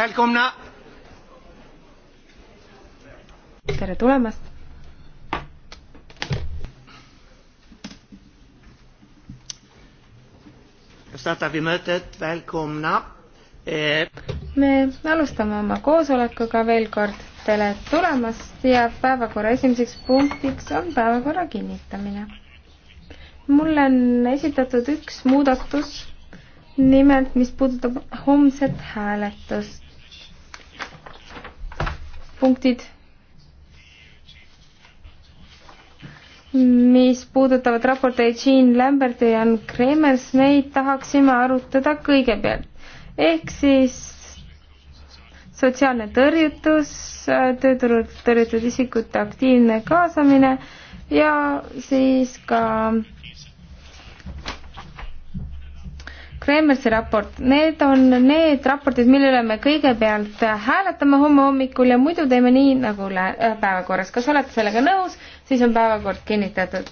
välkomna. tere tulemast. Eh. me alustame oma koosolekuga veel kord. tere tulemast ja päevakorra esimeseks punktiks on päevakorra kinnitamine. mulle on esitatud üks muudatus nimelt, mis puudutab homset hääletust punktid, mis puudutavad raporteid Jean Lamberti ja Jan Kremers, neid tahaksime arutada kõigepealt. ehk siis sotsiaalne tõrjutus, tööturult tõrjutud isikute aktiivne kaasamine ja siis ka äh, Kremmersi raport, need on need raportid, mille üle me kõigepealt hääletame homme hommikul ja muidu teeme nii, nagu lähe-, äh, päevakorras. kas olete sellega nõus, siis on päevakord kinnitatud.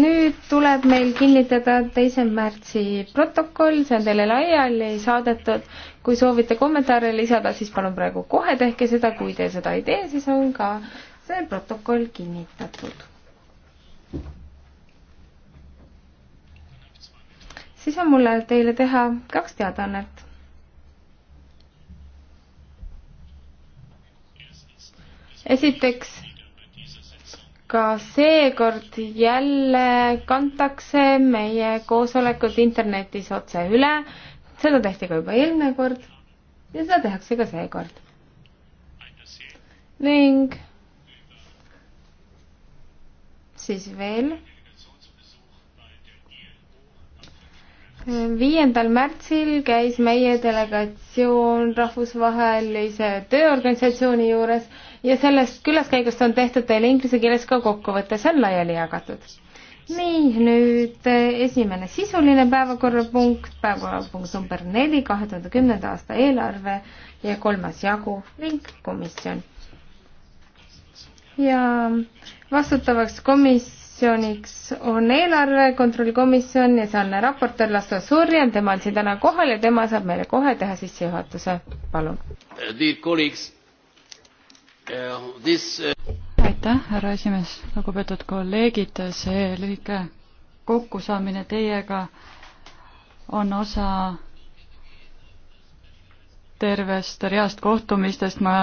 nüüd tuleb meil kinnitada teise märtsi protokoll, see on teile laiali saadetud. kui soovite kommentaare lisada, siis palun praegu kohe tehke seda, kui te seda ei tee, siis on ka see protokoll kinnitatud siis on mul teile teha kaks teadaannet. esiteks, ka seekord jälle kantakse meie koosolekud internetis otse üle, seda tehti ka juba eelmine kord ja seda tehakse ka seekord. ning siis veel viiendal märtsil käis meie delegatsioon rahvusvahelise tööorganisatsiooni juures ja sellest külaskäigust on tehtud teile inglise keeles ka kokkuvõte, see on laiali jagatud. nii, nüüd eh, esimene sisuline päevakorrapunkt, päevakorrapunkt number neli, kahe tuhande kümnenda aasta eelarve ja kolmas jagu ning komisjon. ja vastutavaks komis-, komisjoniks on eelarve kontrollikomisjon ja sealne raportöör Lasto Surjan, tema on siin täna kohal ja tema saab meile kohe teha sissejuhatuse, palun. Eh, eh, aitäh, härra esimees, lugupeetud kolleegid, see lühike kokkusaamine teiega on osa tervest reast kohtumistest ma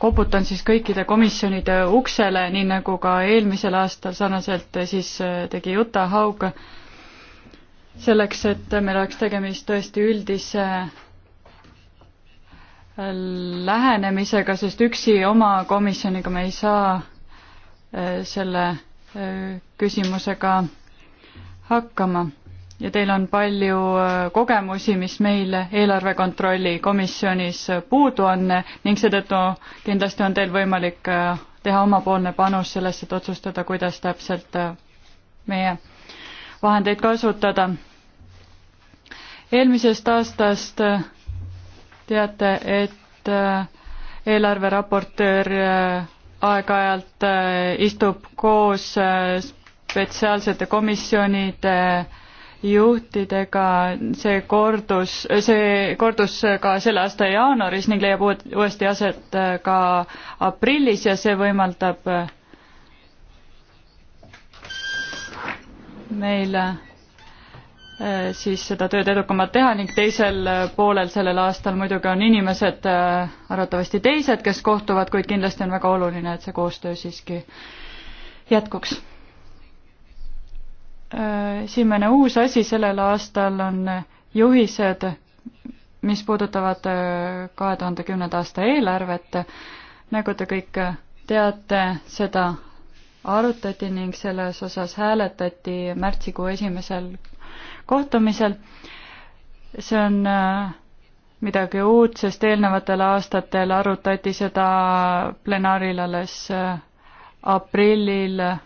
koputan siis kõikide komisjonide uksele, nii nagu ka eelmisel aastal sarnaselt siis äh, tegi Juta Haug, selleks, et meil oleks tegemist tõesti üldise äh, lähenemisega, sest üksi oma komisjoniga me ei saa äh, selle küsimusega hakkama ja teil on palju äh, kogemusi, mis meil eelarve kontrolli komisjonis äh, puudu on ning seetõttu kindlasti on teil võimalik äh, teha omapoolne panus sellesse, et otsustada, kuidas täpselt meie vahendeid kasutada. eelmisest aastast teate, et eelarveraportöör aeg-ajalt istub koos spetsiaalsete komisjonide juhtidega, see kordus, see kordus ka selle aasta jaanuaris ning leiab uuesti aset äh, ka aprillis ja see võimaldab äh, meil äh, siis seda tööd edukamalt teha ning teisel poolel sellel aastal muidugi on inimesed arvatavasti teised, kes kohtuvad, kuid kindlasti on väga oluline, et see koostöö siiski jätkuks Äh, esimene uus asi sellel aastal on juhised, mis puudutavad äh, kahe tuhande kümnenda aasta eelarvet. nagu te kõik teate, seda arutati ning selles osas hääletati märtsikuu esimesel kohtumisel. see on äh, midagi uut, sest eelnevatel aastatel arutati seda plenaaril alles aprillil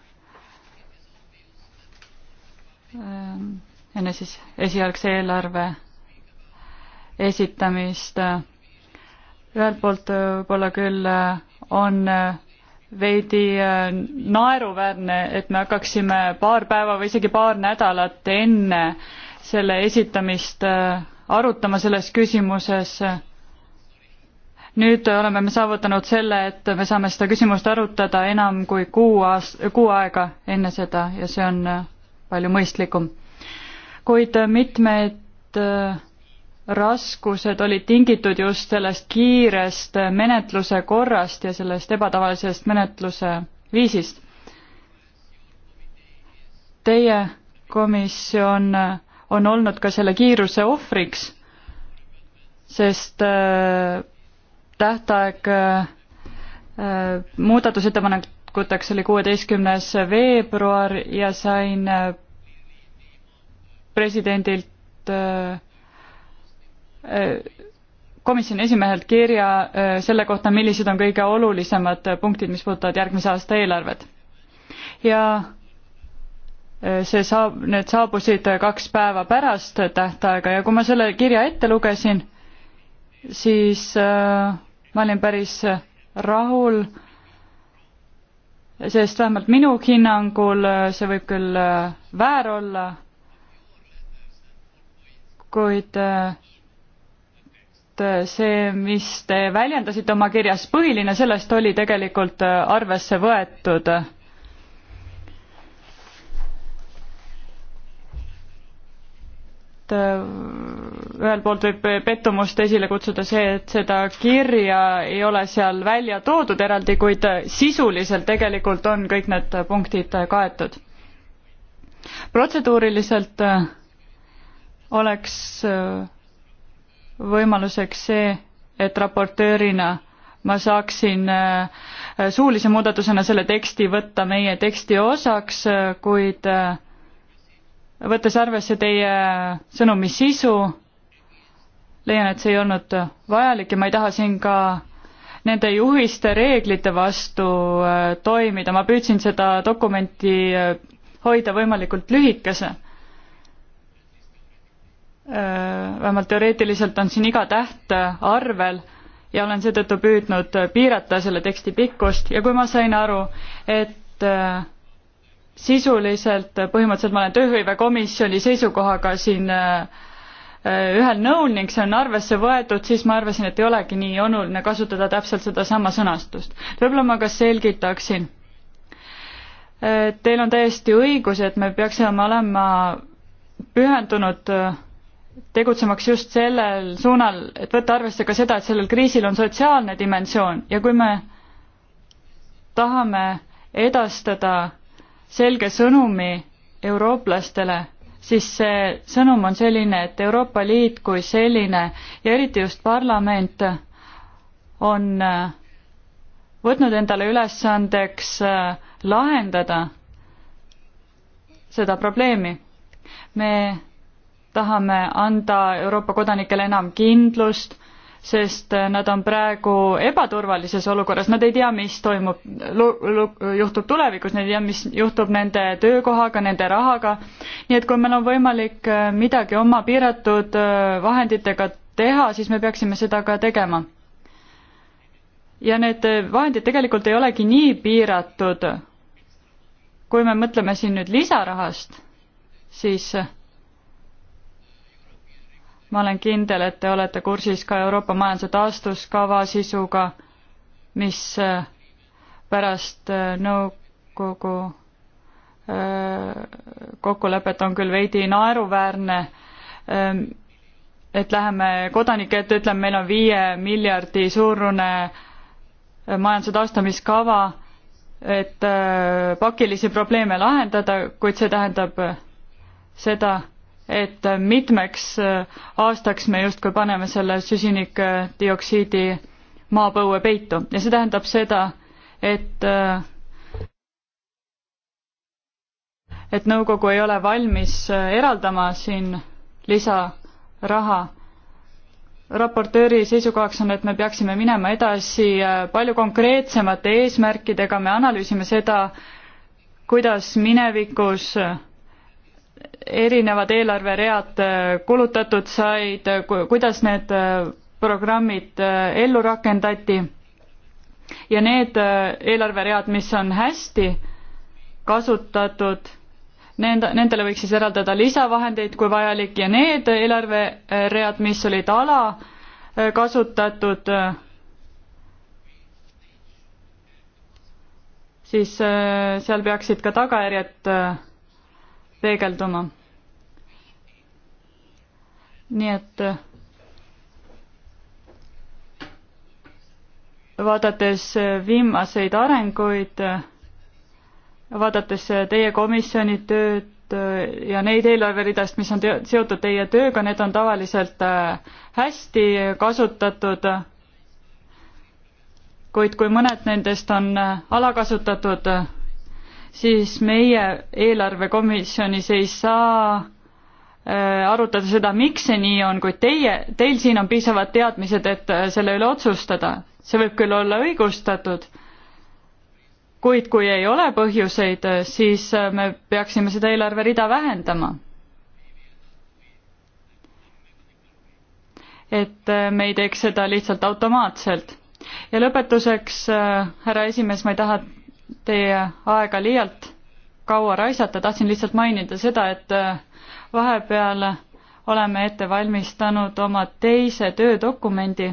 Ähm, enne siis esialgse eelarve esitamist. ühelt poolt äh, võib-olla küll äh, on äh, veidi naeruväärne, et me hakkaksime paar päeva või isegi paar nädalat enne selle esitamist arutama selles küsimuses. nüüd oleme me saavutanud selle, et me saame seda küsimust arutada enam kui kuu aast-, kuu aega enne seda ja see on palju mõistlikum. kuid äh, mitmed äh, raskused olid tingitud just sellest kiirest äh, menetluse korrast ja sellest ebatavalisest menetluse viisist. Teie komisjon on olnud ka selle kiiruse ohvriks, sest tähtaeg muudatusettepanek kokkuvõtteks oli kuueteistkümnes veebruar ja sain äh, presidendilt äh, äh, komisjoni esimehelt kirja selle kohta, millised on kõige olulisemad punktid, mis puudutavad järgmise aasta eelarvet. ja see saab, need saabusid kaks päeva pärast tähtaega ja kui ma selle kirja ette lugesin, siis ma olin päris rahul äh, sest vähemalt minu hinnangul äh, see võib küll äh, väär olla, kuid äh, see, mis te väljendasite oma kirjas, põhiline sellest oli tegelikult arvesse võetud. et ühelt poolt võib pettumust esile kutsuda see, et seda kirja ei ole seal välja toodud eraldi, kuid sisuliselt tegelikult on kõik need punktid kaetud. protseduuriliselt oleks võimaluseks see, et raportöörina ma saaksin suulise muudatusena selle teksti võtta meie teksti osaks, kuid võttes arvesse teie sõnumi sisu, leian, et see ei olnud vajalik ja ma ei taha siin ka nende juhiste reeglite vastu äh, toimida, ma püüdsin seda dokumenti äh, hoida võimalikult lühikese. Äh, vähemalt teoreetiliselt on siin iga täht arvel ja olen seetõttu püüdnud piirata selle teksti pikkust ja kui ma sain aru, et sisuliselt põhimõtteliselt ma olen tööhõivekomisjoni seisukohaga siin äh, Äh, ühel nõul ning see on arvesse võetud, siis ma arvasin, et ei olegi nii oluline kasutada täpselt sedasama sõnastust. võib-olla ma ka selgitaksin. Äh, teil on täiesti õigus, et me peaksime olema pühendunud äh, tegutsemaks just sellel suunal, et võtta arvesse ka seda, et sellel kriisil on sotsiaalne dimensioon ja kui me tahame edastada selge sõnumi eurooplastele siis see sõnum on selline, et Euroopa Liit kui selline ja eriti just parlament on äh, võtnud endale ülesandeks äh, lahendada seda probleemi. me tahame anda Euroopa kodanikele enam kindlust, sest nad on praegu ebaturvalises olukorras, nad ei tea, mis toimub, juhtub tulevikus, nad ei tea, mis juhtub nende töökohaga, nende rahaga. nii et kui meil on võimalik äh, midagi oma piiratud äh, vahenditega teha, siis me peaksime seda ka tegema. ja need äh, vahendid tegelikult ei olegi nii piiratud. kui me mõtleme siin nüüd lisarahast, siis ma olen kindel, et te olete kursis ka Euroopa majanduse taastuskava sisuga, mis äh, pärast äh, nõukogu äh, kokkulepet on küll veidi naeruväärne, ähm, et läheme kodanike ette, ütleme, meil on viie miljardi suurune majanduse taastamiskava, et pakilisi probleeme lahendada, kuid see tähendab seda, et mitmeks äh, aastaks me justkui paneme selle süsinikdioksiidi maapõue peitu ja see tähendab seda, et äh, et nõukogu ei ole valmis äh, eraldama siin lisaraha. raportööri seisukohaks on, et me peaksime minema edasi palju konkreetsemate eesmärkidega, me analüüsime seda, kuidas minevikus erinevad eelarveread äh, kulutatud said, kuidas need äh, programmid äh, ellu rakendati ja need eelarveread, mis on hästi kasutatud, nende, nendele võiks siis eraldada lisavahendeid, kui vajalik, ja need eelarveread, mis olid alakasutatud, siis seal peaksid ka tagajärjed peegelduma. nii et vaadates viimaseid arenguid, vaadates teie komisjoni tööd ja neid eelarveridast, mis on teo-, seotud teie tööga, need on tavaliselt äh, hästi kasutatud, kuid kui mõned nendest on äh, alakasutatud, siis meie eelarvekomisjonis ei saa äh, arutada seda, miks see nii on, kuid teie, teil siin on piisavad teadmised, et äh, selle üle otsustada. see võib küll olla õigustatud, kuid kui ei ole põhjuseid, äh, siis me peaksime seda eelarverida vähendama et me ei teeks seda lihtsalt automaatselt. ja lõpetuseks, härra esimees, ma ei taha teie aega liialt kaua raisata, tahtsin lihtsalt mainida seda, et äh, vahepeal oleme ette valmistanud oma teise töödokumendi,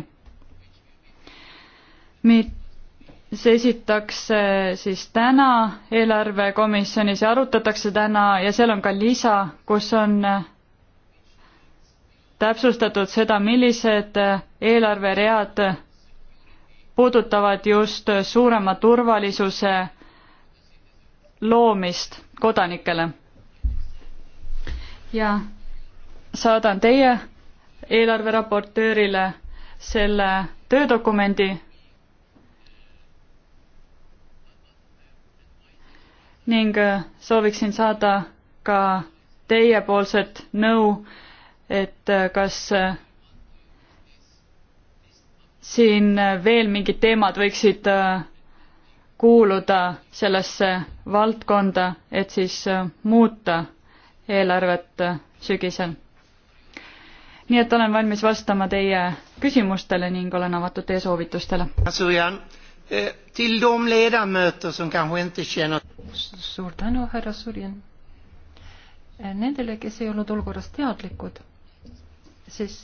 mis esitakse siis täna eelarvekomisjonis ja arutatakse täna ja seal on ka lisa, kus on äh, täpsustatud seda, millised äh, eelarveread puudutavad just suurema turvalisuse loomist kodanikele. ja saadan teie eelarveraportöörile selle töödokumendi ning sooviksin saada ka teiepoolset nõu, et kas siin veel mingid teemad võiksid äh, kuuluda sellesse valdkonda, et siis äh, muuta eelarvet äh, sügisel. nii et olen valmis vastama teie küsimustele ning olen avatud teie soovitustele. Eh, suur tänu, härra Surjan. Eh, nendele, kes ei olnud olukorrast teadlikud, siis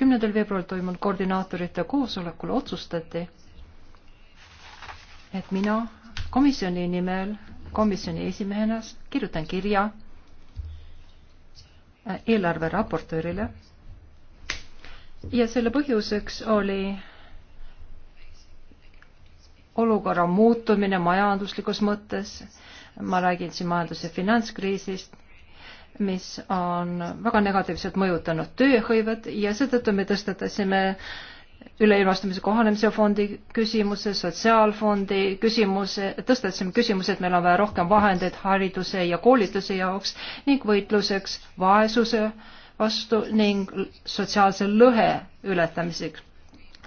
kümnendal veebruaril toimunud koordinaatorite koosolekul otsustati, et mina komisjoni nimel komisjoni esimehena kirjutan kirja äh, eelarve raportöörile ja selle põhjuseks oli olukorra muutumine majanduslikus mõttes. ma räägin siin majandus- ja finantskriisist mis on väga negatiivselt mõjutanud tööhõivet ja seetõttu me tõstatasime üleilmastumise kohanemise fondi küsimuse, sotsiaalfondi küsimuse, tõstatasime küsimuse, et meil on vaja rohkem vahendeid hariduse ja koolituse jaoks ning võitluseks vaesuse vastu ning sotsiaalse lõhe ületamiseks.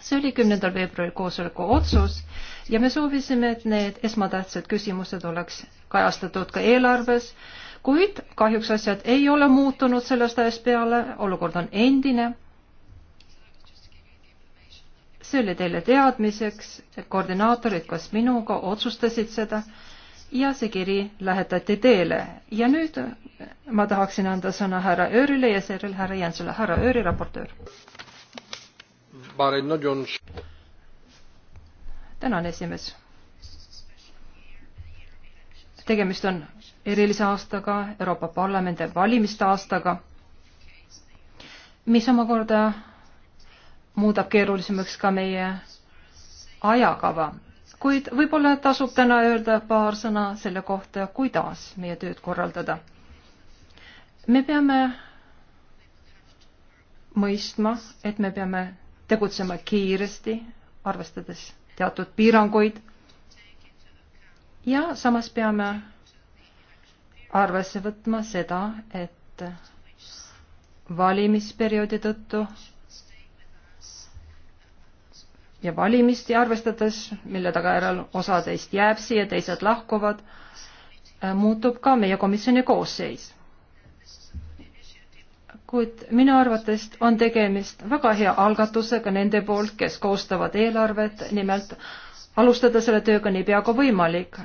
see oli kümnendal veebruaril koosoleku otsus ja me soovisime, et need esmatähtsad küsimused oleks kajastatud ka eelarves äh, kuid kahjuks asjad ei ole muutunud sellest ajast peale, olukord on endine. see oli teile teadmiseks, koordinaatorid koos minuga otsustasid seda ja see kiri lähetati teile. ja nüüd ma tahaksin anda sõna härra Öörile ja seejärel härra Jäntsule. härra Ööri, raportöör. tänan, esimees. tegemist on erilise aastaga, Euroopa Parlamendi valimiste aastaga, mis omakorda muudab keerulisemaks ka meie ajakava. kuid võib-olla tasub täna öelda paar sõna selle kohta, kuidas meie tööd korraldada. me peame mõistma, et me peame tegutsema kiiresti, arvestades teatud piiranguid ja samas peame arvesse võtma seda, et valimisperioodi tõttu ja valimisti arvestades, mille tagajärjel osa teist jääb siia, teised lahkuvad, äh, muutub ka meie komisjoni koosseis. kuid minu arvates on tegemist väga hea algatusega nende poolt, kes koostavad eelarvet, nimelt alustada selle tööga niipea kui võimalik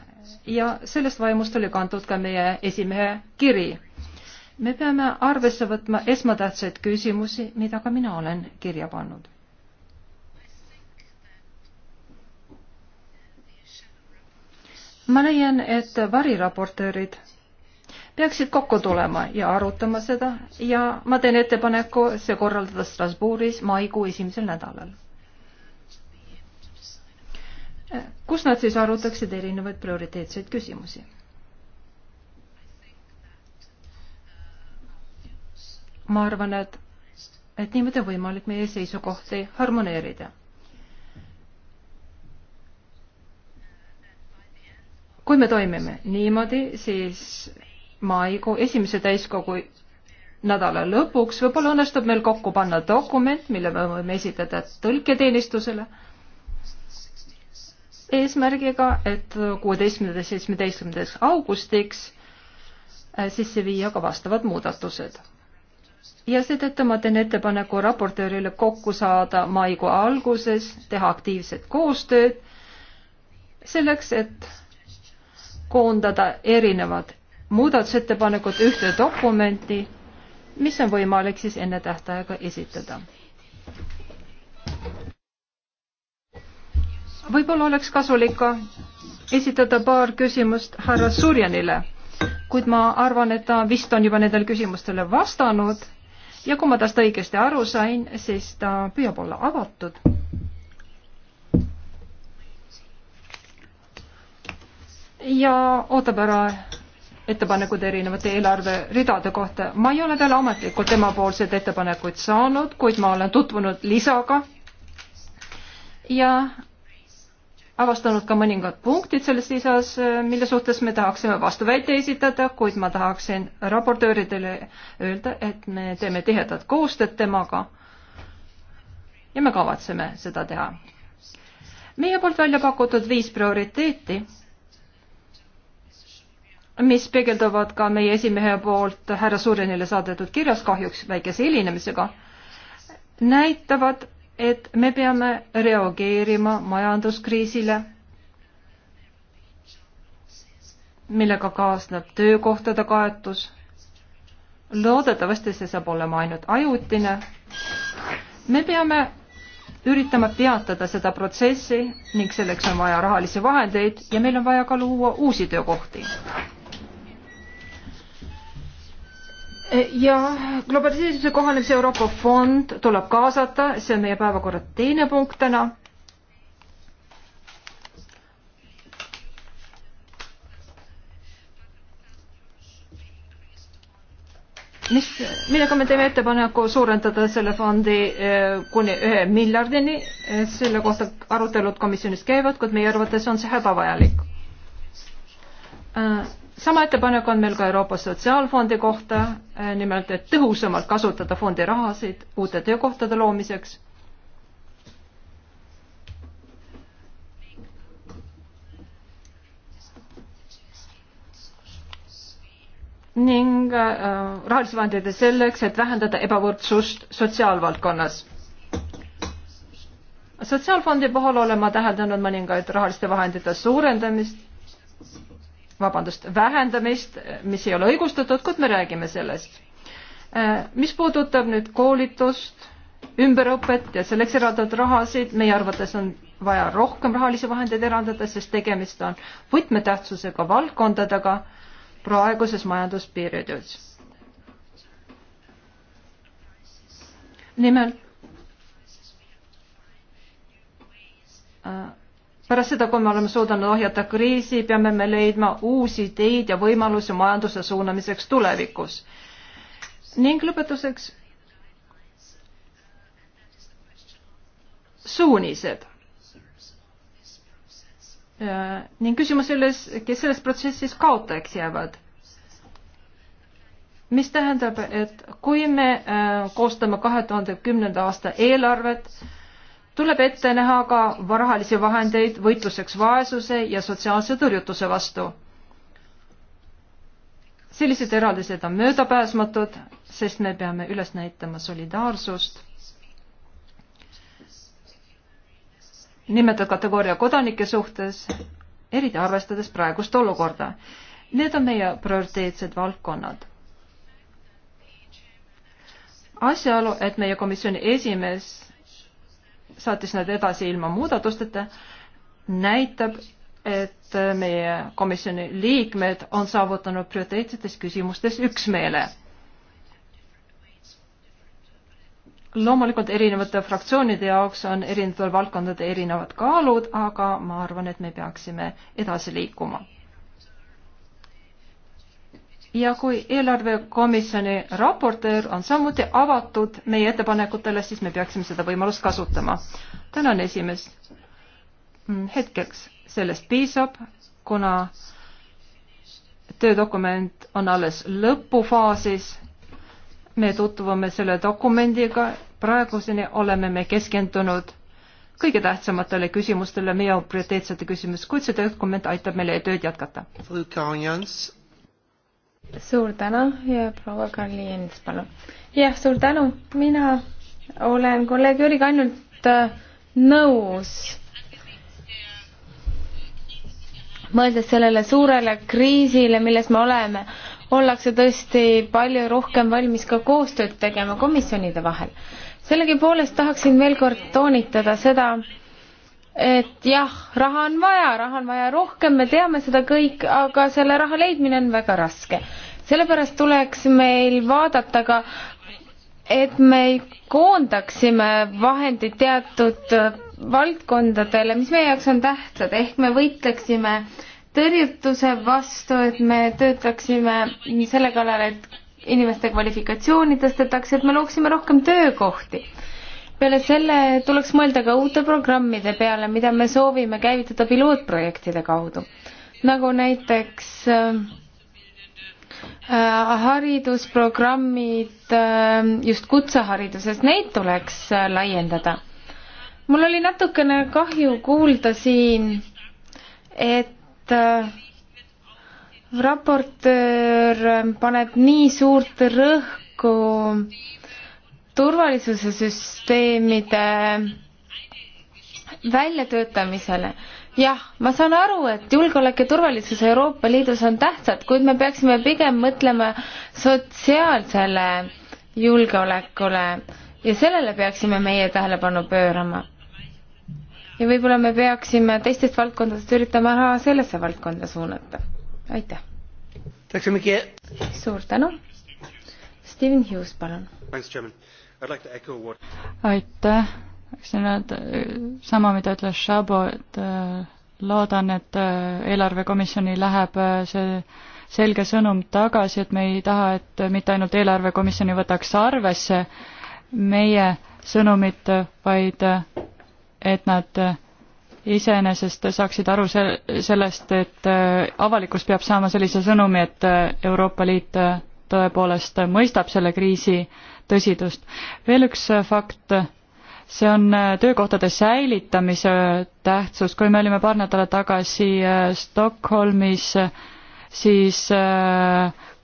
ja sellest vaimust oli kantud ka meie esimehe kiri. me peame arvesse võtma esmatähtsaid küsimusi, mida ka mina olen kirja pannud. ma leian, et variraportöörid peaksid kokku tulema ja arutama seda ja ma teen ettepaneku see korraldada Strasbourgis maikuu esimesel nädalal kus nad siis arutaksid erinevaid prioriteetseid küsimusi. ma arvan, et, et niimoodi on võimalik meie seisukohti harmoneerida. kui me toimime niimoodi, siis maikuu esimese täiskogu nädala lõpuks võib-olla õnnestub meil kokku panna dokument, mille me võime esitada tõlketeenistusele eesmärgiga, et kuueteistkümnendast seitsmeteistkümnendaks augustiks äh, sisse viia ka vastavad muudatused. ja seetõttu ma teen ettepaneku raportöörile kokku saada maikuu alguses, teha aktiivset koostööd selleks, et koondada erinevad muudatusettepanekud ühte dokumenti, mis on võimalik siis enne tähtaega esitada võib-olla oleks kasulik ka esitada paar küsimust härra Surjanile, kuid ma arvan, et ta vist on juba nendele küsimustele vastanud ja kui ma tast õigesti aru sain, siis ta püüab olla avatud. ja ootab ära ettepanekud erinevate eelarveridade kohta. ma ei ole talle ametlikult temapoolseid ettepanekuid saanud, kuid ma olen tutvunud lisaga ja avastanud ka mõningad punktid selles lisas, äh, mille suhtes me tahaksime vastuväite esitada, kuid ma tahaksin raportööridele öelda, et me teeme tihedat koostööd temaga ja me kavatseme seda teha. meie poolt välja pakutud viis prioriteeti, mis peegelduvad ka meie esimehe poolt härra Suurenile saadetud kirjas, kahjuks väikese hilinemisega, näitavad, et me peame reageerima majanduskriisile, millega kaasneb töökohtade kaetus. loodetavasti see saab olema ainult ajutine. me peame üritama peatada seda protsessi ning selleks on vaja rahalisi vahendeid ja meil on vaja ka luua uusi töökohti ja globaliseerimise kohanemise Euroopa fond tuleb kaasata, see on meie päevakorra teine punkt täna. mis, millega me teeme ettepaneku suurendada selle fondi eh, kuni ühe miljardini, eh, selle kohta arutelud komisjonis käivad, kuid meie arvates on see hädavajalik eh, sama ettepanek on meil ka Euroopa Sotsiaalfondi kohta, eh, nimelt et tõhusamalt kasutada fondi rahasid uute töökohtade loomiseks. ning äh, rahalisi vahendeid selleks, et vähendada ebavõrdsust sotsiaalvaldkonnas. sotsiaalfondi puhul olen ma täheldanud mõningaid rahaliste vahendite suurendamist vabandust, vähendamist, mis ei ole õigustatud, kuid me räägime sellest. mis puudutab nüüd koolitust, ümberõpet ja selleks eraldatud rahasid, meie arvates on vaja rohkem rahalisi vahendeid eraldada, sest tegemist on võtmetähtsusega valdkondadega praeguses majandusperioodis. nimelt äh, pärast seda, kui me oleme suudanud ohjata kriisi, peame me leidma uusi ideid ja võimalusi majanduse suunamiseks tulevikus. ning lõpetuseks suunised. Äh, ning küsimus selles, kes selles protsessis kaotajaks jäävad. mis tähendab, et kui me äh, koostame kahe tuhande kümnenda aasta eelarvet, tuleb ette näha ka rahalisi vahendeid võitluseks vaesuse ja sotsiaalse tõrjutuse vastu. sellised eraldised on möödapääsmatud, sest me peame üles näitama solidaarsust nimetatud kategooria kodanike suhtes, eriti arvestades praegust olukorda. Need on meie prioriteetsed valdkonnad. asjaolu, et meie komisjoni esimees saatis nad edasi ilma muudatusteta, näitab, et meie komisjoni liikmed on saavutanud prioriteetsetes küsimustes üksmeele. loomulikult erinevate fraktsioonide jaoks on erinevatel valdkondade erinevad kaalud, aga ma arvan, et me peaksime edasi liikuma ja kui eelarvekomisjoni raportöör on samuti avatud meie ettepanekutele, siis me peaksime seda võimalust kasutama. tänan esimest. Mm, hetkeks sellest piisab, kuna töödokument on alles lõpufaasis. me tutvume selle dokumendiga, praeguseni oleme me keskendunud kõige tähtsamatele küsimustele, meie prioriteetsete küsimus, kuid see dokument aitab meile tööd jätkata. Jans suur tänu ja proua Karli Jens, palun. jah, suur tänu, mina olen kolleeg Jüriga ainult äh, nõus. mõeldes sellele suurele kriisile, milles me oleme, ollakse tõesti palju rohkem valmis ka koostööd tegema komisjonide vahel. sellegipoolest tahaksin veel kord toonitada seda, et jah, raha on vaja, raha on vaja rohkem, me teame seda kõik, aga selle raha leidmine on väga raske. sellepärast tuleks meil vaadata ka, et me koondaksime vahendid teatud äh, valdkondadele, mis meie jaoks on tähtsad, ehk me võitleksime tõrjutuse vastu, et me töötaksime selle kallal, et inimeste kvalifikatsiooni tõstetakse, et me looksime rohkem töökohti peale selle tuleks mõelda ka uute programmide peale, mida me soovime käivitada pilootprojektide kaudu, nagu näiteks äh, äh, haridusprogrammid äh, just kutsehariduses, neid tuleks äh, laiendada. mul oli natukene kahju kuulda siin, et äh, raportöör paneb nii suurt rõhku äh, turvalisuse süsteemide väljatöötamisele. jah, ma saan aru, et julgeolek ja turvalisus Euroopa Liidus on tähtsad, kuid me peaksime pigem mõtlema sotsiaalsele julgeolekule ja sellele peaksime meie tähelepanu pöörama. ja võib-olla me peaksime teistest valdkondadest üritama raha sellesse valdkonda suunata. aitäh! suur tänu! Steven Hughes, palun! aitäh, tahaksin öelda sama, mida ütles Šabo, et äh, loodan, et äh, eelarvekomisjoni läheb äh, see selge sõnum tagasi, et me ei taha, et mitte ainult eelarvekomisjoni võtaks arvesse meie sõnumit, vaid et nad iseenesest saaksid aru se-, sellest, et avalikkus peab saama sellise sõnumi, et Euroopa Liit tõepoolest mõistab selle kriisi tõsidust. veel üks äh, fakt, see on äh, töökohtade säilitamise äh, tähtsus, kui me olime paar nädalat tagasi Stockholmis, siis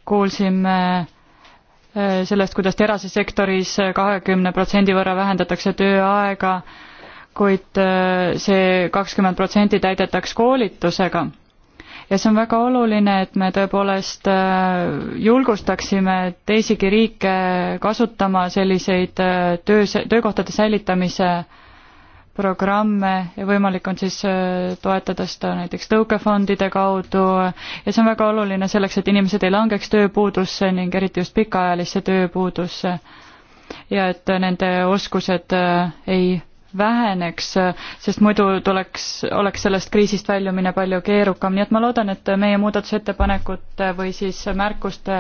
kuulsime sellest, kuidas terasesektoris kahekümne protsendi võrra vähendatakse tööaega, kuid see kakskümmend protsenti täidetaks koolitusega ja see on väga oluline, et me tõepoolest äh, julgustaksime teisigi riike kasutama selliseid äh, töö, töökohtade säilitamise programme ja võimalik on siis äh, toetada seda näiteks tõukefondide kaudu ja see on väga oluline selleks, et inimesed ei langeks tööpuudusse ning eriti just pikaajalisse tööpuudusse. ja et nende oskused ei väheneks, sest muidu tuleks, oleks sellest kriisist väljumine palju keerukam, nii et ma loodan, et meie muudatusettepanekute või siis märkuste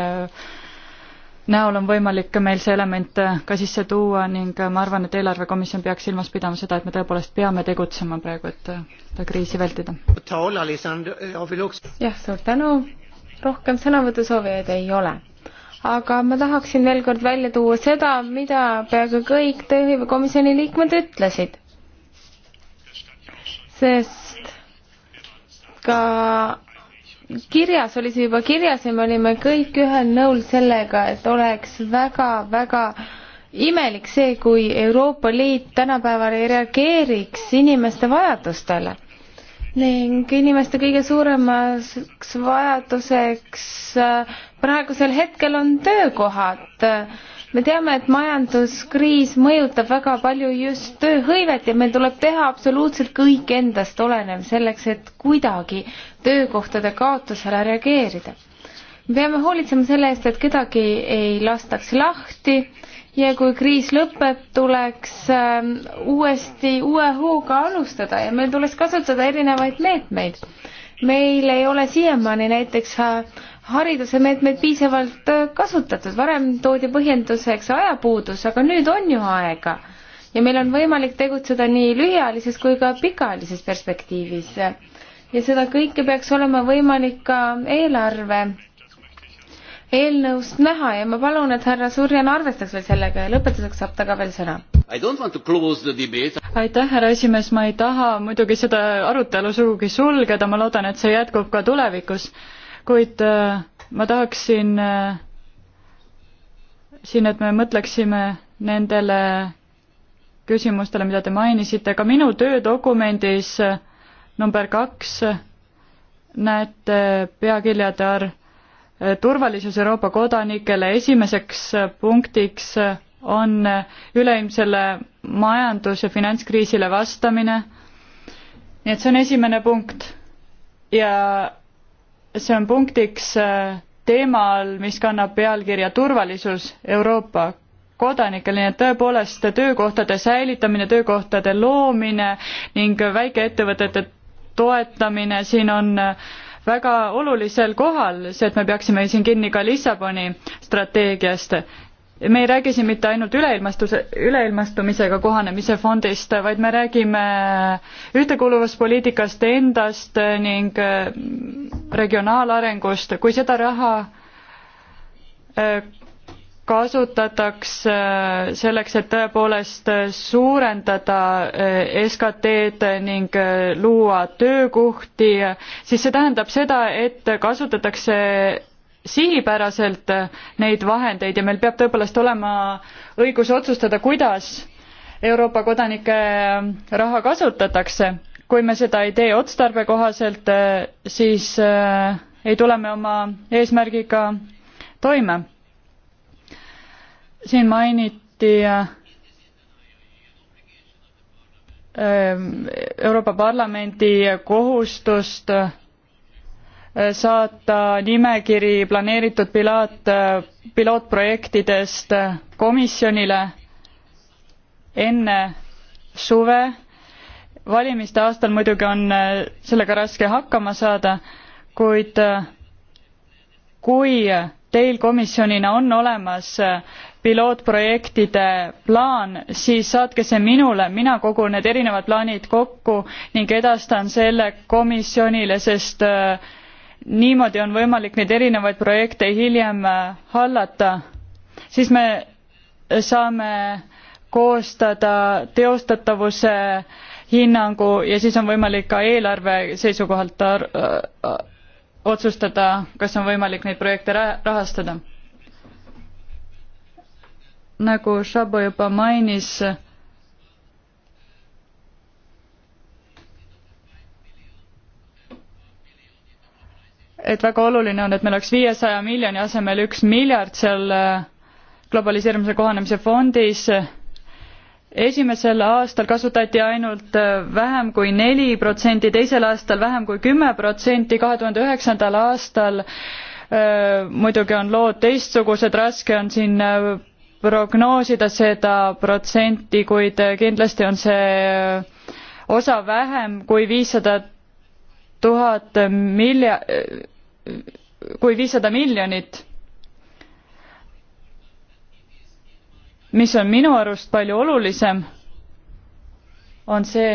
näol on võimalik meil see element ka sisse tuua ning ma arvan, et eelarvekomisjon peaks silmas pidama seda, et me tõepoolest peame tegutsema praegu, et seda kriisi vältida. Eh, jah, suur tänu, rohkem sõnavõtusoovijaid ei ole aga ma tahaksin veel kord välja tuua seda, mida peaaegu kõik tööhõivekomisjoni liikmed ütlesid. sest ka kirjas oli see juba kirjas ja me olime kõik ühel nõul sellega, et oleks väga-väga imelik see, kui Euroopa Liit tänapäeval ei reageeriks inimeste vajadustele ning inimeste kõige suuremaks vajaduseks äh, praegusel hetkel on töökohad. me teame, et majanduskriis mõjutab väga palju just tööhõivet ja meil tuleb teha absoluutselt kõik endast olenev selleks, et kuidagi töökohtade kaotusele reageerida. me peame hoolitsema selle eest, et kedagi ei lastaks lahti ja kui kriis lõpeb, tuleks ähm, uuesti uue hooga alustada ja meil tuleks kasutada erinevaid meetmeid. meil ei ole siiamaani näiteks äh, hariduse meetmeid piisavalt äh, kasutatud, varem toodi põhjenduseks ajapuudus, aga nüüd on ju aega ja meil on võimalik tegutseda nii lühiajalises kui ka pikaajalises perspektiivis. ja seda kõike peaks olema võimalik ka eelarve eelnõust näha ja ma palun, et härra Surjan arvestaks veel sellega ja lõpetuseks saab ta ka veel sõna. aitäh, härra esimees, ma ei taha muidugi seda arutelu sugugi sulgeda, ma loodan, et see jätkub ka tulevikus, kuid äh, ma tahaksin äh, siin, et me mõtleksime nendele küsimustele, mida te mainisite, ka minu töödokumendis äh, number kaks näete peakirjade arv turvalisus Euroopa kodanikele, esimeseks äh, punktiks äh, on äh, üleilmsele majandus- ja finantskriisile vastamine. nii et see on esimene punkt ja see on punktiks teemal, mis kannab pealkirja Turvalisus Euroopa kodanikel, nii et tõepoolest töökohtade säilitamine, töökohtade loomine ning väikeettevõtete toetamine, siin on äh, väga olulisel kohal, see, et me peaksime siin kinni ka Lissaboni strateegiast. me ei räägi siin mitte ainult üleilmastuse, üleilmastumisega kohanemise fondist, vaid me räägime ühtekuuluvuspoliitikast endast ning äh, regionaalarengust, kui seda raha äh, kasutataks selleks, et tõepoolest suurendada eh, SKT-d ning eh, luua töökohti, siis see tähendab seda, et kasutatakse sihipäraselt neid vahendeid ja meil peab tõepoolest olema õigus otsustada, kuidas Euroopa kodanike raha kasutatakse. kui me seda ei tee otstarbekohaselt, eh, siis ei tule me oma eesmärgiga toime siin mainiti ähm, Euroopa Parlamendi kohustust äh, saata nimekiri planeeritud pilaat, pilootprojektidest komisjonile enne suve. valimiste aastal muidugi on äh, sellega raske hakkama saada, kuid äh, kui teil komisjonina on olemas pilootprojektide plaan, siis saatke see minule, mina kogun need erinevad plaanid kokku ning edastan selle komisjonile, sest äh, niimoodi on võimalik neid erinevaid projekte hiljem äh, hallata. siis me saame koostada teostatavuse hinnangu ja siis on võimalik ka eelarve seisukohalt äh, otsustada, kas on võimalik neid projekte rahastada nagu Šabo juba mainis, et väga oluline on, et meil oleks viiesaja miljoni asemel üks miljard seal äh, globaliseerimise kohanemise fondis. esimesel aastal kasutati ainult äh, vähem kui neli protsenti, teisel aastal vähem kui kümme protsenti, kahe tuhande üheksandal aastal äh, muidugi on lood teistsugused, raske on siin prognoosida seda protsenti, kuid kindlasti on see osa vähem kui viissada tuhat milja-, kui viissada miljonit. mis on minu arust palju olulisem, on see,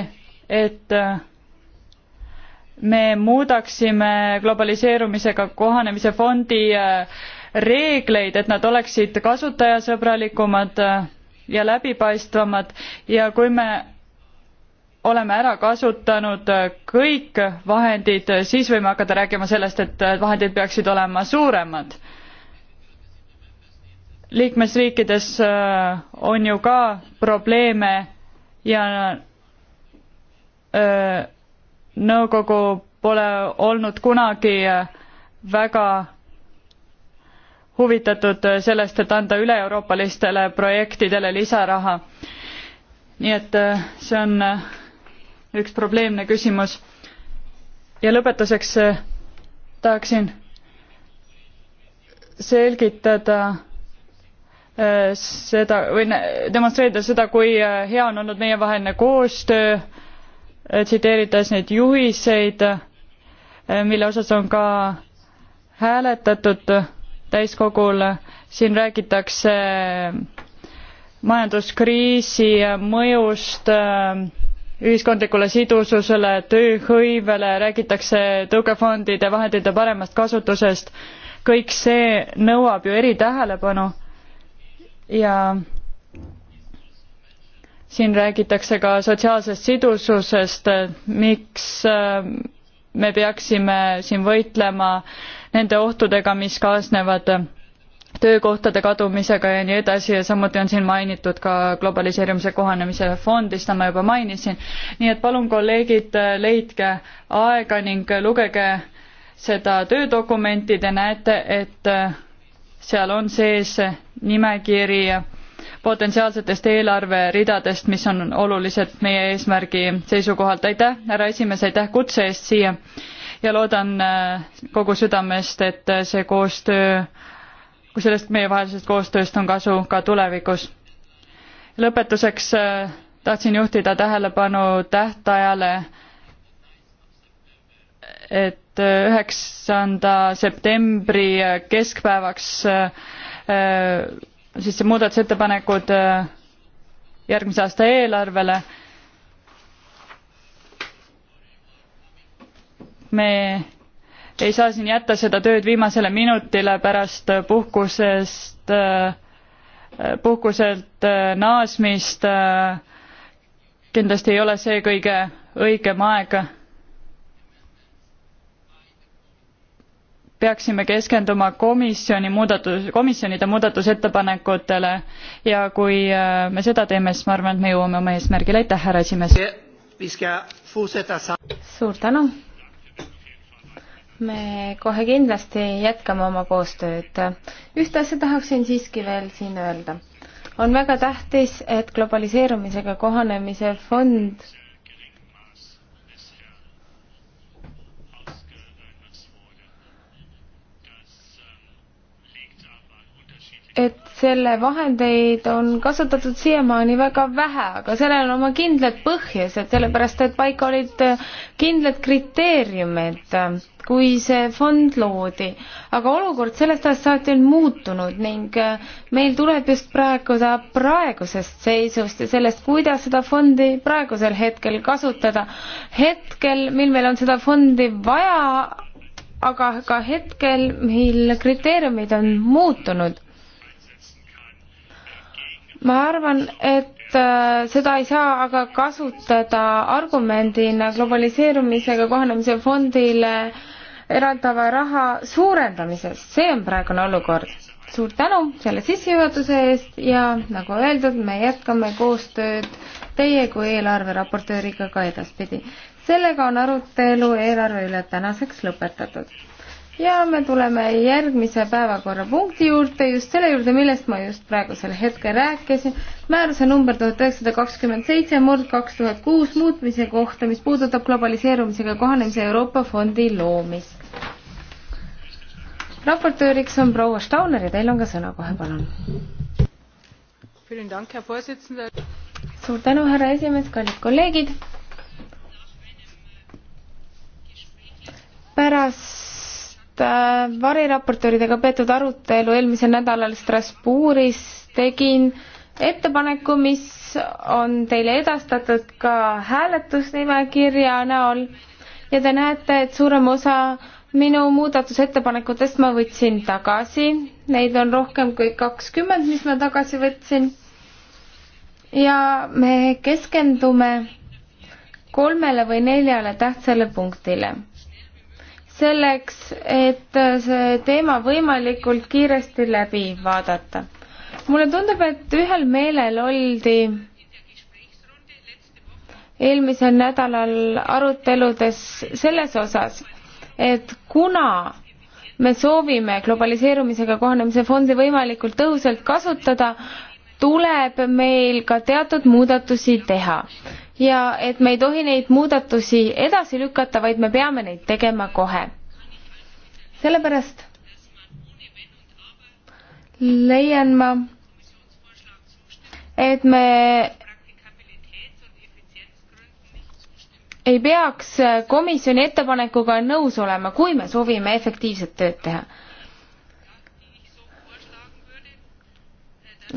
et me muudaksime globaliseerumisega kohanemise fondi äh, reegleid, et nad oleksid kasutajasõbralikumad ja läbipaistvamad ja kui me oleme ära kasutanud kõik vahendid, siis võime hakata rääkima sellest, et vahendid peaksid olema suuremad. liikmesriikides äh, on ju ka probleeme ja äh, nõukogu pole olnud kunagi väga huvitatud sellest, et anda üle-euroopalistele projektidele lisaraha. nii et äh, see on äh, üks probleemne küsimus. ja lõpetuseks äh, tahaksin selgitada seda või demonstreerida seda, kui hea on olnud meievaheline koostöö, tsiteerides neid juhiseid, mille osas on ka hääletatud täiskogul, siin räägitakse majanduskriisi mõjust äh, ühiskondlikule sidususele, tööhõivele, räägitakse tõukefondide vahendite paremast kasutusest, kõik see nõuab ju eritähelepanu ja siin räägitakse ka sotsiaalsest sidususest, miks äh, me peaksime siin võitlema äh, nende ohtudega, mis kaasnevad töökohtade kadumisega ja nii edasi ja samuti on siin mainitud ka globaliseerumise kohanemise fond, seda ma juba mainisin. nii et palun, kolleegid, leidke aega ning lugege seda töödokumenti, te näete, et seal on sees nimekiri potentsiaalsetest eelarveridadest, mis on olulised meie eesmärgi seisukohalt. aitäh, härra esimees, aitäh kutse eest siia ja loodan äh, kogu südamest, et äh, see koostöö, sellest meievahelisest koostööst on kasu ka tulevikus. lõpetuseks äh, tahtsin juhtida tähelepanu tähtajale, et üheksanda septembri keskpäevaks siis muudatusettepanekud järgmise aasta eelarvele me ei saa siin jätta seda tööd viimasele minutile pärast puhkusest, puhkuselt äh, naasmist. Äh, kindlasti ei ole see kõige õigem aeg. peaksime keskenduma komisjoni muudatus, komisjonide muudatusettepanekutele ja kui äh, me seda teeme, siis ma arvan, et me jõuame oma eesmärgile. aitäh, härra esimees! suur tänu! me kohe kindlasti jätkame oma koostööd. ühte asja tahaksin siiski veel siin öelda. on väga tähtis, et globaliseerumisega kohanemise fond et selle vahendeid on kasutatud siiamaani väga vähe, aga sellel on oma kindlad põhjused, sellepärast et paika olid kindlad kriteeriumid kui see fond loodi. aga olukord sellest ajast saati on muutunud ning äh, meil tuleb just praeguda praegusest seisust ja sellest, kuidas seda fondi praegusel hetkel kasutada. hetkel, mil meil on seda fondi vaja, aga ka hetkel, mil kriteeriumid on muutunud. ma arvan, et äh, seda ei saa aga kasutada argumendina globaliseerumisega kohanemise fondile eraldava raha suurendamisest, see on praegune olukord. suur tänu selle sissejuhatuse eest ja nagu öeldud, me jätkame koostööd teie kui eelarveraportööriga ka edaspidi. sellega on arutelu eelarve üle tänaseks lõpetatud. ja me tuleme järgmise päevakorrapunkti juurde, just selle juurde, millest ma just praegusel hetkel rääkisin, määruse number tuhat üheksasada kakskümmend seitse murd kaks tuhat kuus muutmise kohta, mis puudutab globaliseerumisega kohanemise Euroopa fondi loomist raportööriks on proua Stauner ja teil on ka sõna kohe, palun. suur tänu, härra esimees, kallid kolleegid. pärast äh, variraportööridega peetud arutelu eelmisel nädalal Strasbourgis tegin ettepaneku, mis on teile edastatud ka hääletusnimekirja näol ja te näete, et suurem osa minu muudatusettepanekutest ma võtsin tagasi, neid on rohkem kui kakskümmend, mis ma tagasi võtsin. ja me keskendume kolmele või neljale tähtsale punktile. selleks, et see teema võimalikult kiiresti läbi vaadata. mulle tundub, et ühel meelel oldi eelmisel nädalal aruteludes selles osas et kuna me soovime globaliseerumisega kohanemise fondi võimalikult tõhusalt kasutada, tuleb meil ka teatud muudatusi teha. ja et me ei tohi neid muudatusi edasi lükata, vaid me peame neid tegema kohe. sellepärast leian ma, et me ei peaks komisjoni ettepanekuga nõus olema, kui me soovime efektiivset tööd teha.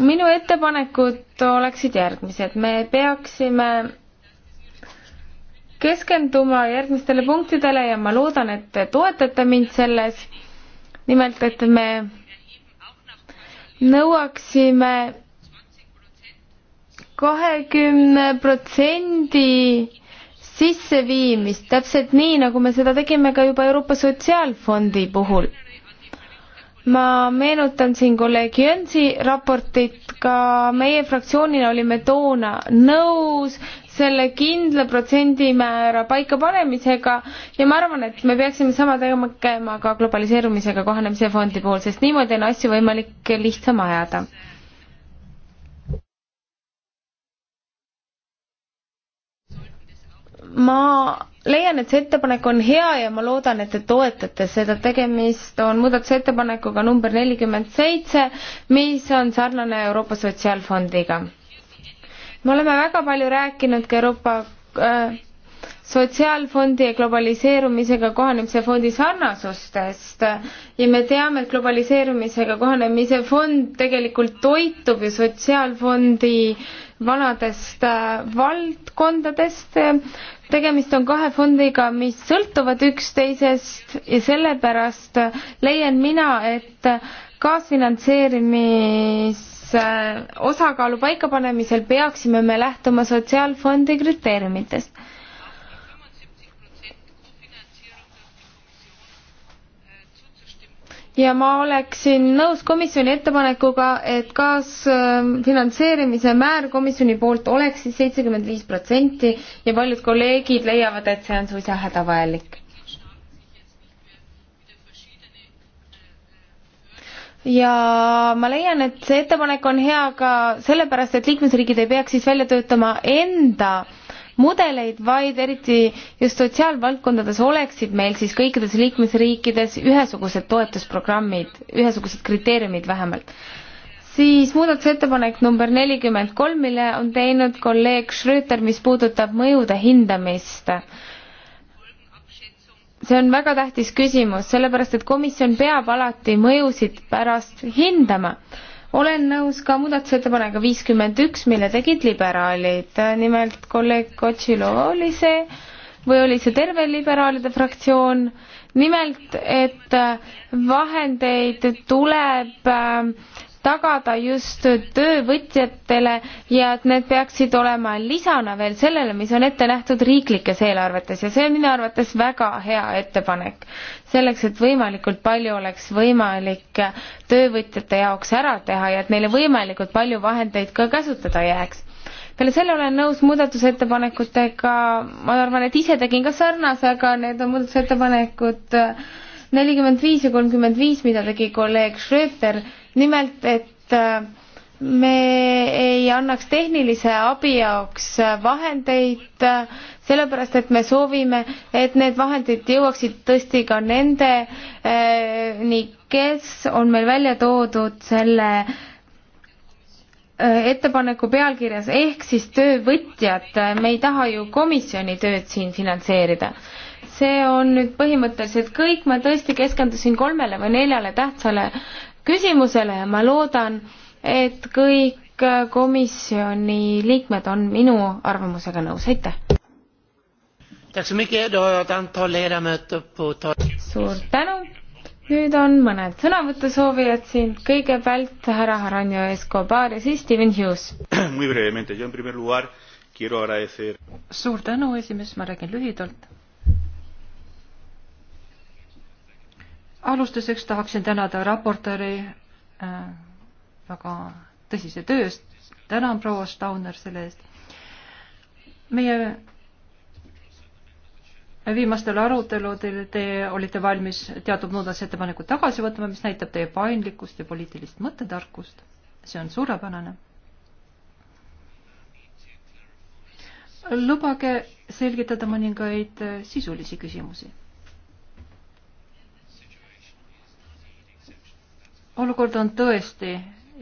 minu ettepanekud oleksid järgmised, me peaksime keskenduma järgmistele punktidele ja ma loodan, et te toetate mind selles. nimelt, et me nõuaksime kahekümne protsendi sisseviimist, täpselt nii, nagu me seda tegime ka juba Euroopa Sotsiaalfondi puhul. ma meenutan siin kolleeg Jönsi raportit, ka meie fraktsioonina olime toona nõus selle kindla protsendimäära paikapanemisega ja ma arvan, et me peaksime sama tegema ka globaliseerumisega kohanemise fondi puhul, sest niimoodi on asju võimalik lihtsam ajada ma leian, et see ettepanek on hea ja ma loodan, et te toetate seda, tegemist on muudatusettepanekuga number nelikümmend seitse, mis on sarnane Euroopa Sotsiaalfondiga. me oleme väga palju rääkinud ka Euroopa äh, sotsiaalfondi ja globaliseerumisega kohanemise fondi sarnasustest ja me teame, et globaliseerumisega kohanemise fond tegelikult toitub ju sotsiaalfondi vanadest äh, valdkondadest tegemist on kahe fondiga, mis sõltuvad üksteisest ja sellepärast leian mina, et kaasfinantseerimise osakaalu paikapanemisel peaksime me lähtuma sotsiaalfondi kriteeriumitest ja ma oleksin nõus komisjoni ettepanekuga, et kaasfinantseerimise ähm, määr komisjoni poolt oleks siis seitsekümmend viis protsenti ja paljud kolleegid leiavad, et see on suisa hädavajalik. ja ma leian, et see ettepanek on hea ka sellepärast, et liikmesriigid ei peaks siis välja töötama enda äh, mudeleid, vaid eriti just sotsiaalvaldkondades oleksid meil siis kõikides liikmesriikides ühesugused toetusprogrammid, ühesugused kriteeriumid vähemalt. siis muudatusettepanek number nelikümmend kolm, mille on teinud kolleeg Schröter, mis puudutab mõjude hindamist see on väga tähtis küsimus, sellepärast et komisjon peab alati mõjusid pärast hindama olen nõus ka muudatusettepanega viiskümmend üks, mille tegid liberaalid, nimelt kolleeg Kotšilova oli see või oli see terve liberaalide fraktsioon, nimelt, et vahendeid tuleb äh, tagada just töövõtjatele ja et need peaksid olema lisana veel sellele, mis on ette nähtud riiklikes eelarvetes ja see on minu arvates väga hea ettepanek. selleks, et võimalikult palju oleks võimalik töövõtjate jaoks ära teha ja et neile võimalikult palju vahendeid ka käsutada jääks peale selle olen nõus muudatusettepanekutega, ma arvan, et ise tegin ka sarnase, aga need on muudatusettepanekud nelikümmend viis ja kolmkümmend viis, mida tegi kolleeg Schröter nimelt, et äh, me ei annaks tehnilise abi jaoks äh, vahendeid, äh, sellepärast et me soovime, et need vahendid jõuaksid tõesti ka nendeni, kes on meil välja toodud selle ettepaneku pealkirjas, ehk siis töövõtjad, me ei taha ju komisjoni tööd siin finantseerida see on nüüd põhimõtteliselt kõik, ma tõesti keskendusin kolmele või neljale tähtsale küsimusele ja ma loodan, et kõik komisjoni liikmed on minu arvamusega nõus, aitäh! suur tänu! nüüd on mõned sõnavõtusoovijad siin, kõigepealt härra Haranjo Escobar ja siis Steven Hughes. suur tänu, esimees, ma räägin lühidalt alustuseks tahaksin tänada raportööri äh, väga tõsise töö eest. tänan proua Stauner selle eest. meie viimastel aruteludel te olite valmis teatud muudatusettepanekud tagasi võtma, mis näitab teie paindlikkust ja poliitilist mõttetarkust. see on suurepärane. lubage selgitada mõningaid sisulisi küsimusi olukord on tõesti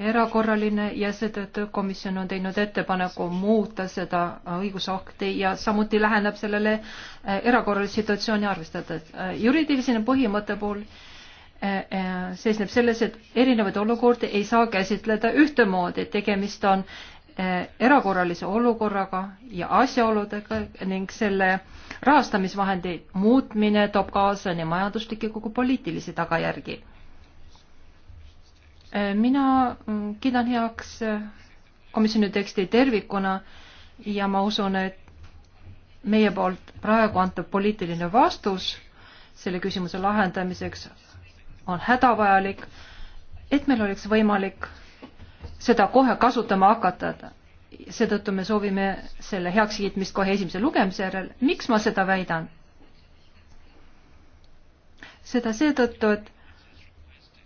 erakorraline ja seetõttu komisjon on teinud ettepaneku muuta seda õigusakti ja samuti läheneb sellele äh, erakorralise situatsiooni arvestades. Äh, juriidilisena põhimõtte puhul äh, seisneb selles, et erinevaid olukordi ei saa käsitleda ühtemoodi, tegemist on erakorralise olukorraga ja asjaoludega ning selle rahastamisvahendi muutmine toob kaasa nii majanduslikke kui ka poliitilisi tagajärgi mina mm, kiidan heaks äh, komisjoni teksti tervikuna ja ma usun, et meie poolt praegu antav poliitiline vastus selle küsimuse lahendamiseks on hädavajalik, et meil oleks võimalik seda kohe kasutama hakata. seetõttu me soovime selle heakskiitmist kohe esimese lugemise järel. miks ma seda väidan? seda seetõttu, et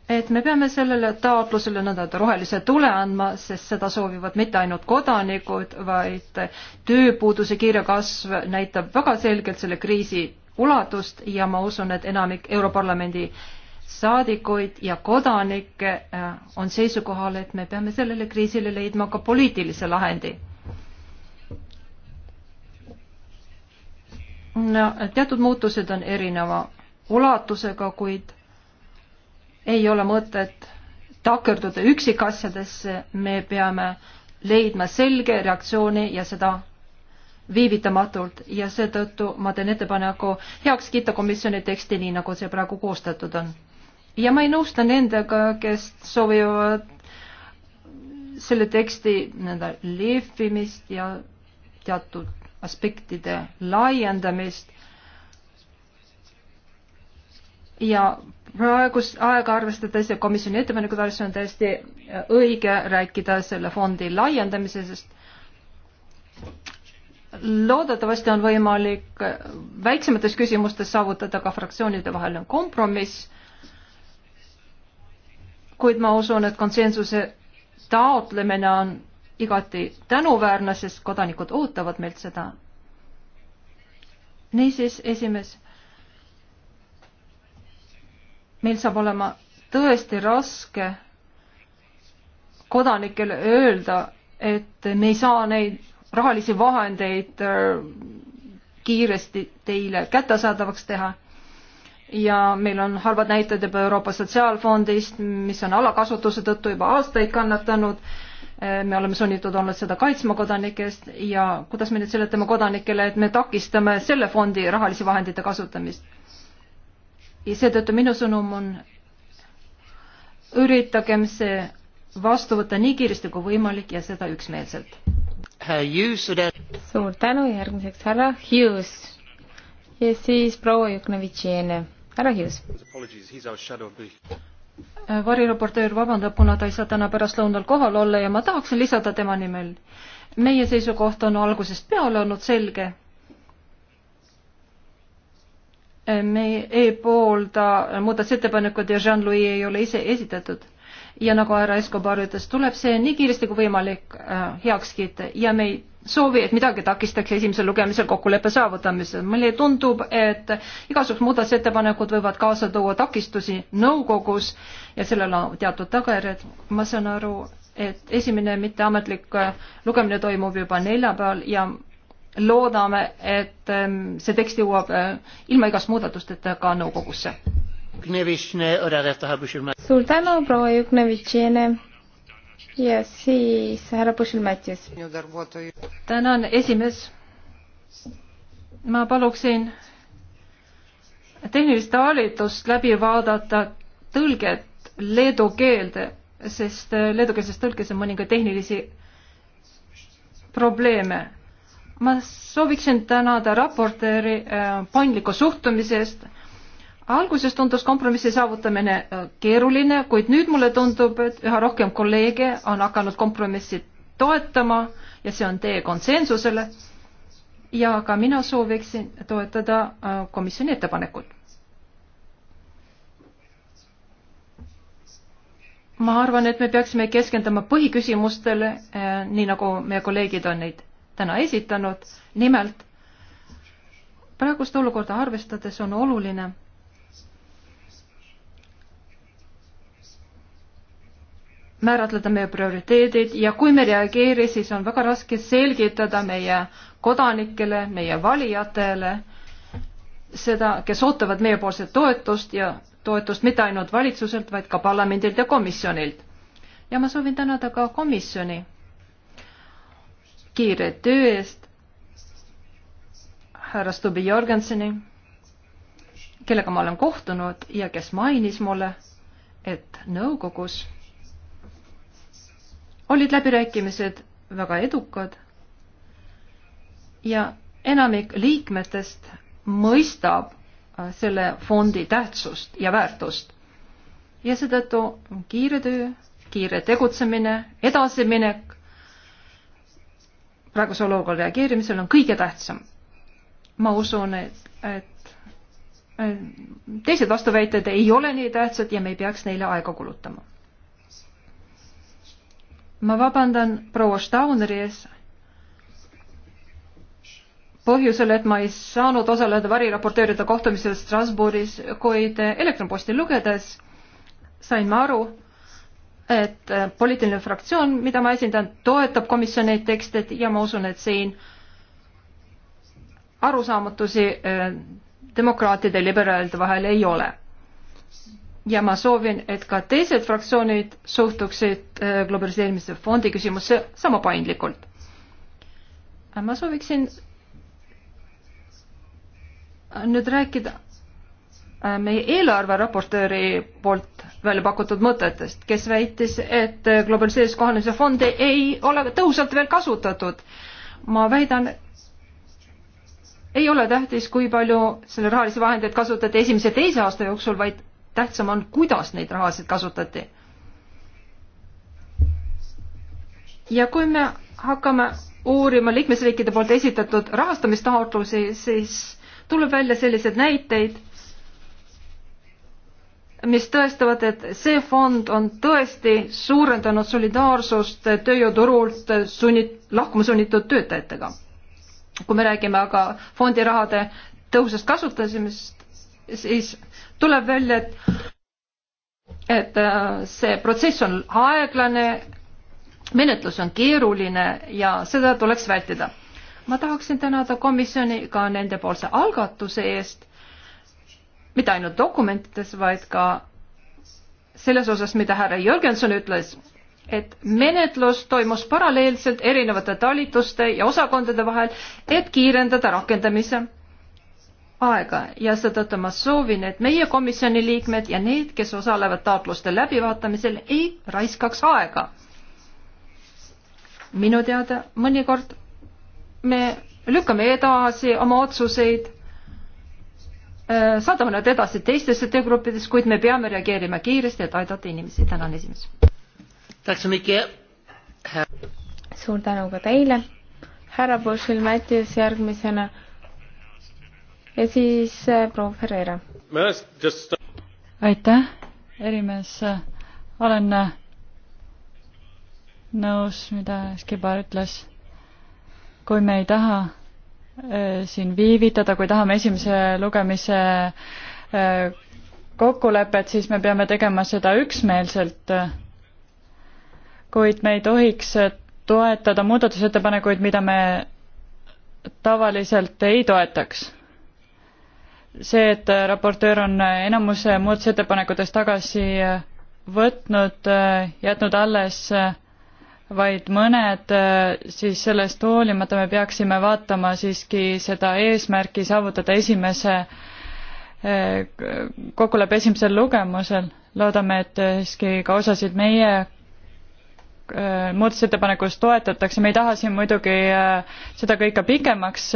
et me peame sellele taotlusele nõnda rohelise tule andma, sest seda soovivad mitte ainult kodanikud, vaid tööpuuduse kiire kasv näitab väga selgelt selle kriisi ulatust ja ma usun, et enamik Europarlamendi saadikuid ja kodanikke äh, on seisukohal, et me peame sellele kriisile leidma ka poliitilise lahendi no,. teatud muutused on erineva ulatusega, kuid ei ole mõtet takerduda üksikasjadesse, me peame leidma selge reaktsiooni ja seda viivitamatult ja seetõttu ma teen ettepaneku heaks kiita komisjoni teksti nii, nagu see praegu koostatud on. ja ma ei nõustu nendega, kes soovivad selle teksti nii-öelda lihvimist ja teatud aspektide laiendamist ja praegust aega arvestades ja komisjoni ettepanekud arvestades on täiesti äh, õige rääkida selle fondi laiendamisest. loodetavasti on võimalik äh, väiksemates küsimustes saavutada ka fraktsioonide vaheline kompromiss, kuid ma usun, et konsensuse taotlemine on igati tänuväärne, sest kodanikud ootavad meilt seda. niisiis, esimees meil saab olema tõesti raske kodanikele öelda, et me ei saa neid rahalisi vahendeid äh, kiiresti teile kättesaadavaks teha. ja meil on halvad näited juba Euroopa Sotsiaalfondist, mis on alakasutuse tõttu juba aastaid kannatanud. Äh, me oleme sunnitud olnud seda kaitsma kodanike eest ja kuidas me nüüd seletame kodanikele, et me takistame selle fondi rahalisi vahendite kasutamist ja seetõttu minu sõnum on, üritagem see vastu võtta nii kiiresti kui võimalik ja seda üksmeelselt. suur tänu, järgmiseks härra Hughes ja siis proua Juknevitši enne. härra Hughes. Äh, variraportöör vabandab, kuna ta ei saa täna pärastlõunal kohal olla ja ma tahaksin lisada tema nimel. meie seisukoht on algusest peale olnud selge me ei poolda muudatusettepanekut ja Jean-Louis ei ole ise esitatud. ja nagu härra Escobar ütles, tuleb see nii kiiresti kui võimalik äh, heaks kiita ja me ei soovi, et midagi takistaks esimesel lugemisel kokkuleppe saavutamisel. mulle tundub, et igasugused muudatusettepanekud võivad kaasa tuua takistusi nõukogus ja sellel on teatud tagajärjed. ma saan aru, et esimene mitteametlik äh, lugemine toimub juba neljapäeval ja loodame, et ähm, see tekst jõuab äh, ilma igast muudatusteta ka nõukogusse. suur tänu, proua Juknevitšene ja siis härra Pušil-Mattias. tänan, esimees. ma paluksin tehnilist talitust läbi vaadata tõlget leedu keelde, sest äh, leedukeelses tõlkes on mõningaid tehnilisi probleeme ma sooviksin tänada raportööri äh, paindliku suhtumise eest. alguses tundus kompromissi saavutamine äh, keeruline, kuid nüüd mulle tundub, et üha rohkem kolleege on hakanud kompromissi toetama ja see on tee konsensusele. ja ka mina sooviksin toetada äh, komisjoni ettepanekut. ma arvan, et me peaksime keskenduma põhiküsimustele, äh, nii nagu meie kolleegid on neid täna esitanud. nimelt praegust olukorda arvestades on oluline määratleda meie prioriteedid ja kui me ei reageeri, siis on väga raske selgitada meie kodanikele, meie valijatele seda, kes ootavad meiepoolset toetust ja toetust mitte ainult valitsuselt, vaid ka parlamendilt ja komisjonilt. ja ma soovin tänada ka komisjoni kiire töö eest härra Stubbi Jorgenseni, kellega ma olen kohtunud ja kes mainis mulle, et nõukogus olid läbirääkimised väga edukad ja enamik liikmetest mõistab äh, selle fondi tähtsust ja väärtust. ja seetõttu kiire töö, kiire tegutsemine, edasiminek praeguse olukorra reageerimisel on kõige tähtsam. ma usun, et, et teised vastuväited ei ole nii tähtsad ja me ei peaks neile aega kulutama. ma vabandan proua Stauneri ees põhjusel, et ma ei saanud osaleda variraportööride kohtumisel Strasbourgis, kuid elektronposti lugedes sain ma aru, et äh, poliitiline fraktsioon, mida ma esindan, toetab komisjoni tekste ja ma usun, et siin arusaamatusi äh, demokraatide ja liberaalide vahel ei ole. ja ma soovin, et ka teised fraktsioonid suhtuksid äh, globaliseerimise fondi küsimusse sama paindlikult. ma sooviksin nüüd rääkida meie eelarveraportööri poolt välja pakutud mõtetest, kes väitis, et globaliseerimise kohanemise fondi ei ole tõhusalt veel kasutatud. ma väidan, ei ole tähtis, kui palju selle rahalisi vahendeid kasutati esimese ja teise aasta jooksul, vaid tähtsam on, kuidas neid rahasid kasutati. ja kui me hakkame uurima liikmesriikide poolt esitatud rahastamistaotlusi, siis tuleb välja selliseid näiteid mis tõestavad, et see fond on tõesti suurendanud solidaarsust tööjõuturult sunnit-, lahkuma sunnitud töötajatega. kui me räägime aga fondi rahade tõhusast kasutamisest, siis tuleb välja, et et äh, see protsess on aeglane, menetlus on keeruline ja seda tuleks vältida. ma tahaksin tänada komisjoni ka nendepoolse algatuse eest mitte ainult dokumentides, vaid ka selles osas, mida härra Jürgenson ütles, et menetlus toimus paralleelselt erinevate talituste ja osakondade vahel, et kiirendada rakendamise aega ja seetõttu ma soovin, et meie komisjoni liikmed ja need, kes osalevad taotluste läbivaatamisel, ei raiskaks aega. minu teada mõnikord me lükkame edasi oma otsuseid Äh, saadame nad edasi teistesse töögruppides, kuid me peame reageerima kiiresti, et aidata inimesi. tänan, esimees. suur tänu ka teile, härra Bushil Mattias järgmisena ja siis äh, proua Ferreira. aitäh, erimees. olen äh, nõus, mida Skibar ütles. kui me ei taha Äh, siin viivitada, kui tahame esimese lugemise äh, kokkulepet, siis me peame tegema seda üksmeelselt. kuid me ei tohiks toetada muudatusettepanekuid, mida me tavaliselt ei toetaks. see, et raportöör on enamuse muudatusettepanekutest tagasi võtnud, äh, jätnud alles vaid mõned, äh, siis sellest hoolimata me peaksime vaatama siiski seda eesmärki saavutada esimese äh, kokkuleppe esimesel lugemusel. loodame, et siiski ka osasid meie äh, muudatusettepanekust toetatakse, me ei taha siin muidugi seda kõike pikemaks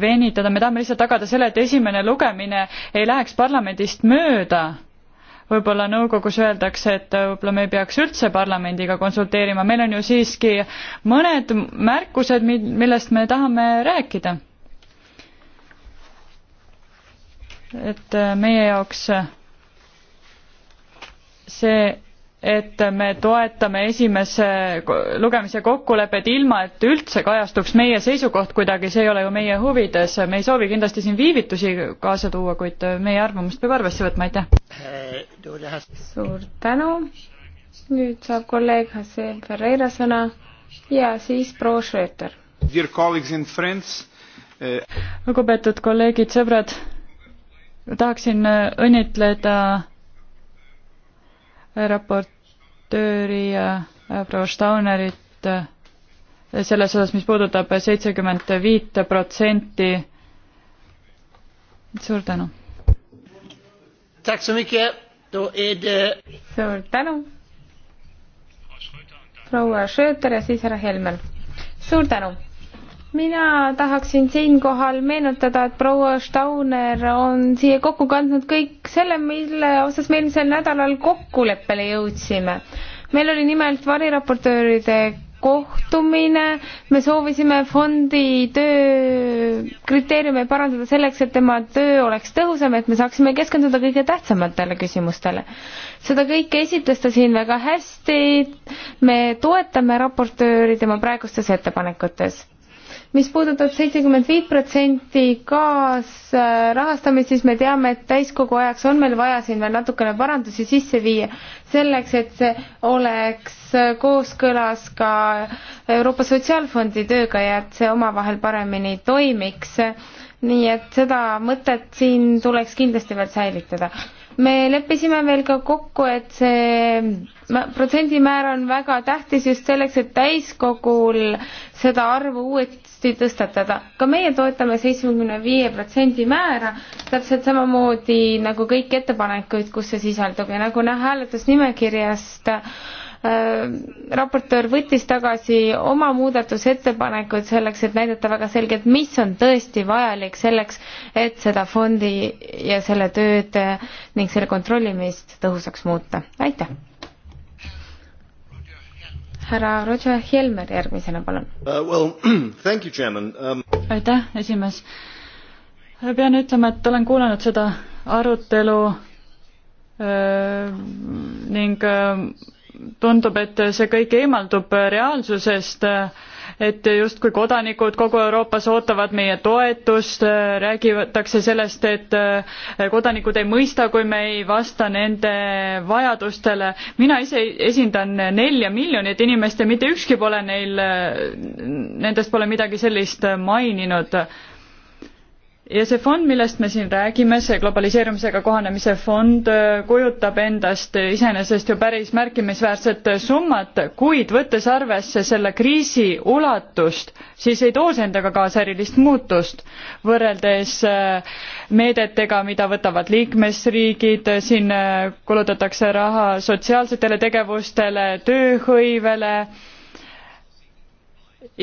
venitada, me tahame lihtsalt tagada selle, et esimene lugemine ei läheks parlamendist mööda võib-olla nõukogus öeldakse, et võib-olla me ei peaks üldse parlamendiga konsulteerima, meil on ju siiski mõned märkused, millest me tahame rääkida. et äh, meie jaoks see et me toetame esimese lugemise kokkulepet ilma, et üldse kajastuks meie seisukoht kuidagi, see ei ole ju meie huvides, me ei soovi kindlasti siin viivitusi kaasa tuua, kuid meie arvamust peab arvesse võtma, aitäh. suur tänu. nüüd saab kolleeg Jose Ferreira sõna ja siis proua Schröter. Eh, lugupeetud kolleegid, sõbrad, tahaksin õnnitleda raportööri äh, proua Staunerit äh, selles osas, mis puudutab seitsekümmend viit protsenti. suur tänu. suur tänu. proua Schröter ja siis härra Helmel. suur tänu mina tahaksin siinkohal meenutada, et proua Stauner on siia kokku kandnud kõik selle, mille osas me eelmisel nädalal kokkuleppele jõudsime. meil oli nimelt variraportööride kohtumine, me soovisime fondi töö kriteeriume parandada selleks, et tema töö oleks tõhusam, et me saaksime keskenduda kõige tähtsamatele küsimustele. seda kõike esitles ta siin väga hästi, me toetame raportööri tema praegustes ettepanekutes mis puudutab seitsekümmend viit protsenti kaasrahastamist, siis me teame, et täiskogu ajaks on meil vaja siin veel natukene parandusi sisse viia, selleks et see oleks kooskõlas ka Euroopa Sotsiaalfondi tööga ja et see omavahel paremini toimiks. nii et seda mõtet siin tuleks kindlasti veel säilitada me leppisime veel ka kokku, et see protsendimäär on väga tähtis just selleks, et täiskogul seda arvu uuesti tõstatada. ka meie toetame seitsmekümne viie protsendi määra, täpselt samamoodi nagu kõik ettepanekuid, kus see sisaldub ja nagu näha hääletusnimekirjast äh, Äh, raportöör võttis tagasi oma muudatusettepanekud selleks, et näidata väga selgelt, mis on tõesti vajalik selleks, et seda fondi ja selle tööd ning selle kontrollimist tõhusaks muuta. aitäh! härra Roger Helmer järgmisena, palun uh,. Well, um... aitäh, esimees. pean ütlema, et olen kuulanud seda arutelu öö, uh, ning öö, uh, tundub, et see kõik eemaldub reaalsusest, et justkui kodanikud kogu Euroopas ootavad meie toetust, räägitakse sellest, et kodanikud ei mõista, kui me ei vasta nende vajadustele. mina ise esindan nelja miljonit inimest ja mitte ükski pole neil, nendest pole midagi sellist maininud ja see fond, millest me siin räägime, see globaliseerumisega kohanemise fond, äh, kujutab endast iseenesest ju päris märkimisväärset summat, kuid võttes arvesse selle kriisi ulatust, siis ei too see endaga kaasa erilist muutust võrreldes äh, meedetega, mida võtavad liikmesriigid, äh, siin kulutatakse raha sotsiaalsetele tegevustele, tööhõivele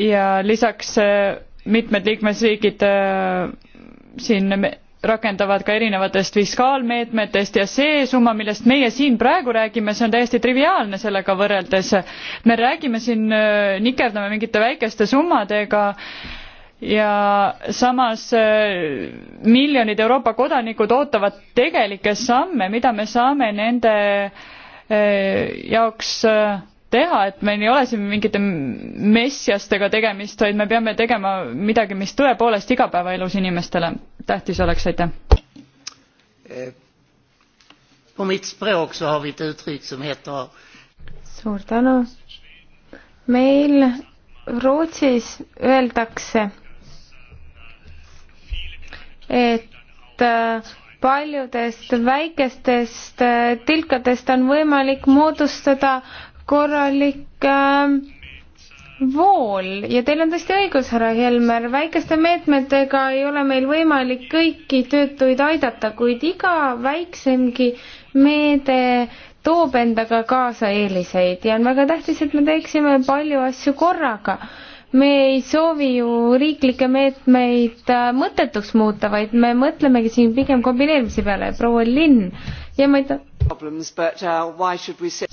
ja lisaks mitmed liikmesriigid siin rakendavad ka erinevatest fiskaalmeetmetest ja see summa millest meie siin praegu räägime see on täiesti triviaalne sellega võrreldes me räägime siin äh, nikerdame mingite väikeste summadega ja samas äh, miljonid euroopa kodanikud ootavad tegelikke samme mida me saame nende äh, jaoks teha, et meil ei ole siin mingite messiastega tegemist, vaid me peame tegema midagi, mis tõepoolest igapäevaelus inimestele tähtis oleks, aitäh. suur tänu. meil Rootsis öeldakse, et äh, paljudest väikestest äh, tilkadest on võimalik moodustada korralik äh, vool ja teil on tõesti õigus, härra Helmer, väikeste meetmetega ei ole meil võimalik kõiki töötuid aidata, kuid iga väiksemgi meede toob endaga kaasa eeliseid ja on väga tähtis, et me teeksime palju asju korraga. me ei soovi ju riiklikke meetmeid äh, mõttetuks muuta, vaid me mõtlemegi siin pigem kombineerimise peale. proua Linn ja ma ei tea uh,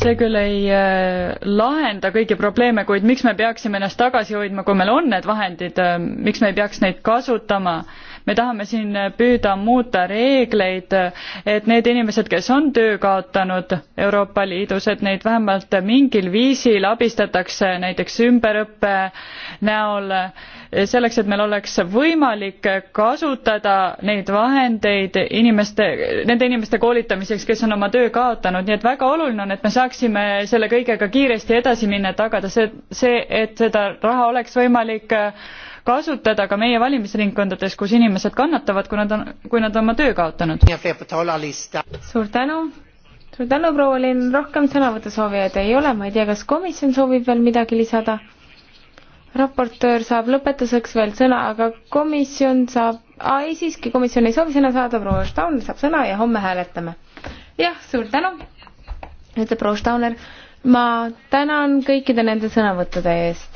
see küll ei äh, lahenda kõiki probleeme, kuid miks me peaksime ennast tagasi hoidma, kui meil on need vahendid, äh, miks me ei peaks neid kasutama? me tahame siin püüda muuta reegleid, et need inimesed, kes on töö kaotanud Euroopa Liidus, et neid vähemalt mingil viisil abistatakse näiteks ümberõppe näol, selleks, et meil oleks võimalik kasutada neid vahendeid inimeste, nende inimeste koolitamiseks, kes on oma töö kaotanud, nii et väga oluline on, et me saaksime selle kõigega kiiresti edasi minna, et tagada see, see, et seda raha oleks võimalik kasutada ka meie valimisringkondades, kus inimesed kannatavad, kui nad on, kui nad oma töö kaotanud. suur tänu, suur tänu, proua Linn, rohkem sõnavõtusoovijaid ei ole, ma ei tea, kas komisjon soovib veel midagi lisada? raportöör saab lõpetuseks veel sõna, aga komisjon saab, aa ei siiski, komisjon ei soovi sõna saada, proua Staun saab sõna ja homme hääletame. jah, suur tänu, ütleb proua Stauner ma tänan kõikide nende sõnavõttude eest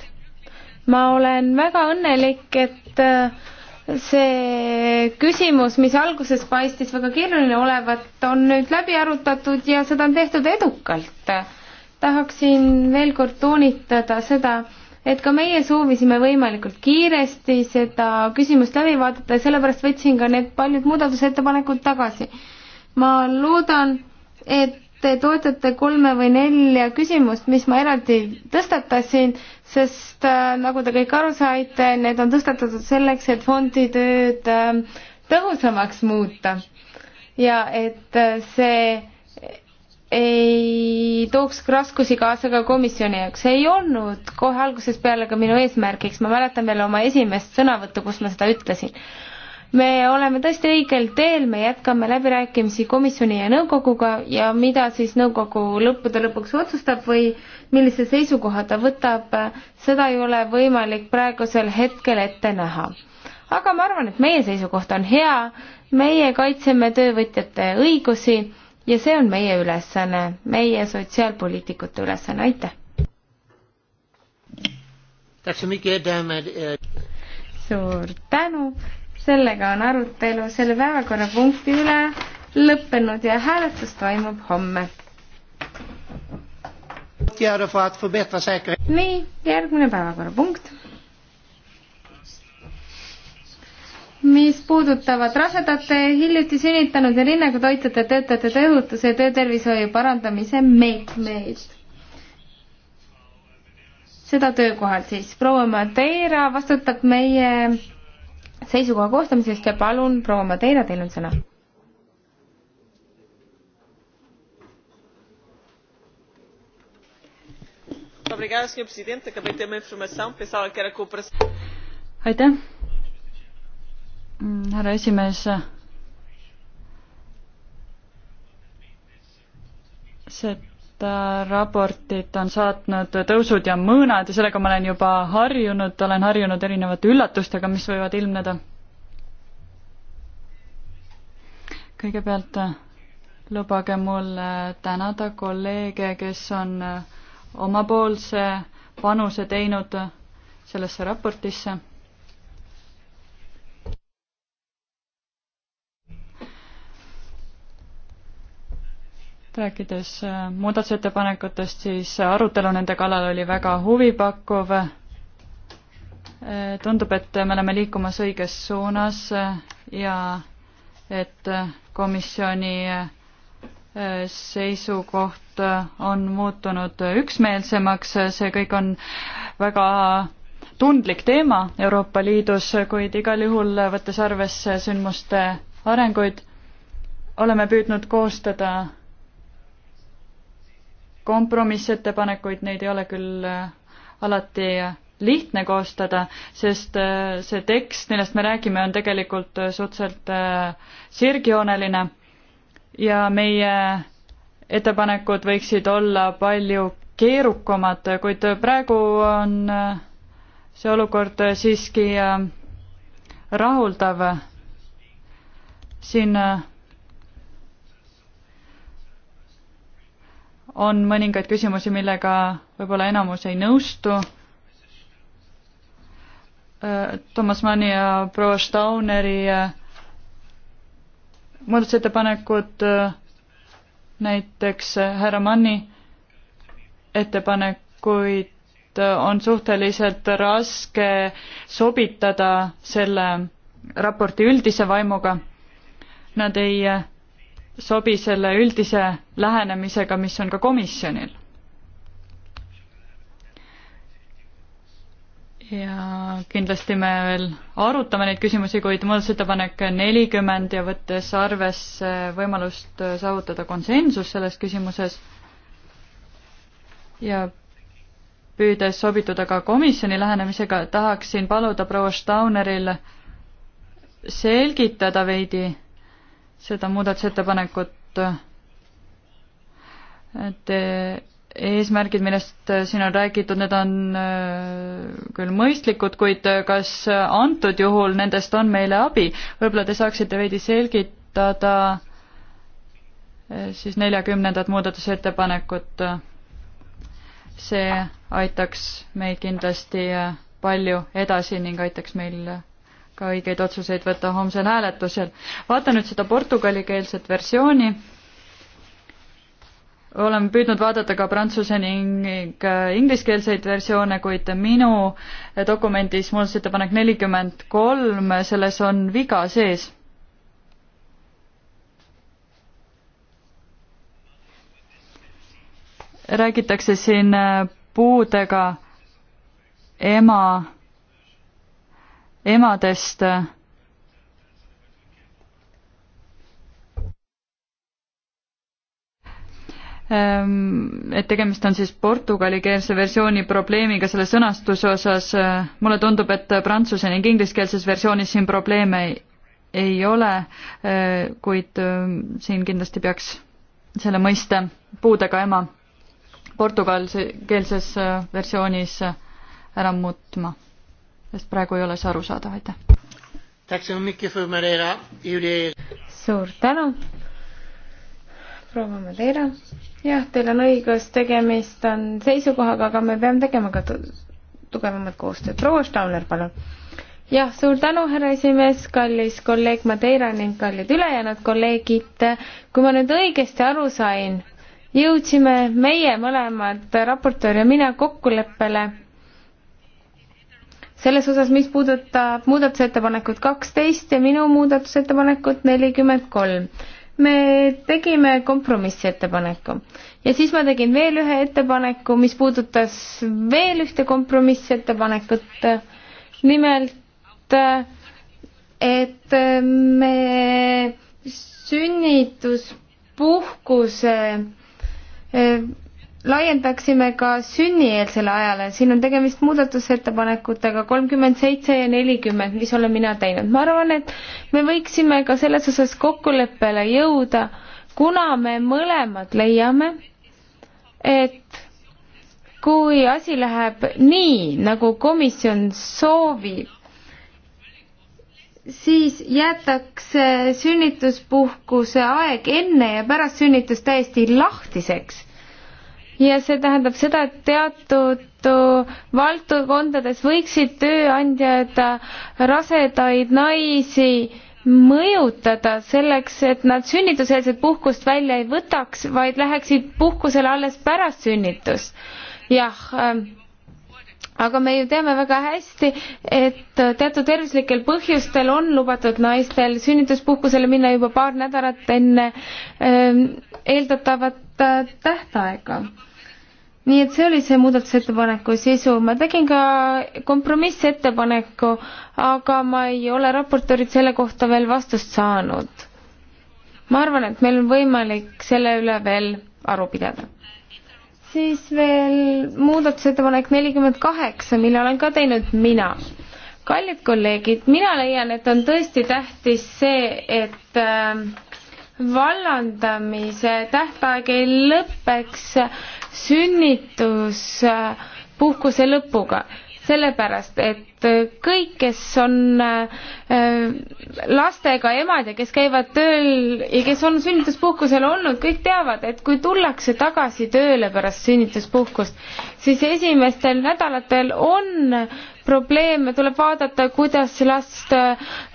ma olen väga õnnelik, et äh, see küsimus, mis alguses paistis väga keeruline olevat, on nüüd läbi arutatud ja seda on tehtud edukalt. tahaksin veel kord toonitada seda, et ka meie soovisime võimalikult kiiresti seda küsimust läbi vaadata ja sellepärast võtsin ka need paljud muudatusettepanekud tagasi. ma loodan, et te toetate kolme või nelja küsimust, mis ma eraldi tõstatasin sest äh, nagu te kõik aru saite, need on tõstatatud selleks, et fondi tööd äh, tõhusamaks muuta ja et äh, see ei tooks raskusi kaasa ka komisjoni jaoks, see ei olnud kohe algusest peale ka minu eesmärgiks, ma mäletan veel oma esimest sõnavõttu, kus ma seda ütlesin. me oleme tõesti õigel teel, me jätkame läbirääkimisi komisjoni ja nõukoguga ja mida siis nõukogu lõppude lõpuks otsustab või äh, millise seisukoha ta võtab, seda ei ole võimalik praegusel hetkel ette näha. aga ma arvan, et meie seisukoht on hea, meie kaitseme töövõtjate õigusi ja see on meie ülesanne, meie sotsiaalpoliitikute ülesanne, aitäh! suur tänu, sellega on arutelu selle päevakorrapunkti üle lõppenud ja hääletus toimub homme nii, järgmine päevakorrapunkt. mis puudutavad rasedate, hiljuti sünnitanud ja rinnaga toitjate töötajate tööohutuse ja töötervishoiu parandamise meetmeid. seda töökohal siis. proua Madeira vastutab meie seisukoha koostamisest ja palun, proua Madeira, teil on sõna aitäh, mm, härra esimees. Äh, seda raportit on saatnud tõusud ja mõõnad ja sellega ma olen juba harjunud, olen harjunud erinevate üllatustega, mis võivad ilmneda. kõigepealt äh, lubage mul äh, tänada kolleege, kes on äh, omapoolse panuse teinud sellesse raportisse. rääkides äh, muudatusettepanekutest, siis arutelu nende kallal oli väga huvipakkuv. Äh, tundub, et me oleme liikumas õiges suunas äh, ja et komisjoni seisukoht on muutunud üksmeelsemaks, see kõik on väga tundlik teema Euroopa Liidus, kuid igal juhul, võttes arvesse sündmuste arenguid, oleme püüdnud koostada kompromissettepanekuid, neid ei ole küll alati lihtne koostada, sest see tekst, millest me räägime, on tegelikult suhteliselt sirgjooneline ja meie ettepanekud võiksid olla palju keerukamad, kuid praegu on äh, see olukord siiski äh, rahuldav. siin äh, on mõningaid küsimusi, millega võib-olla enamus ei nõustu. Thomas Manni ja proua Stauneri muudatusettepanekud, äh, näiteks äh, härra Manni ettepanekuid äh, on suhteliselt raske sobitada selle raporti üldise vaimuga. Nad ei sobi selle üldise lähenemisega, mis on ka komisjonil ja kindlasti me veel arutame neid küsimusi, kuid muudatusettepanek nelikümmend ja võttes arvesse võimalust saavutada konsensus selles küsimuses ja püüdes sobituda ka komisjoni lähenemisega, tahaksin paluda proua Stauneril selgitada veidi seda muudatusettepanekut, et eesmärgid, millest äh, siin on räägitud, need on äh, küll mõistlikud, kuid äh, kas antud juhul nendest on meile abi? võib-olla te saaksite veidi selgitada siis neljakümnendat muudatusettepanekut. see aitaks meid kindlasti palju edasi ning aitaks meil ka õigeid otsuseid võtta homsel hääletusel. vaata nüüd seda portugalikeelset versiooni olen püüdnud vaadata ka prantsuse ning ingliskeelseid versioone, kuid minu dokumendis muudatusettepanek nelikümmend kolm, selles on viga sees. räägitakse siin puudega ema, emadest Ähm, et tegemist on siis portugalikeelse versiooni probleemiga selle sõnastuse osas. Äh, mulle tundub, et prantsuse ning ingliskeelses versioonis siin probleeme ei, ei ole, äh, kuid ähm, siin kindlasti peaks selle mõiste puudega ema portugalikeelses äh, versioonis ära muutma, sest praegu ei ole see arusaadav, aitäh. suur tänu, proua Madeira jah, teil on õigus, tegemist on seisukohaga, aga me peame tegema ka tugevamat koostööd. proua Stamler, palun. jah, suur tänu, härra esimees, kallis kolleeg Madeira ning kallid ülejäänud kolleegid. kui ma nüüd õigesti aru sain, jõudsime meie mõlemad, raportöör ja mina, kokkuleppele selles osas, mis puudutab muudatusettepanekut kaksteist ja minu muudatusettepanekut nelikümmend kolm me tegime kompromissettepaneku ja siis ma tegin veel ühe ettepaneku, mis puudutas veel ühte kompromissettepanekut. nimelt, et me sünnituspuhkuse laiendaksime ka sünnieelsele ajale, siin on tegemist muudatusettepanekutega kolmkümmend seitse ja nelikümmend, mis olen mina teinud. ma arvan, et me võiksime ka selles osas kokkuleppele jõuda, kuna me mõlemad leiame, et kui asi läheb nii, nagu komisjon soovib, siis jäetakse sünnituspuhkuse aeg enne ja pärast sünnitust täiesti lahtiseks ja see tähendab seda, et teatud uh, valdkondades võiksid tööandjad uh, rasedaid naisi mõjutada selleks, et nad sünnituseelset puhkust välja ei võtaks, vaid läheksid puhkusele alles pärast sünnitust. jah ähm,, aga me ju teame väga hästi, et uh, teatud tervislikel põhjustel on lubatud naistel sünnituspuhkusele minna juba paar nädalat enne ähm, eeldatavat äh, tähtaega nii et see oli see muudatusettepaneku sisu, ma tegin ka kompromissettepaneku, aga ma ei ole raportöörilt selle kohta veel vastust saanud. ma arvan, et meil on võimalik selle üle veel aru pidada siis veel muudatusettepanek nelikümmend kaheksa, mille olen ka teinud mina. kallid kolleegid, mina leian, et on tõesti tähtis see, et äh, vallandamise tähtaeg ei lõpeks sünnituspuhkuse äh, lõpuga sellepärast, et kõik, kes on äh, lastega emad ja kes käivad tööl ja kes on sünnituspuhkusel olnud, kõik teavad, et kui tullakse tagasi tööle pärast sünnituspuhkust, siis esimestel nädalatel on probleeme, tuleb vaadata, kuidas last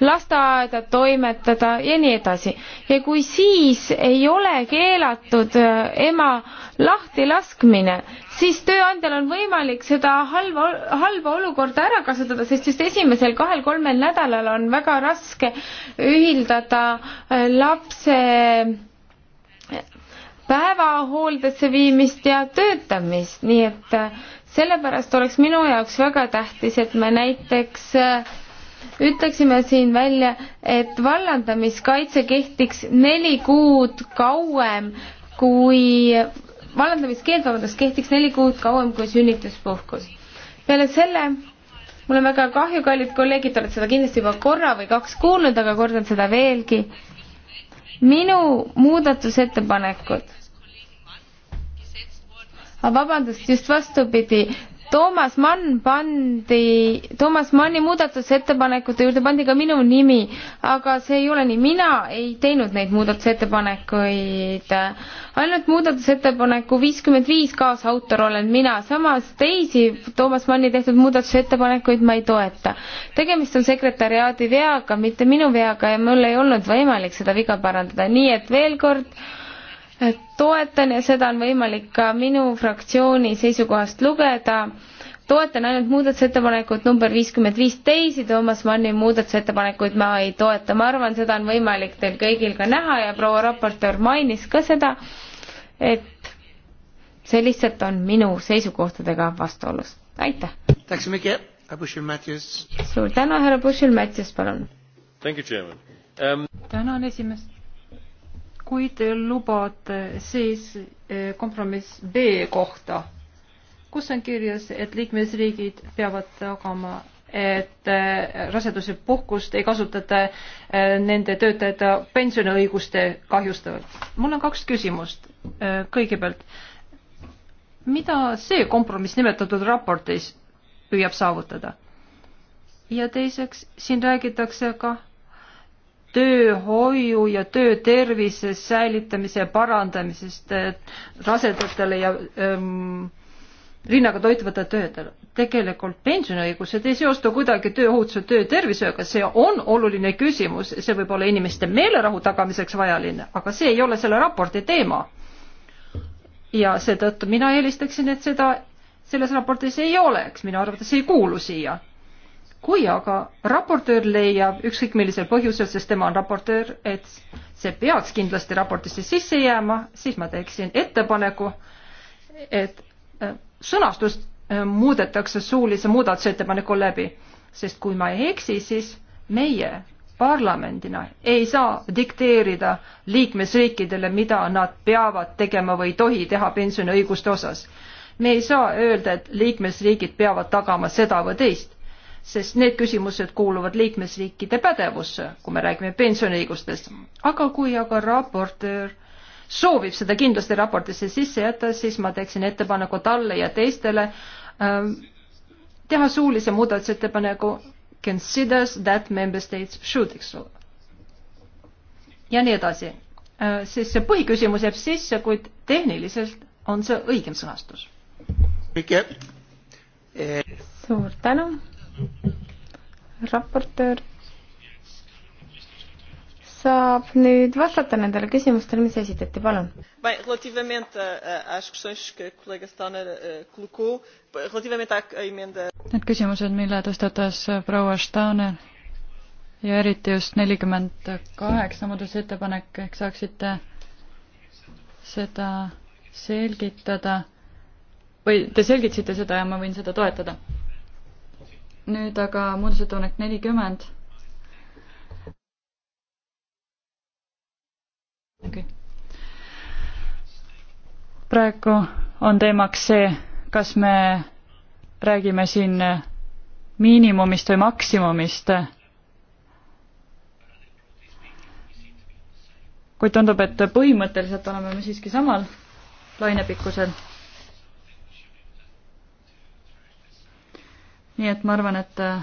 lasteaeda toimetada ja nii edasi. ja kui siis ei ole keelatud äh, ema lahti laskmine, siis tööandjal on võimalik seda halva, halba olukorda ära kasutada, sest just esimesel kahel-kolmel nädalal on väga raske ühildada äh, lapse äh, päevahooldesse viimist ja töötamist, nii et äh, sellepärast oleks minu jaoks väga tähtis, et me näiteks ütleksime siin välja, et vallandamiskaitse kehtiks neli kuud kauem kui vallandamiskeeld, vabandust, kehtiks neli kuud kauem kui sünnituspuhkus. peale selle mul on väga kahju, kallid kolleegid, te olete seda kindlasti juba korra või kaks kuulnud, aga kordan seda veelgi. minu muudatusettepanekud, ah, vabandust, just vastupidi, Toomas Mann pandi, Toomas Manni muudatusettepanekute juurde pandi ka minu nimi, aga see ei ole nii, mina ei teinud neid muudatusettepanekuid. ainult muudatusettepaneku viiskümmend viis kaasautor olen mina, samas teisi Toomas Manni tehtud muudatusettepanekuid ma ei toeta. tegemist on sekretäriaadi veaga, mitte minu veaga ja mul ei olnud võimalik seda viga parandada, nii et veel kord toetan ja seda on võimalik ka minu fraktsiooni seisukohast lugeda. toetan ainult muudatusettepanekut number viiskümmend viis, teisi Toomas Manni muudatusettepanekuid ma ei toeta, ma arvan, seda on võimalik teil kõigil ka näha ja proua raportöör mainis ka seda, et see lihtsalt on minu seisukohtadega vastuolus. aitäh! suur tänu, härra Bushel, Mattias, palun! Um... tänan esimest kui te lubate, siis eh, kompromiss B kohta, kus on kirjas, et liikmesriigid peavad tagama, et eh, raseduse puhkust ei kasutata eh, nende töötajate pensioniõiguste kahjustavalt. mul on kaks küsimust. kõigepealt, mida see kompromiss nimetatud raportis püüab saavutada? ja teiseks, siin räägitakse ka tööhoiu ja töötervise säilitamise parandamisest rasedatele ja ähm, rinnaga toituvate töödele. tegelikult pensioniõigused ei seostu kuidagi tööohutuse, töötervishoiuga, see on oluline küsimus, see võib olla inimeste meelerahu tagamiseks vajaline, aga see ei ole selle raporti teema. ja seetõttu mina eelistaksin, et seda selles raportis ei oleks, minu arvates ei kuulu siia kui aga raportöör leiab ükskõik millisel põhjusel, sest tema on raportöör, et see peaks kindlasti raportisse sisse jääma, siis ma teeksin ettepaneku, et äh, sõnastust äh, muudetakse suulise muudatusettepaneku läbi, sest kui ma ei eksi, siis meie parlamendina ei saa dikteerida liikmesriikidele, mida nad peavad tegema või ei tohi teha pensioniõiguste osas. me ei saa öelda, et liikmesriigid peavad tagama seda või teist sest need küsimused kuuluvad liikmesriikide pädevusse, kui me räägime pensioniõigustest. aga kui aga raportöör soovib seda kindlasti raportisse sisse jätta, siis ma teeksin ettepaneku talle ja teistele ähm, teha suulise muudatusettepaneku considers that member states should, eks ole. ja nii edasi äh,. siis see põhiküsimus jääb sisse, kuid tehniliselt on see õigem sõnastus. Eh. suur tänu raportöör saab nüüd vastata nendele küsimustele, mis esitati, palun. Bem, relativamente às questões que a colega Stoner eh, colocou, relativamente à emenda... Need küsimused, mille tõstatas eh, proua Stoner ja eriti just nelikümmend kaheksa muudatusettepanek, ehk saaksite seda selgitada või te selgitasite seda ja ma võin seda toetada nüüd aga muudatusettepanek nelikümmend. okei okay.. praegu on teemaks see, kas me räägime siin miinimumist või maksimumist. kuid tundub, et põhimõtteliselt oleme me siiski samal lainepikkusel nii et ma arvan, et äh,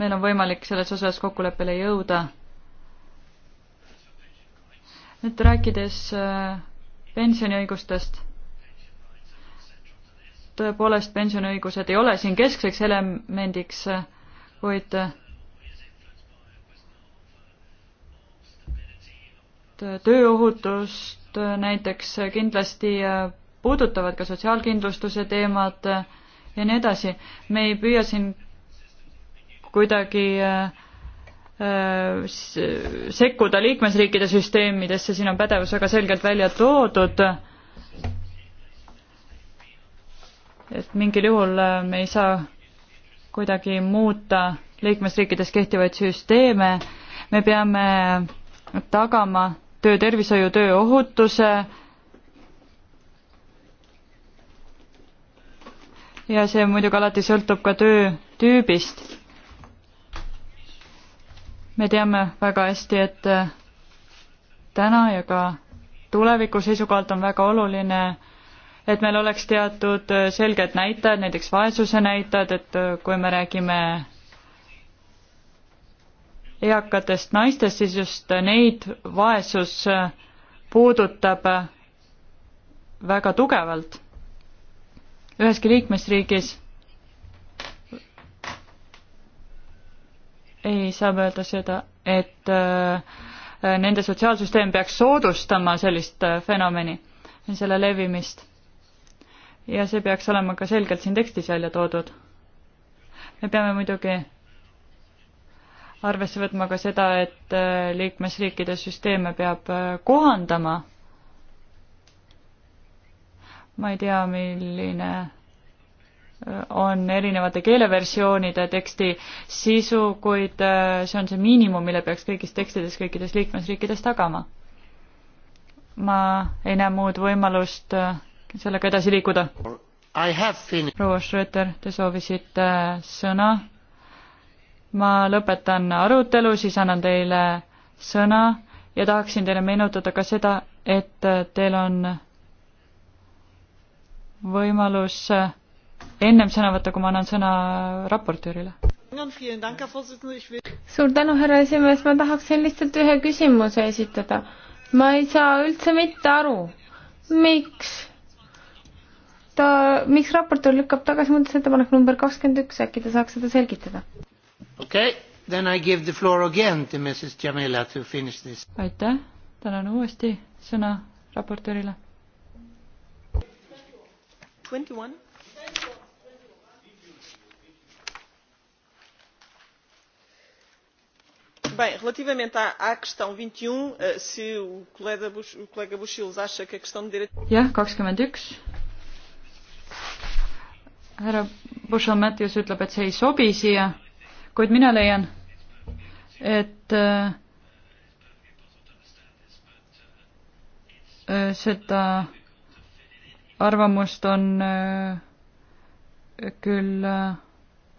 meil on võimalik selles osas kokkuleppele jõuda. nüüd rääkides äh, pensioniõigustest, tõepoolest pensioniõigused ei ole siin keskseks elemendiks, äh, kuid tööohutust näiteks kindlasti puudutavad ka sotsiaalkindlustuse teemad ja nii edasi. me ei püüa siin kuidagi äh, äh, sekkuda liikmesriikide süsteemidesse, siin on pädevus väga selgelt välja toodud. et mingil juhul äh, me ei saa kuidagi muuta liikmesriikides kehtivaid süsteeme, me peame tagama töötervishoiu, tööohutuse, ja see muidugi alati sõltub ka töö tüübist. me teame väga hästi, et äh, täna ja ka tuleviku seisukohalt on väga oluline et meil oleks teatud äh, selged näitajad, näiteks vaesuse näitajad, et äh, kui me räägime eakatest naistest, siis just neid vaesus puudutab väga tugevalt üheski liikmesriigis ei saa öelda seda, et äh, nende sotsiaalsüsteem peaks soodustama sellist äh, fenomeni, selle levimist. ja see peaks olema ka selgelt siin tekstis välja toodud. me peame muidugi arvesse võtma ka seda, et äh, liikmesriikide süsteeme peab kohandama ma ei tea, milline äh, on erinevate keeleversioonide teksti sisu, kuid äh, see on see miinimum, mille peaks kõigis tekstides kõikides liikmesriikides tagama. ma ei näe muud võimalust äh, sellega edasi liikuda. proua Schröter, te soovisite sõna. ma lõpetan arutelu, siis annan teile sõna ja tahaksin teile meenutada ka seda, et teil on võimalus äh, ennem sõna võtta, kui ma annan sõna raportöörile. suur tänu, härra esimees, ma tahaksin lihtsalt ühe küsimuse esitada. ma ei saa üldse mitte aru, miks ta, miks raportöör lükkab tagasi muudatusettepanek number kakskümmend üks, äkki ta saaks seda selgitada? okei okay,, then I give the floor again to Mrs Jamila to finish this. aitäh, tänan uuesti sõna raportöörile twenty one Bem, relativamente à, à questão 21, e um, eh, se o colega, o colega Buxilos acha que a questão de direito... Jah, kakskümmend üks. härra Bushel Matthews ütleb, et see ei sobi siia, kuid mina leian, et äh, seda arvamust on äh, küll äh,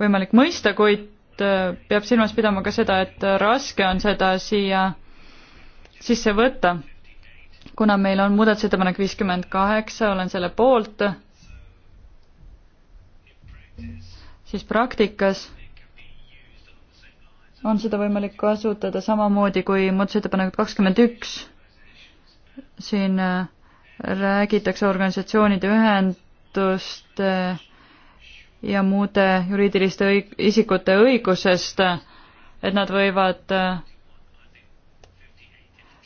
võimalik mõista, kuid äh, peab silmas pidama ka seda, et raske on seda siia sisse võtta. kuna meil on muudatusettepanek viiskümmend kaheksa, olen selle poolt, siis praktikas on seda võimalik kasutada samamoodi kui muudatusettepanekut kakskümmend üks siin äh, räägitakse organisatsioonide ühenduste ja muude juriidiliste õig-, isikute õigusest, et nad võivad äh,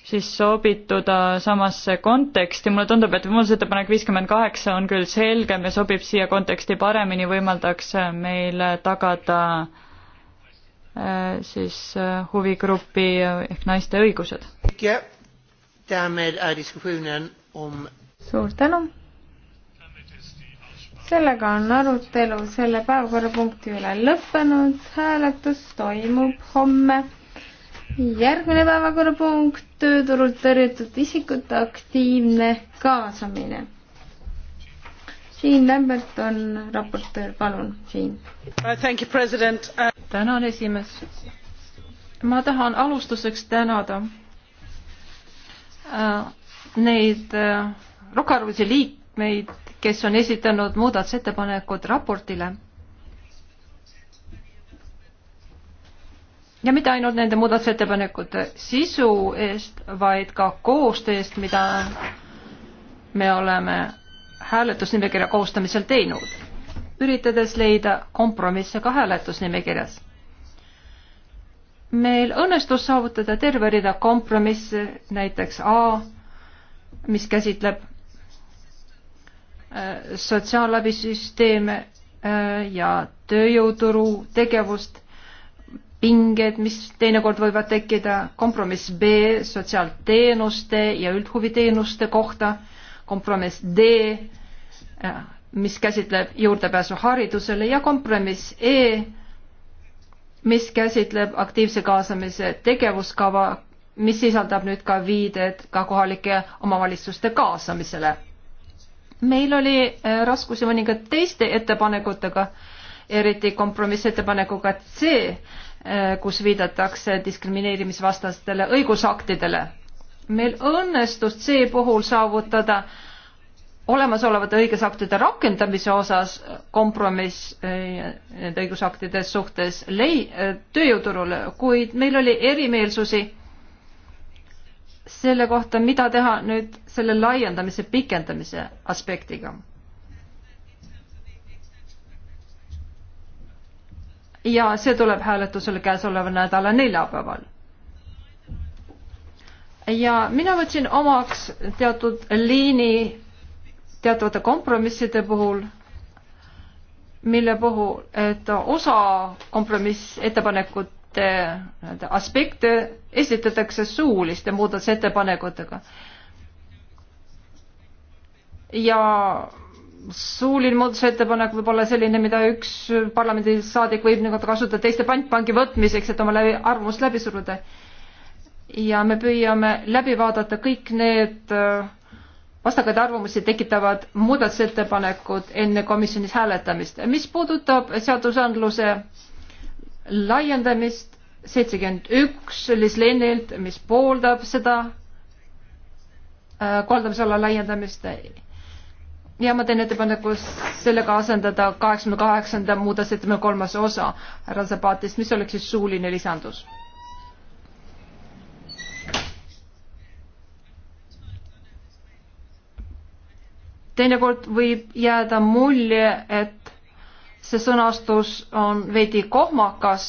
siis sobituda samasse konteksti, mulle tundub, et muudatusettepanek viiskümmend kaheksa on küll selgem ja sobib siia konteksti paremini, võimaldaks äh, meil tagada äh, siis huvigrupi ehk naiste õigused um suur tänu. sellega on arutelu selle päevakorrapunkti üle lõppenud, hääletus toimub homme. järgmine päevakorrapunkt, tööturult tõrjutud isikute aktiivne kaasamine. Siim Lämbert on raportöör, palun, uh, Siim. Uh, tänan, esimees. ma tahan alustuseks tänada äh, neid äh, rokarvusi liikmeid, kes on esitanud muudatusettepanekud raportile. ja mitte ainult nende muudatusettepanekute sisu eest, vaid ka koostööst, mida me oleme hääletusnimekirja koostamisel teinud, üritades leida kompromisse ka hääletusnimekirjas meil õnnestus saavutada terve rida kompromisse, näiteks A, mis käsitleb äh, sotsiaalabisüsteeme äh, ja tööjõuturu tegevust, pinged, mis teinekord võivad tekkida, kompromiss B sotsiaalteenuste ja üldhuviteenuste kohta, kompromiss D, äh, mis käsitleb juurdepääsu haridusele ja kompromiss E, mis käsitleb aktiivse kaasamise tegevuskava mis sisaldab nüüd ka viided ka kohalike omavalitsuste kaasamisele. meil oli äh, raskusi mõningate teiste ettepanekutega, eriti kompromissettepanekuga C, äh, kus viidatakse diskrimineerimisvastastele õigusaktidele. meil õnnestus C puhul saavutada olemasolevate õigusaktide rakendamise osas kompromiss äh, nende õigusaktide suhtes lei-, tööjõuturule, kuid meil oli erimeelsusi selle kohta, mida teha nüüd selle laiendamise, pikendamise aspektiga. ja see tuleb hääletusele käesoleva nädala neljapäeval. ja mina võtsin omaks teatud liini teatavate kompromisside puhul, mille puhul, et osa kompromissettepanekut aspekte esitatakse suuliste muudatusettepanekutega. ja suuline muudatusettepanek võib olla selline, mida üks parlamendisaadik võib nagu kasutada teiste pantvangi võtmiseks, et oma läbi, arvamust läbi suruda. ja me püüame läbi vaadata kõik need äh, vastakaid arvamusi tekitavad muudatusettepanekud enne komisjonis hääletamist. mis puudutab seadusandluse laiendamist, seitsekümmend üks Liis Lennilt, mis pooldab seda äh, koldamisala laiendamist. ja ma teen ettepaneku sellega asendada kaheksakümne kaheksanda muudatusettepaneku kolmas osa härra Zabatist, mis oleks siis suuline lisandus. teinekord võib jääda mulje, et see sõnastus on veidi kohmakas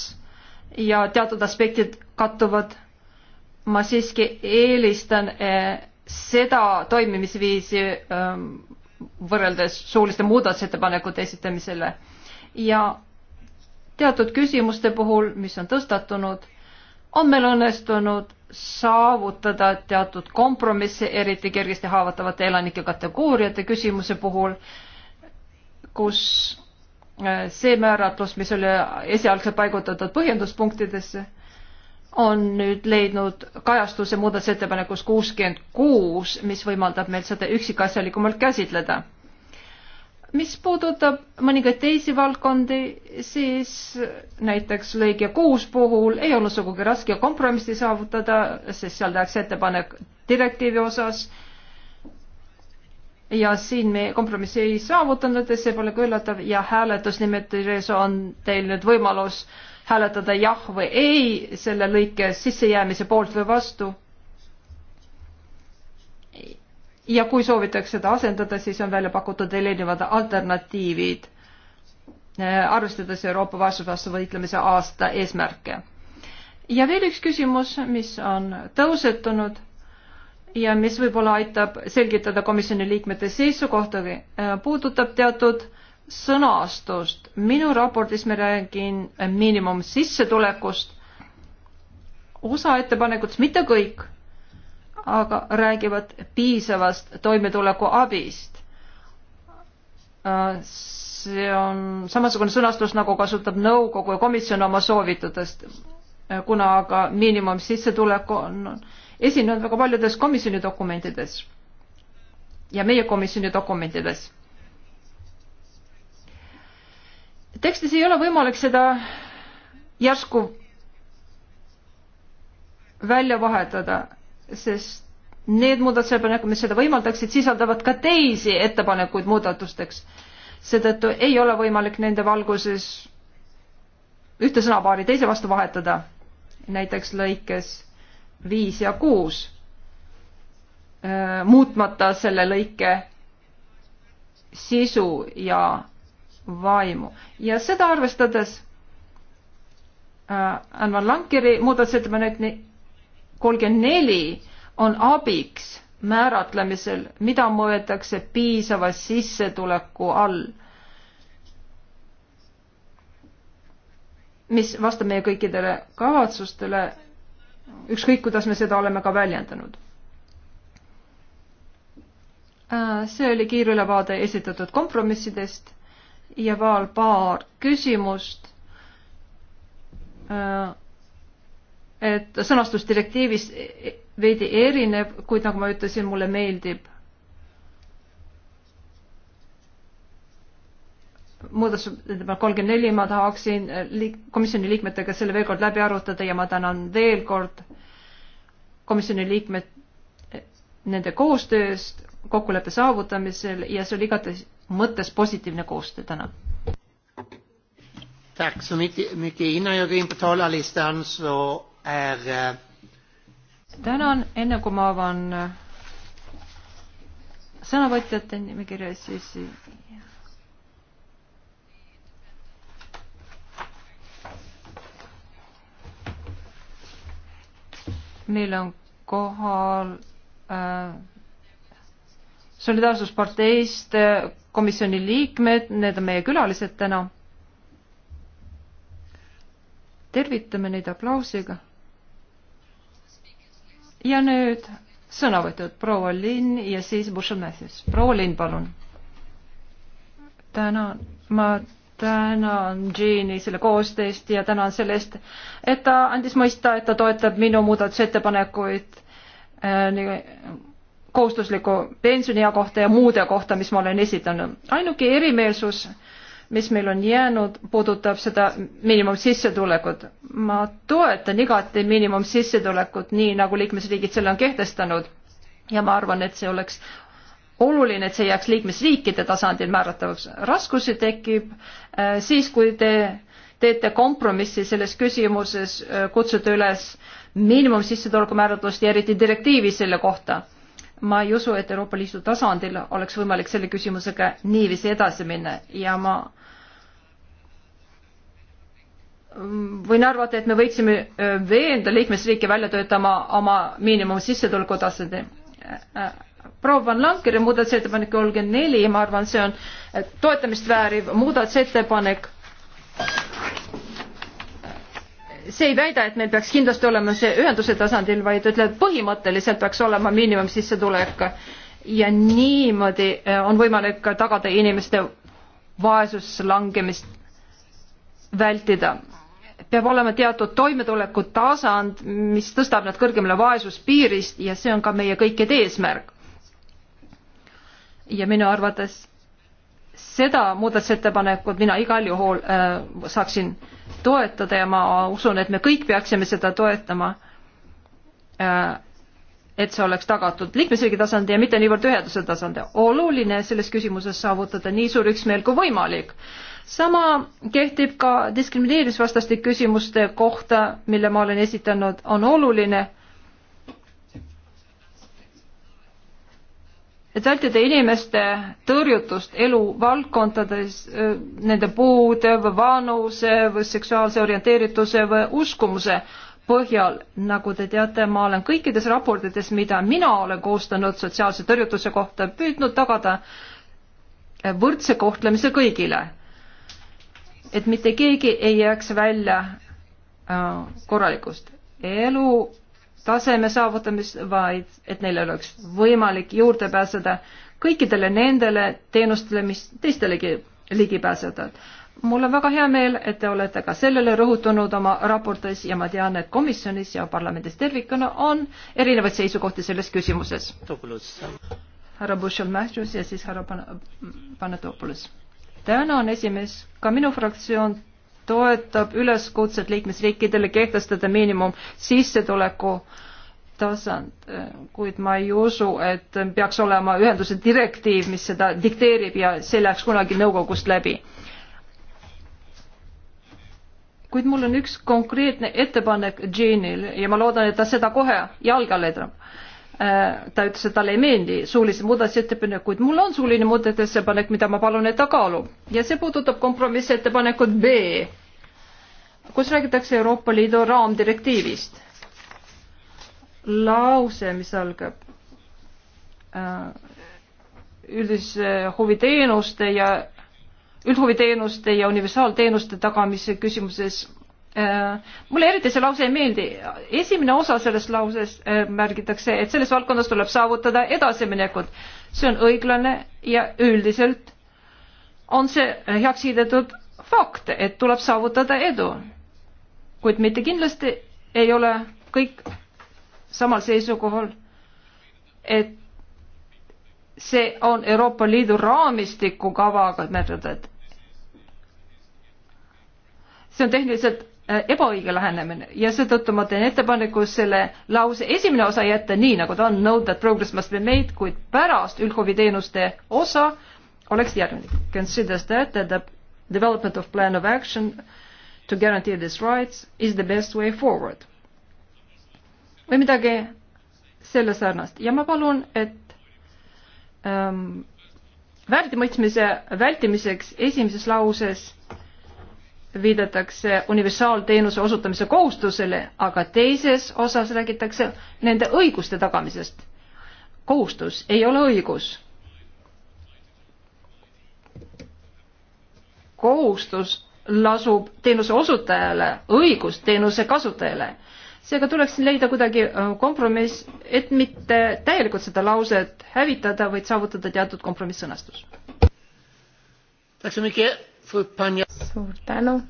ja teatud aspektid kattuvad. ma siiski eelistan eh, seda toimimisviisi ehm, võrreldes suuliste muudatusettepanekute esitamisele ja teatud küsimuste puhul, mis on tõstatunud, on meil õnnestunud saavutada teatud kompromisse, eriti kergesti haavatavate elanike kategooriate küsimuse puhul, kus Äh, see määratlus, mis oli esialgselt paigutatud põhjenduspunktidesse, on nüüd leidnud kajastuse muudatusettepanekus kuuskümmend kuus, mis võimaldab meil seda üksikasjalikumalt käsitleda. mis puudutab mõningaid teisi valdkondi, siis näiteks lõige kuus puhul ei olnud sugugi raske kompromissi saavutada, sest seal tehakse ettepanek direktiivi osas ja siin me kompromissi ei saavutanud ja see pole ka üllatav ja hääletusnimetajas on teil nüüd võimalus hääletada jah või ei selle lõike sissejäämise poolt või vastu. ja kui soovitakse seda asendada, siis on välja pakutud erinevad alternatiivid, äh, arvestades Euroopa vaesuse vastu võitlemise aasta eesmärke. ja veel üks küsimus, mis on tõusetunud ja mis võib-olla aitab selgitada komisjoni liikmete seisukohtagi, äh, puudutab teatud sõnastust. minu raportis ma räägin miinimumsissetulekust. osa ettepanekutest, mitte kõik, aga räägivad piisavast toimetuleku abist. Äh, see on samasugune sõnastus, nagu kasutab nõukogu ja komisjon oma soovitudest, äh, kuna aga miinimumsissetulek on no, esinenud väga paljudes komisjoni dokumentides ja meie komisjoni dokumentides. tekstis ei ole võimalik seda järsku välja vahetada, sest need muudatusettepanekud, mis seda võimaldaksid, sisaldavad ka teisi ettepanekuid muudatusteks. seetõttu ei ole võimalik nende valguses ühte sõnapaari teise vastu vahetada, näiteks lõikes viis ja kuus, muutmata selle lõike sisu ja vaimu ja seda arvestades Anvar Lankeri muudatusettepanek kolmkümmend neli on abiks määratlemisel, mida mõeldakse piisava sissetuleku all. mis vastab meie kõikidele kavatsustele ükskõik, kuidas me seda oleme ka väljendanud. Äh, see oli kiirülevaade esitatud kompromissidest ja veel paar küsimust. Äh, et sõnastus direktiivis veidi erineb, kuid nagu ma ütlesin, mulle meeldib muudatusettepanek kolmkümmend neli, ma tahaksin äh, liik-, komisjoni liikmetega selle veel kord läbi arutada ja ma tänan veel kord komisjoni liikmed äh, nende koostöö eest kokkuleppe saavutamisel ja see oli igatahes mõttes positiivne koostöö, tänan. Tack så mycket, mycket. Innan jag går in på talarlistan så är... Eh, tänan, enne kui ma avan äh, sõnavõtjate nimekirja, siis meil on kohal äh, Solidaarsusparteist äh, komisjoni liikmed, need on meie külalised täna. tervitame neid aplausiga. ja nüüd sõnavõtud proua Linn ja siis Bushel Matthews. proua Linn, palun. tänan, ma tänan Jeani selle koostööst ja tänan selle eest, et ta andis mõista, et ta toetab minu muudatusettepanekuid äh, kohustusliku pensioniea kohta ja muude kohta, mis ma olen esitanud. ainuke erimeelsus, mis meil on jäänud, puudutab seda miinimumsissetulekut. ma toetan igati miinimumsissetulekut, nii nagu liikmesriigid selle on kehtestanud ja ma arvan, et see oleks oluline, et see jääks liikmesriikide tasandil määratavaks. raskusi tekib äh, siis, kui te teete kompromissi selles küsimuses, äh, kutsute üles miinimumsissetuleku määratlust ja eriti direktiivi selle kohta. ma ei usu, et Euroopa Liidu tasandil oleks võimalik selle küsimusega niiviisi edasi minna ja ma võin arvata, et me võiksime äh, veenda liikmesriike välja töötama oma miinimumsissetuleku tasandi proua Van Lankeri muudatusettepanek kolmkümmend neli, ma arvan, see on eh, toetamist vääriv muudatusettepanek. see ei väida, et meil peaks kindlasti olema see ühenduse tasandil, vaid ütleb, põhimõtteliselt peaks olema miinimumsissetulek ja niimoodi eh, on võimalik ka tagada inimeste vaesuslangemist vältida. peab olema teatud toimetuleku tasand, mis tõstab nad kõrgemale vaesuspiirist ja see on ka meie kõikide eesmärk ja minu arvates seda muudatusettepanekut mina igal juhul äh, saaksin toetada ja ma usun, et me kõik peaksime seda toetama äh,. et see oleks tagatud liikmesriigi tasandi ja mitte niivõrd ühenduse tasandi. oluline selles küsimuses saavutada nii suur üksmeel kui võimalik. sama kehtib ka diskrimineerimisvastaste küsimuste kohta, mille ma olen esitanud, on oluline et vältida inimeste tõrjutust eluvaldkondades, nende puude või vanuse või seksuaalse orienteerituse või uskumuse põhjal. nagu te teate, ma olen kõikides raportites, mida mina olen koostanud sotsiaalse tõrjutuse kohta, püüdnud tagada võrdse kohtlemise kõigile. et mitte keegi ei jääks välja korralikust elu taseme saavutamist, vaid et neil oleks võimalik juurde pääseda kõikidele nendele teenustele, mis teistelegi ligipääsetavad. mul on väga hea meel, et te olete ka sellele rõhutunud oma raportis ja ma tean, et komisjonis ja parlamendis tervikuna on erinevaid seisukohti selles küsimuses. härra Bushel-Matthews ja siis härra Pan-, Panetopoulos. tänan, esimees, ka minu fraktsioon toetab üleskutset liikmesriikidele kehtestada miinimum sissetuleku tasand, kuid ma ei usu, et peaks olema ühenduse direktiiv, mis seda dikteerib ja see läheks kunagi nõukogust läbi. kuid mul on üks konkreetne ettepanek Jeanil ja ma loodan, et ta seda kohe jalge alla ei tõmba Äh, ta ütles, et talle ei meeldi suulised muudatusettepanekud, mul on suuline muudatusettepanek, mida ma palun, et ta kaalub ja see puudutab kompromissettepanekut B, kus räägitakse Euroopa Liidu raamdirektiivist. lause, mis algab äh, üldise huviteenuste ja üldhuviteenuste ja universaalteenuste tagamise küsimuses Äh, mulle eriti see lause ei meeldi. esimene osa sellest lausest äh, märgitakse, et selles valdkonnas tuleb saavutada edasiminekut. see on õiglane ja üldiselt on see heaks kiidetud fakt, et tuleb saavutada edu. kuid mitte kindlasti ei ole kõik samal seisukohal, et see on Euroopa Liidu raamistiku kavaga märgitud see on tehniliselt Äh, ebaõige lähenemine ja seetõttu ma teen ettepaneku selle lause esimene osa jätta nii, nagu ta on, note that progress must be made, kuid pärast üldhuviteenuste osa oleks järgmine. Considers that that the development of plan of action to guarantee these rights is the best way forward. või midagi selle sarnast ja ma palun, et ähm, väärtimõistmise vältimiseks esimeses lauses äh, viidatakse universaalteenuse osutamise kohustusele, aga teises osas räägitakse nende õiguste tagamisest. kohustus ei ole õigus. kohustus lasub teenuse osutajale, õigus teenuse kasutajale. seega tuleks leida kuidagi äh, kompromiss, et mitte täielikult seda lauset hävitada, vaid saavutada teatud kompromiss-sõnastus. Tack så mycket suur tänu,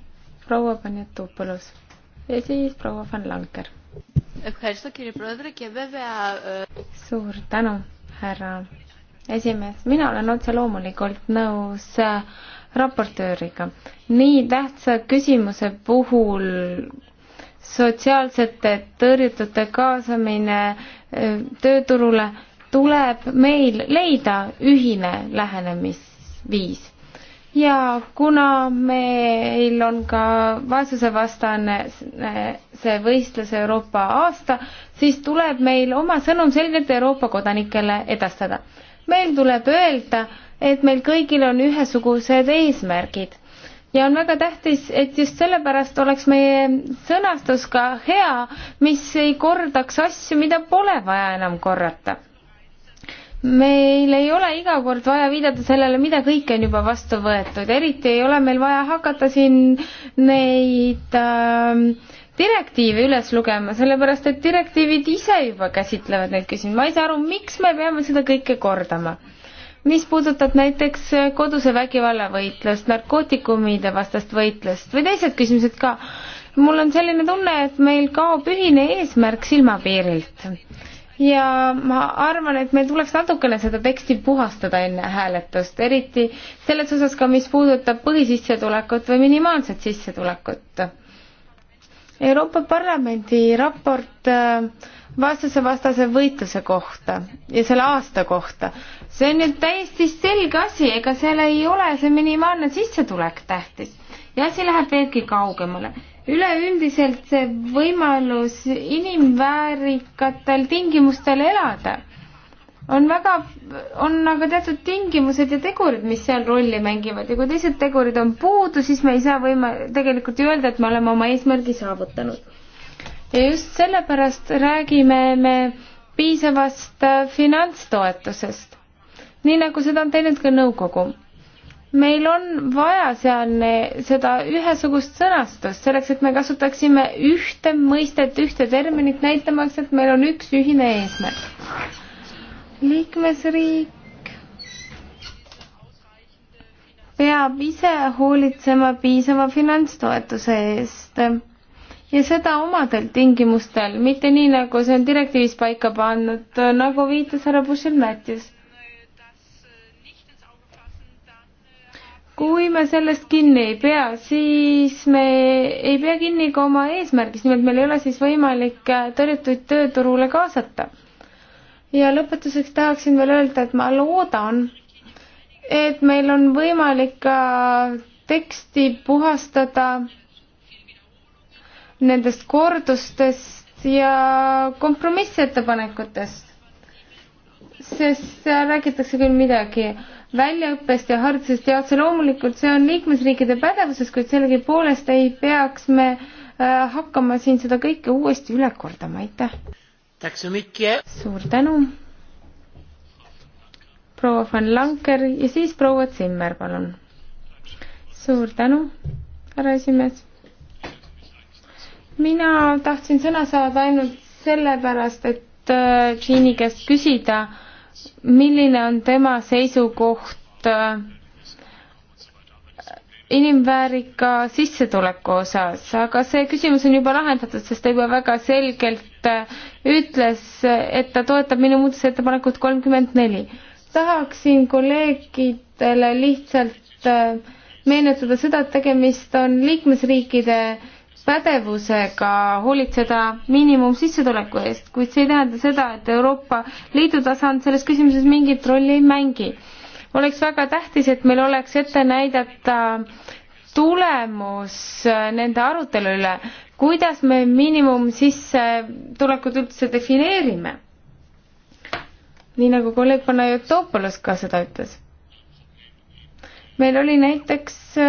proua Panjatopoulos ja siis proua Van Lanker. suur tänu, härra esimees, mina olen otse loomulikult nõus äh, raportööriga. nii tähtsa küsimuse puhul sotsiaalsete tõrjutute kaasamine äh, tööturule tuleb meil leida ühine lähenemisviis ja kuna meil on ka vaesusevastane äh, see võistlus Euroopa aasta, siis tuleb meil oma sõnum selgelt Euroopa kodanikele edastada. meil tuleb öelda, et meil kõigil on ühesugused eesmärgid ja on väga tähtis, et just sellepärast oleks meie sõnastus ka hea, mis ei kordaks asju, mida pole vaja enam korrata meil ei ole iga kord vaja viidata sellele, mida kõike on juba vastu võetud, eriti ei ole meil vaja hakata siin neid äh, direktiive üles lugema, sellepärast et direktiivid ise juba käsitlevad neid küsimusi, ma ei saa aru, miks me peame seda kõike kordama. mis puudutab näiteks koduse vägivalla võitlust, narkootikumide vastast võitlust või teised küsimused ka, mul on selline tunne, et meil kaob ühine eesmärk silmapiirilt ja ma arvan, et meil tuleks natukene seda teksti puhastada enne hääletust, eriti selles osas ka, mis puudutab põhisissetulekut või minimaalset sissetulekut. Euroopa Parlamendi raport äh, vastusevastase võitluse kohta ja selle aasta kohta. see on nüüd täiesti selge asi, ega seal ei ole see minimaalne sissetulek tähtis ja asi läheb veelgi kaugemale üleüldiselt see võimalus inimväärikatel tingimustel elada on väga, on aga teatud tingimused ja tegurid, mis seal rolli mängivad ja kui teised tegurid on puudu, siis me ei saa võima-, tegelikult ju öelda, et me oleme oma eesmärgi saavutanud. ja just sellepärast räägime me piisavast äh, finantstoetusest, nii nagu seda on teinud ka nõukogu meil on vaja seal ne, seda ühesugust sõnastust, selleks et me kasutaksime ühte mõistet, ühte terminit, näitamaks, et meil on üks ühine eesmärk. liikmesriik peab ise hoolitsema piisava finantstoetuse eest ja seda omadel tingimustel, mitte nii, nagu see on direktiivis paika pannud, nagu viitas härra Bushel Matthews kui me sellest kinni ei pea, siis me ei pea kinni ka oma eesmärgist, nimelt meil ei ole siis võimalik äh, tõrjutuid tööturule kaasata. ja lõpetuseks tahaksin veel öelda, et ma loodan, et meil on võimalik ka teksti puhastada nendest kordustest ja kompromissettepanekutest, sest seal äh, räägitakse küll midagi väljaõppest ja haridusest ja otse loomulikult see on liikmesriikide pädevuses, kuid sellegipoolest ei peaks me äh, hakkama siin seda kõike uuesti üle kordama, aitäh. suur tänu. proua von Lanker ja siis proua Zimmer, palun. suur tänu, härra esimees. mina tahtsin sõna saada ainult sellepärast, et Džiini äh, käest küsida milline on tema seisukoht äh, inimväärika sissetuleku osas, aga see küsimus on juba lahendatud, sest ta juba väga selgelt äh, ütles, et ta toetab minu muudatusettepanekut kolmkümmend neli. tahaksin kolleegidele lihtsalt äh, meenutada seda, et tegemist on liikmesriikide äh, pädevusega hoolitseda miinimumsissetuleku eest, kuid see ei tähenda seda, et Euroopa Liidu tasand selles küsimuses mingit rolli ei mängi. oleks väga tähtis, et meil oleks ette näidata tulemus nende arutelu üle, kuidas me miinimumsissetulekut üldse defineerime. nii nagu kolleeg Panajotopoulos ka seda ütles. meil oli näiteks äh,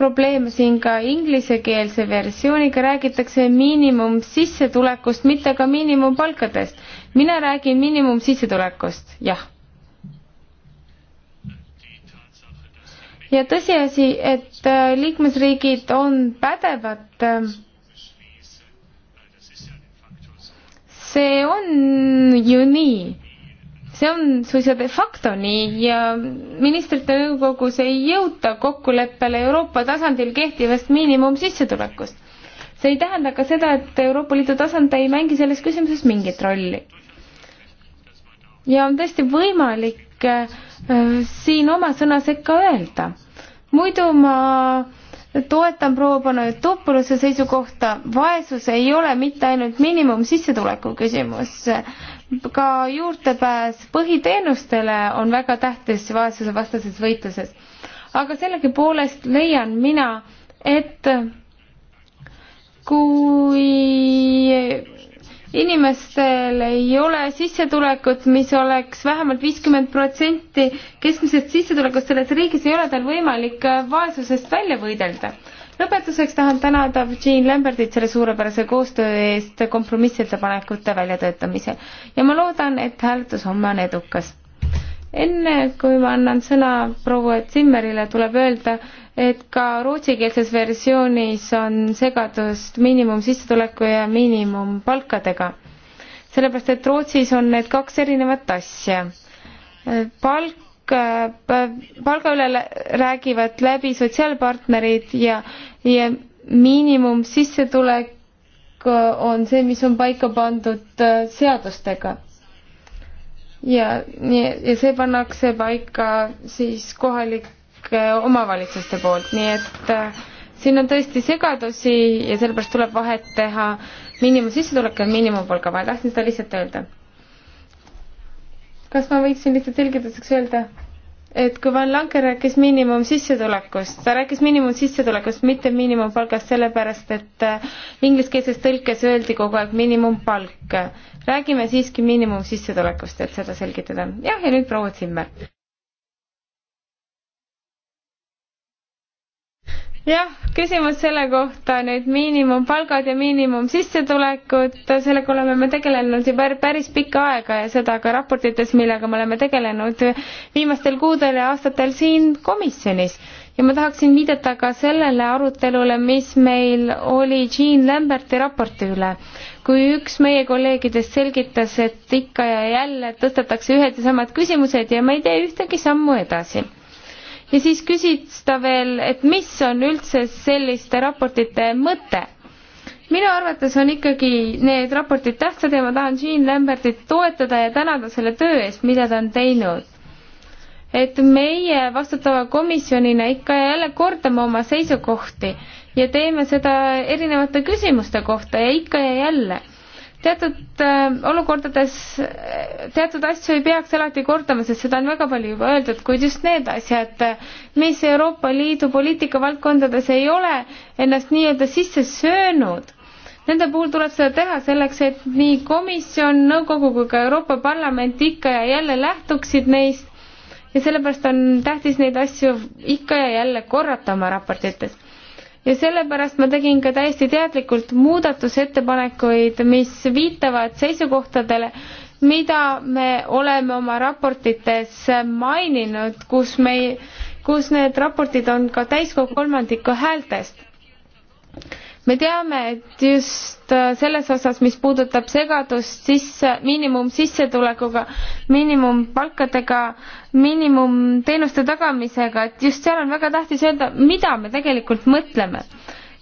probleeme siin ka inglisekeelse versiooniga, räägitakse miinimumsissetulekust, mitte ka miinimumpalkadest. mina räägin miinimumsissetulekust, jah. ja tõsiasi, et äh, liikmesriigid on pädevad äh, see on ju nii see on suisa de facto nii ja ministrite nõukogus ei jõuta kokkuleppele Euroopa tasandil kehtivast miinimumsissetulekust. see ei tähenda ka seda, et Euroopa Liidu tasand ei mängi selles küsimuses mingit rolli. ja on tõesti võimalik äh, siin oma sõna sekka öelda. muidu ma toetan proua Panajotopoluse seisukohta, vaesus ei ole mitte ainult miinimumsissetuleku küsimus ka juurdepääs põhiteenustele on väga tähtis vaesusevastases võitluses. aga sellegipoolest leian mina, et kui inimestel ei ole sissetulekut, mis oleks vähemalt viiskümmend protsenti keskmisest sissetulekust selles riigis, ei ole tal võimalik vaesusest välja võidelda lõpetuseks tahan tänada Jean Lambertit selle suurepärase koostöö eest kompromissettepanekute väljatöötamisel ja ma loodan, et hääletus homme on edukas. enne kui ma annan sõna proua Zimmerile, tuleb öelda, et ka rootsikeelses versioonis on segadust miinimumsissetuleku ja miinimumpalkadega. sellepärast, et Rootsis on need kaks erinevat asja. palk Äh, palga üle räägivad läbi sotsiaalpartnerid ja, ja miinimumsissetulek äh, on see, mis on paika pandud äh, seadustega. ja, ja see pannakse paika siis kohalike omavalitsuste poolt, nii et äh, siin on tõesti segadusi ja sellepärast tuleb vahet teha miinimumsissetuleku ja miinimumpalga vahel, tahtsin seda lihtsalt öelda kas ma võiksin lihtsalt selgituseks öelda, et kui Van Lanker rääkis miinimumsissetulekust, ta rääkis miinimumsissetulekust, mitte miinimumpalgast, sellepärast et äh, ingliskeelses tõlkes öeldi kogu aeg miinimumpalk. räägime siiski miinimumsissetulekust, et seda selgitada. jah, ja nüüd proua Zimmer jah, küsimus selle kohta nüüd miinimumpalgad ja miinimumsissetulekud, sellega oleme me tegelenud juba päris pikka aega ja seda ka raportites, millega me oleme tegelenud viimastel kuudel ja aastatel siin komisjonis. ja ma tahaksin viidata ka sellele arutelule, mis meil oli Jean Lamberti raporti üle, kui üks meie kolleegidest selgitas, et ikka ja jälle tõstetakse ühed ja samad küsimused ja me ei tee ühtegi sammu edasi ja siis küsis ta veel, et mis on üldse selliste raportite mõte minu arvates on ikkagi need raportid tähtsad ja ma tahan Jean Lambertit toetada ja tänada selle töö eest, mida ta on teinud. et meie vastutava komisjonina ikka ja jälle kordame oma seisukohti ja teeme seda erinevate küsimuste kohta ja ikka ja jälle teatud äh, olukordades äh, teatud asju ei peaks alati kordama, sest seda on väga palju juba öeldud, kuid just need asjad, äh, mis Euroopa Liidu poliitika valdkondades ei ole ennast nii-öelda sisse söönud, nende puhul tuleb seda teha selleks, et nii komisjon, nõukogu kui ka Euroopa Parlament ikka ja jälle lähtuksid neist ja sellepärast on tähtis neid asju ikka ja jälle korrata oma raportites ja sellepärast ma tegin ka täiesti teadlikult muudatusettepanekuid, mis viitavad seisukohtadele, mida me oleme oma raportites maininud, kus me, kus need raportid on ka täiskogu kolmandiku häältest me teame, et just äh, selles osas, mis puudutab segadust sisse, miinimumsissetulekuga, miinimumpalkadega, miinimumteenuste tagamisega, et just seal on väga tähtis öelda, mida me tegelikult mõtleme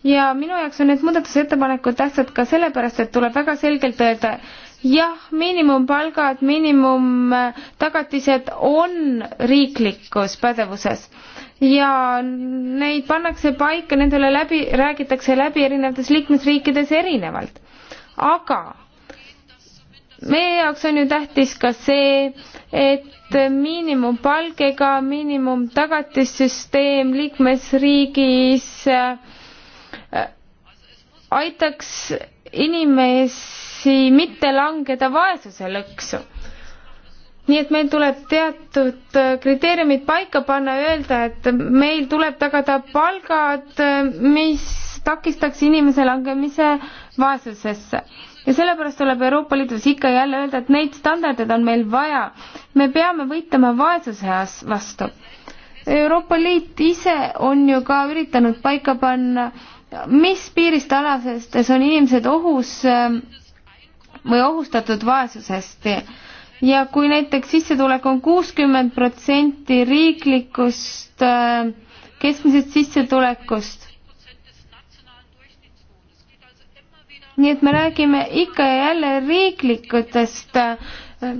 ja minu jaoks on need muudatusettepanekud tähtsad ka sellepärast, et tuleb väga selgelt öelda, jah, miinimumpalgad, miinimumtagatised äh, on riiklikus pädevuses ja neid pannakse paika, nendele läbi, räägitakse läbi erinevates liikmesriikides erinevalt. aga meie jaoks on ju tähtis ka see, et miinimumpalgega miinimumtagatissüsteem liikmesriigis äh, aitaks inimesi mitte langeda vaesuse lõksu nii et meil tuleb teatud äh, kriteeriumid paika panna, öelda, et meil tuleb tagada palgad, äh, mis takistaks inimese langemise vaesusesse. ja sellepärast tuleb Euroopa Liidus ikka jälle öelda, et neid standardeid on meil vaja. me peame võitlema vaesuse vastu. Euroopa Liit ise on ju ka üritanud paika panna, mis piirist alasestes on inimesed ohus äh, või ohustatud vaesusest ja kui näiteks sissetulek on kuuskümmend protsenti riiklikust äh, keskmisest sissetulekust, nii et me räägime ikka ja jälle riiklikutest äh,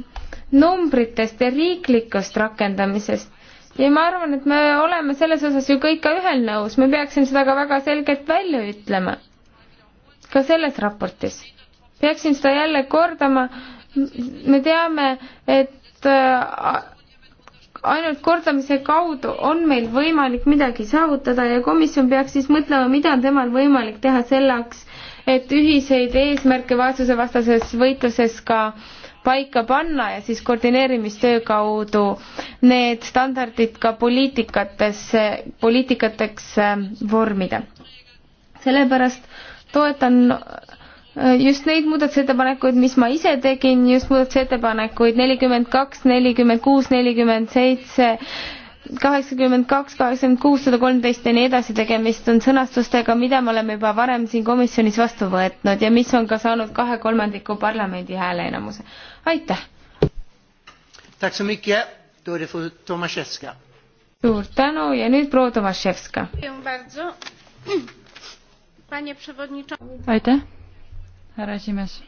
numbritest ja riiklikust rakendamisest. ja ma arvan, et me oleme selles osas ju kõik ka ühel nõus, me peaksime seda ka väga selgelt välja ütlema, ka selles raportis. peaksin seda jälle kordama me teame, et äh, ainult kordamise kaudu on meil võimalik midagi saavutada ja komisjon peaks siis mõtlema, mida on temal võimalik teha selleks, et ühiseid eesmärke vaesusevastases võitluses ka paika panna ja siis koordineerimistöö kaudu need standardid ka poliitikatesse, poliitikateks äh, vormida. sellepärast toetan Äh, just neid muudatusettepanekuid, mis ma ise tegin, just muudatusettepanekuid nelikümmend kaks, nelikümmend kuus, nelikümmend seitse, kaheksakümmend kaks, kaheksakümmend kuus, sada kolmteist ja nii edasi, tegemist on sõnastustega, mida me oleme juba varem siin komisjonis vastu võtnud ja mis on ka saanud kahe kolmandiku parlamendi hääleenamuse. aitäh! suur tänu ja nüüd proua Tomaševska. aitäh! härra esimees.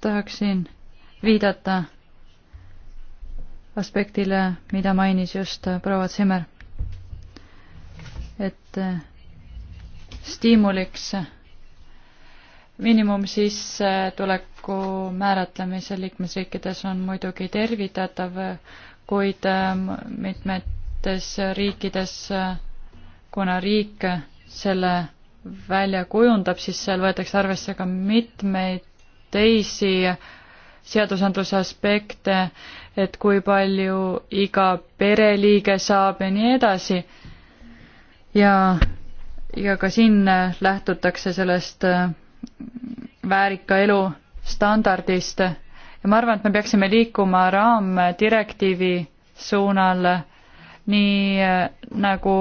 tahaksin viidata aspektile, mida mainis just proua Zimmer. et stiimuliks miinimumsissetuleku määratlemisel liikmesriikides on muidugi tervitatav, kuid mitmetes riikides, kuna riik selle välja kujundab, siis seal võetakse arvesse ka mitmeid teisi seadusandluse aspekte, et kui palju iga pereliige saab ja nii edasi. ja, ja ka siin lähtutakse sellest äh, väärika elu standardist ja ma arvan, et me peaksime liikuma raamdirektiivi suunal, nii äh, nagu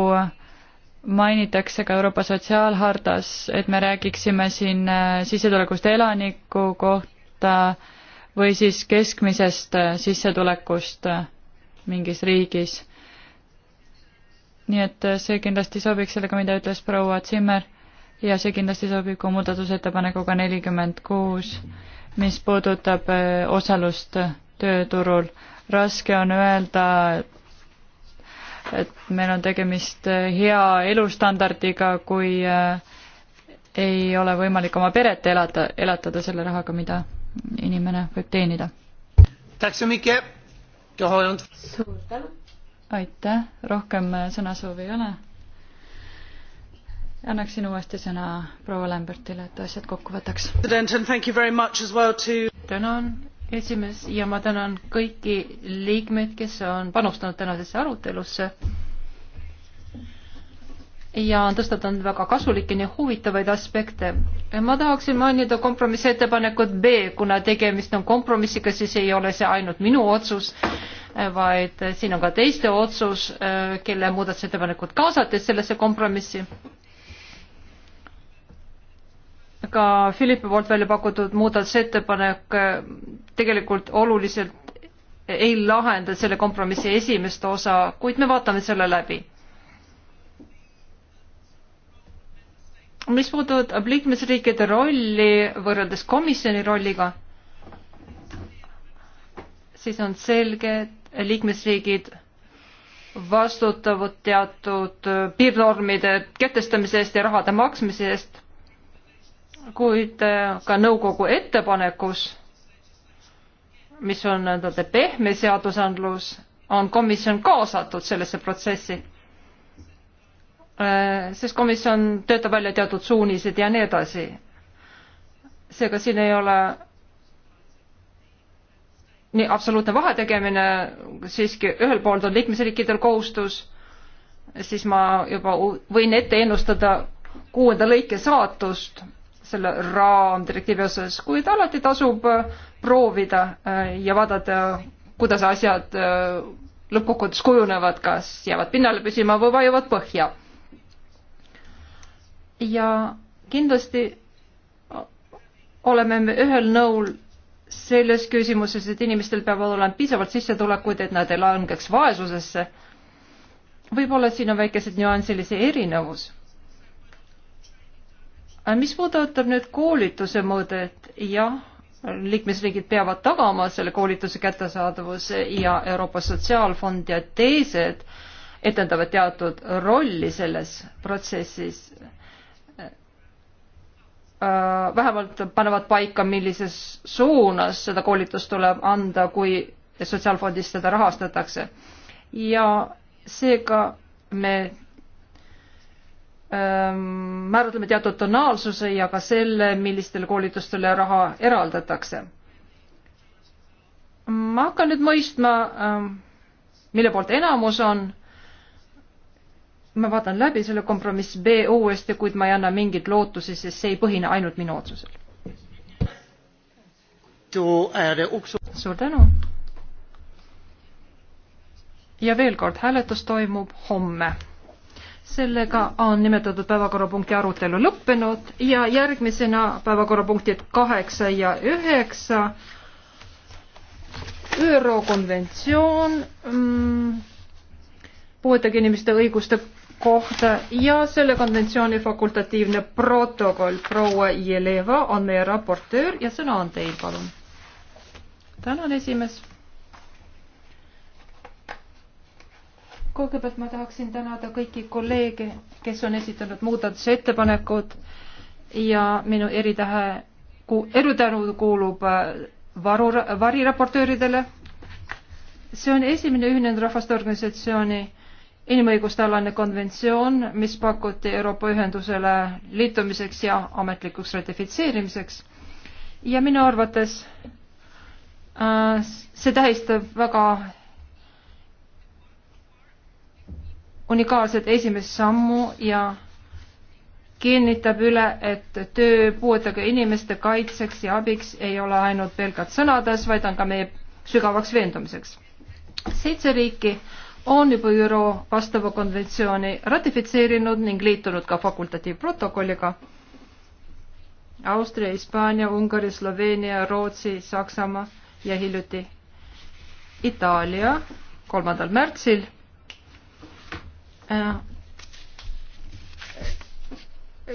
mainitakse ka Euroopa sotsiaalhardas, et me räägiksime siin äh, sissetulekust elaniku kohta või siis keskmisest äh, sissetulekust äh, mingis riigis. nii et see kindlasti sobiks sellega, mida ütles proua Zimmer ja see kindlasti sobib ka muudatusettepanekuga nelikümmend kuus, mis puudutab osalust tööturul. raske on öelda, et meil on tegemist eh, hea elustandardiga, kui eh, ei ole võimalik oma peret elada, elatada selle rahaga, mida inimene võib teenida. suur tänu! aitäh, rohkem eh, sõnasoovi ei ole. annaksin uuesti sõna proua Lambertile, et asjad kokku võtaks. tänan esimees ja ma tänan kõiki liikmeid, kes on panustanud tänasesse arutelusse ja on tõstatanud väga kasulikke ja huvitavaid aspekte. ma tahaksin mainida kompromissettepanekut B, kuna tegemist on kompromissiga, siis ei ole see ainult minu otsus, vaid siin on ka teiste otsus, kelle muudatusettepanekud kaasati sellesse kompromissi ka Philippi poolt välja pakutud muudatusettepanek äh, tegelikult oluliselt ei lahenda selle kompromissi esimest osa, kuid me vaatame selle läbi. mis puudutab liikmesriikide rolli võrreldes komisjoni rolliga, siis on selge, et liikmesriigid vastutavad teatud piirnormide kehtestamise eest ja rahade maksmise eest kuid äh, ka nõukogu ettepanekus, mis on nii-öelda pehme seadusandlus, on komisjon kaasatud sellesse protsessi. Äh, sest komisjon töötab välja teatud suunised ja nii edasi. seega siin ei ole nii absoluutne vahetegemine, siiski ühel pool on liikmesriikidel kohustus, siis ma juba võin ette ennustada kuuenda lõike saatust selle raamdirektiivi osas, kuid alati tasub äh, proovida äh, ja vaadata, kuidas asjad äh, lõppkokkuvõttes kujunevad, kas jäävad pinnale püsima või vajuvad põhja. ja kindlasti oleme me ühel nõul selles küsimuses, et inimestel peavad olema piisavalt sissetulekuid, et nad ei langeks vaesusesse. võib-olla siin on väikesed nüansilisi erinevus Äh, mis puudutab nüüd koolituse mõõdet, jah, liikmesriigid peavad tagama selle koolituse kättesaadavuse ja Euroopa Sotsiaalfond ja teised etendavad teatud rolli selles protsessis äh, vähemalt panevad paika, millises suunas seda koolitust tuleb anda, kui sotsiaalfondist seda rahastatakse. ja seega me määratleme teatud tonaalsuse ja ka selle, millistele koolitustele raha eraldatakse. ma hakkan nüüd mõistma, mille poolt enamus on. ma vaatan läbi selle kompromiss B uuesti, kuid ma ei anna mingeid lootusi, sest see ei põhine ainult minu otsusel. Äh, suur tänu. ja veel kord, hääletus toimub homme sellega on nimetatud päevakorrapunkti arutelu lõppenud ja järgmisena päevakorrapunktid kaheksa ja üheksa. ÜRO konventsioon mm, puuetega inimeste õiguste kohta ja selle konventsiooni fakultatiivne protokoll. proua Jeleva on meie raportöör ja sõna on teil, palun. tänan, esimees kõigepealt ma tahaksin tänada kõiki kolleege, kes on esitanud muudatusettepanekud ja minu eritähe, eritänu kuulub äh, varu, variraportööridele. see on esimene Ühinenud Rahvaste Organisatsiooni inimõiguste alane konventsioon, mis pakuti Euroopa Ühendusele liitumiseks ja ametlikuks ratifitseerimiseks. ja minu arvates äh, see tähistab väga unikaalset esimest sammu ja kinnitab üle, et töö puuetega inimeste kaitseks ja abiks ei ole ainult pelgalt sõnades, vaid on ka meie sügavaks veendumiseks. seitse riiki on juba ÜRO vastava konventsiooni ratifitseerinud ning liitunud ka fakultatiivprotokolliga. Austria, Hispaania, Ungari, Sloveenia, Rootsi, Saksamaa ja hiljuti Itaalia kolmandal märtsil Äh,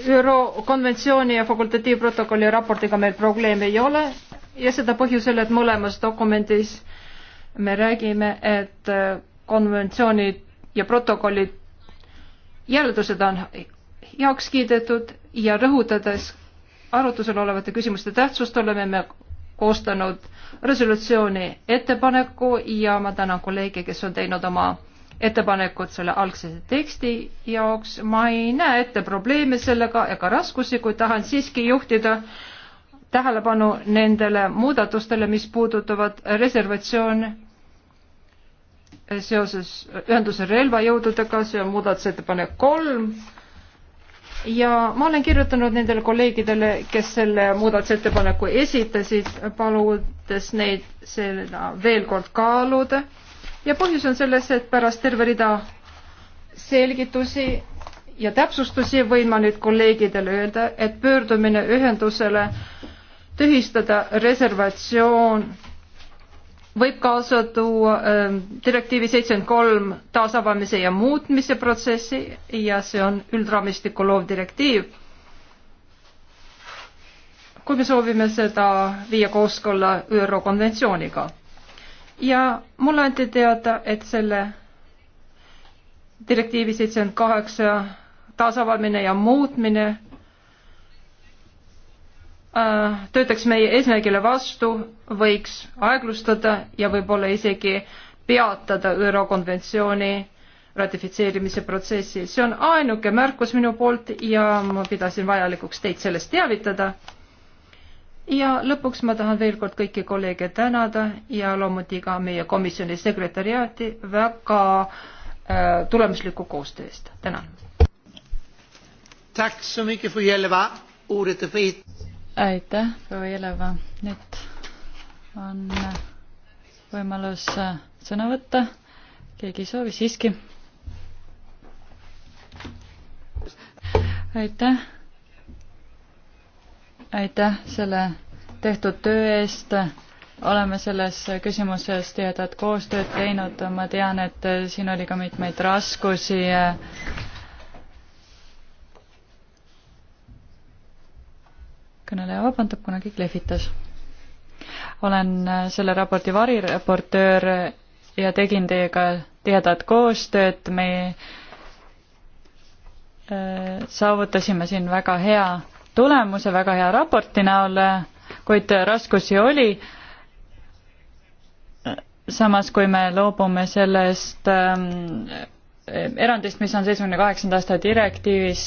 ÜRO konventsiooni ja fakultatiivprotokolli raportiga meil probleeme ei ole ja seda põhjusel, et mõlemas dokumendis me räägime, et äh, konventsioonid ja protokollid järeldused on heaks kiidetud ja rõhutades arutusel olevate küsimuste tähtsust oleme me koostanud resolutsiooni ettepaneku ja ma tänan kolleege, kes on teinud oma ettepanekut selle algse teksti jaoks. ma ei näe ette probleeme sellega ega raskusi, kuid tahan siiski juhtida tähelepanu nendele muudatustele, mis puudutavad reservatsioone seoses ühenduse relvajõududega, see on muudatusettepanek kolm. ja ma olen kirjutanud nendele kolleegidele, kes selle muudatusettepaneku esitasid, paludes neid seda veel kord kaaluda ja põhjus on selles, et pärast terve rida selgitusi ja täpsustusi võin ma nüüd kolleegidele öelda, et pöördumine ühendusele tühistada reservatsioon võib kaasa tuua ähm, direktiivi seitsekümmend kolm taasavamise ja muutmise protsessi ja see on üldraamistiku loov direktiiv. kui me soovime seda viia kooskõlla ÜRO konventsiooniga ja mulle anti teada, et selle direktiivi seitsekümmend kaheksa taasavamine ja muutmine äh, töötaks meie eesmärgile vastu, võiks aeglustada ja võib-olla isegi peatada ÜRO konventsiooni ratifitseerimise protsessi. see on ainuke märkus minu poolt ja ma pidasin vajalikuks teid sellest teavitada ja lõpuks ma tahan veel kord kõiki kolleege tänada ja loomulikult ka meie komisjoni sekretäriaati väga äh, tulemusliku koostöö eest. tänan. aitäh, proua Jeleva. nüüd on võimalus äh, sõna võtta. keegi ei soovi siiski? aitäh aitäh selle tehtud töö eest. oleme selles küsimuses tihedat koostööd teinud, ma tean, et siin oli ka mitmeid raskusi. kõneleja vabandab, kuna kõik lehvitas. olen selle raporti variraportöör ja tegin teiega tihedat koostööd, me äh, saavutasime siin väga hea tulemuse väga hea raporti näol, kuid raskusi oli. samas, kui me loobume sellest ähm, erandist, mis on seitsmekümne kaheksanda aasta direktiivis,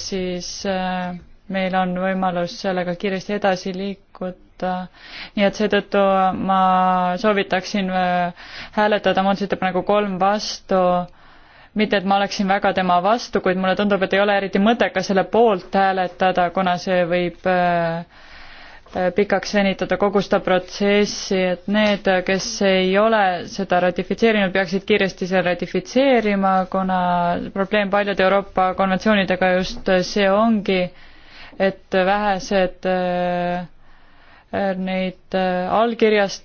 siis äh, meil on võimalus sellega kiiresti edasi liikuda. nii et seetõttu ma soovitaksin äh, hääletada muudatusettepaneku kolm vastu äh, mitte et ma oleksin väga tema vastu, kuid mulle tundub, et ei ole eriti mõttekas selle poolt hääletada, kuna see võib äh, äh, pikaks venitada kogu seda protsessi, et need, kes ei ole seda ratifitseerinud, peaksid kiiresti selle ratifitseerima, kuna probleem paljude Euroopa konventsioonidega just see ongi, et vähesed äh, neid allkirjast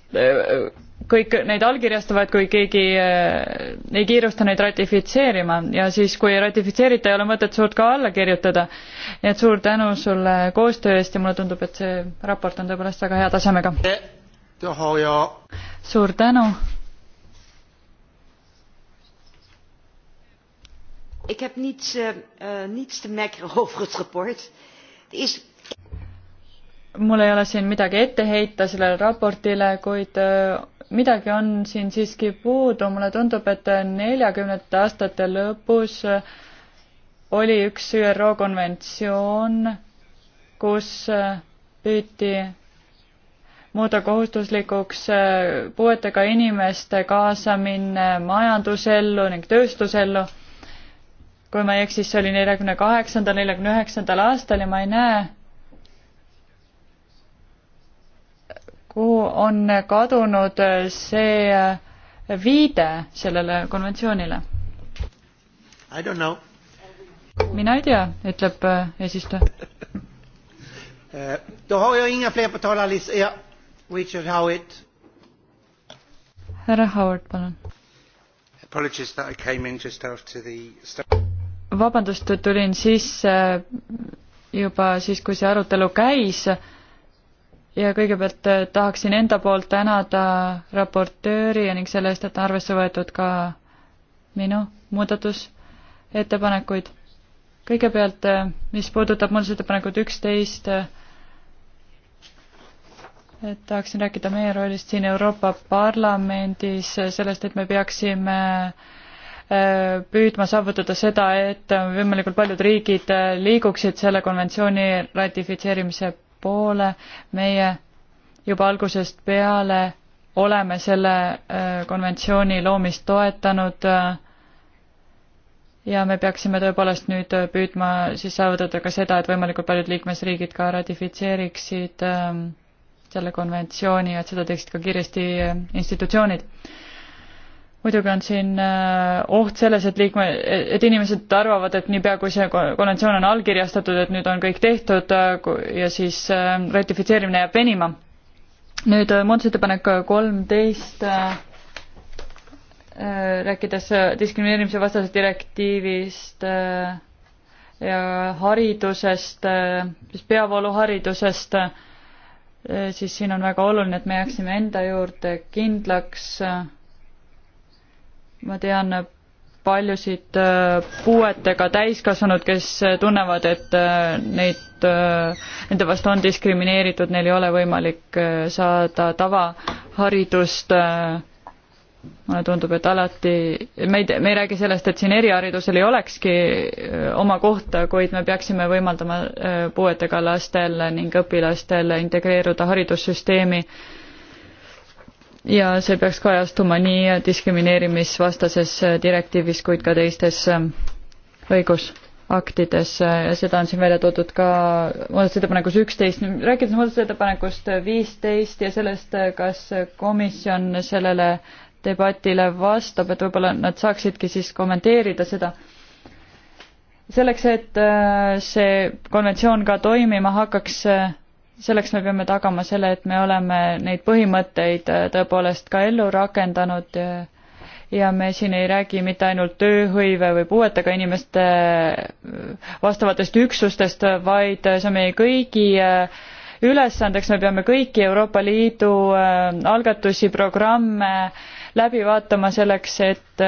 kõik neid allkirjastavad, kui keegi äh, ei kiirusta neid ratifitseerima ja siis, kui ei ratifitseerita, ei ole mõtet suurt ka alla kirjutada. nii et suur tänu sulle koostöö eest ja mulle tundub, et see raport on tõepoolest väga hea tasemega. suur tänu. Ik heb niets, uh, niets te mekkeren over het rapport. Het is mul ei ole siin midagi ette heita sellele raportile, kuid eh, midagi on siin siiski puudu, mulle tundub, et neljakümnendate aastate lõpus oli üks ÜRO konventsioon, kus püüti muuta kohustuslikuks puuetega inimeste kaasamine majandusellu ning tööstusellu. kui ma ei eksi, siis see oli neljakümne kaheksandal, neljakümne üheksandal aastal ja ma ei näe kuhu on kadunud see viide sellele konventsioonile? mina ei tea, ütleb äh, eesistuja. Eh, härra Howard, palun. vabandust, et tulin sisse juba siis, kui see arutelu käis ja kõigepealt äh, tahaksin enda poolt tänada raportööri ja ning selle eest, et arvesse võetud ka minu muudatusettepanekuid. kõigepealt, äh, mis puudutab muudatusettepanekut üksteist, äh, et tahaksin rääkida meie rollist siin Euroopa Parlamendis, sellest, et me peaksime püüdma saavutada seda, et võimalikult paljud riigid liiguksid selle konventsiooni ratifitseerimise poole, meie juba algusest peale oleme selle äh, konventsiooni loomist toetanud äh, ja me peaksime tõepoolest nüüd äh, püüdma siis saavutada ka seda, et võimalikult paljud liikmesriigid ka ratifitseeriksid selle konventsiooni ja et seda teeksid ka kiiresti institutsioonid muidugi on siin äh, oht selles, et liikme, et inimesed arvavad, et niipea, kui see konventsioon on allkirjastatud, et nüüd on kõik tehtud äh, ja siis äh, ratifitseerimine jääb venima. nüüd muudatusettepanek kolmteist, rääkides diskrimineerimise vastasest direktiivist ja haridusest, siis peavooluharidusest, siis siin on väga oluline, et me jääksime enda juurde kindlaks ma tean paljusid äh, puuetega täiskasvanud, kes äh, tunnevad, et äh, neid, nende vastu on diskrimineeritud, neil ei ole võimalik saada tavaharidust. mulle tundub, et alati, me ei, me ei räägi sellest, et siin eriharidusel ei olekski oma kohta, kuid me peaksime võimaldama puuetega lastel ning õpilastel integreeruda haridussüsteemi ja see peaks kajastuma nii diskrimineerimisvastases äh, direktiivis, kuid ka teistes äh, õigusaktides ja seda on siin välja toodud ka muudatusettepanekus üksteist. rääkides muudatusettepanekust viisteist ja sellest, äh, kas komisjon sellele debatile vastab, et võib-olla nad saaksidki siis kommenteerida seda selleks, et see konventsioon ka toimima hakkaks, selleks me peame tagama selle, et me oleme neid põhimõtteid äh, tõepoolest ka ellu rakendanud ja, ja me siin ei räägi mitte ainult tööhõive või puuetega inimeste äh, vastavatest üksustest, vaid äh, see on meie kõigi ülesandeks, me peame kõiki Euroopa Liidu algatusi, programme läbi vaatama selleks, et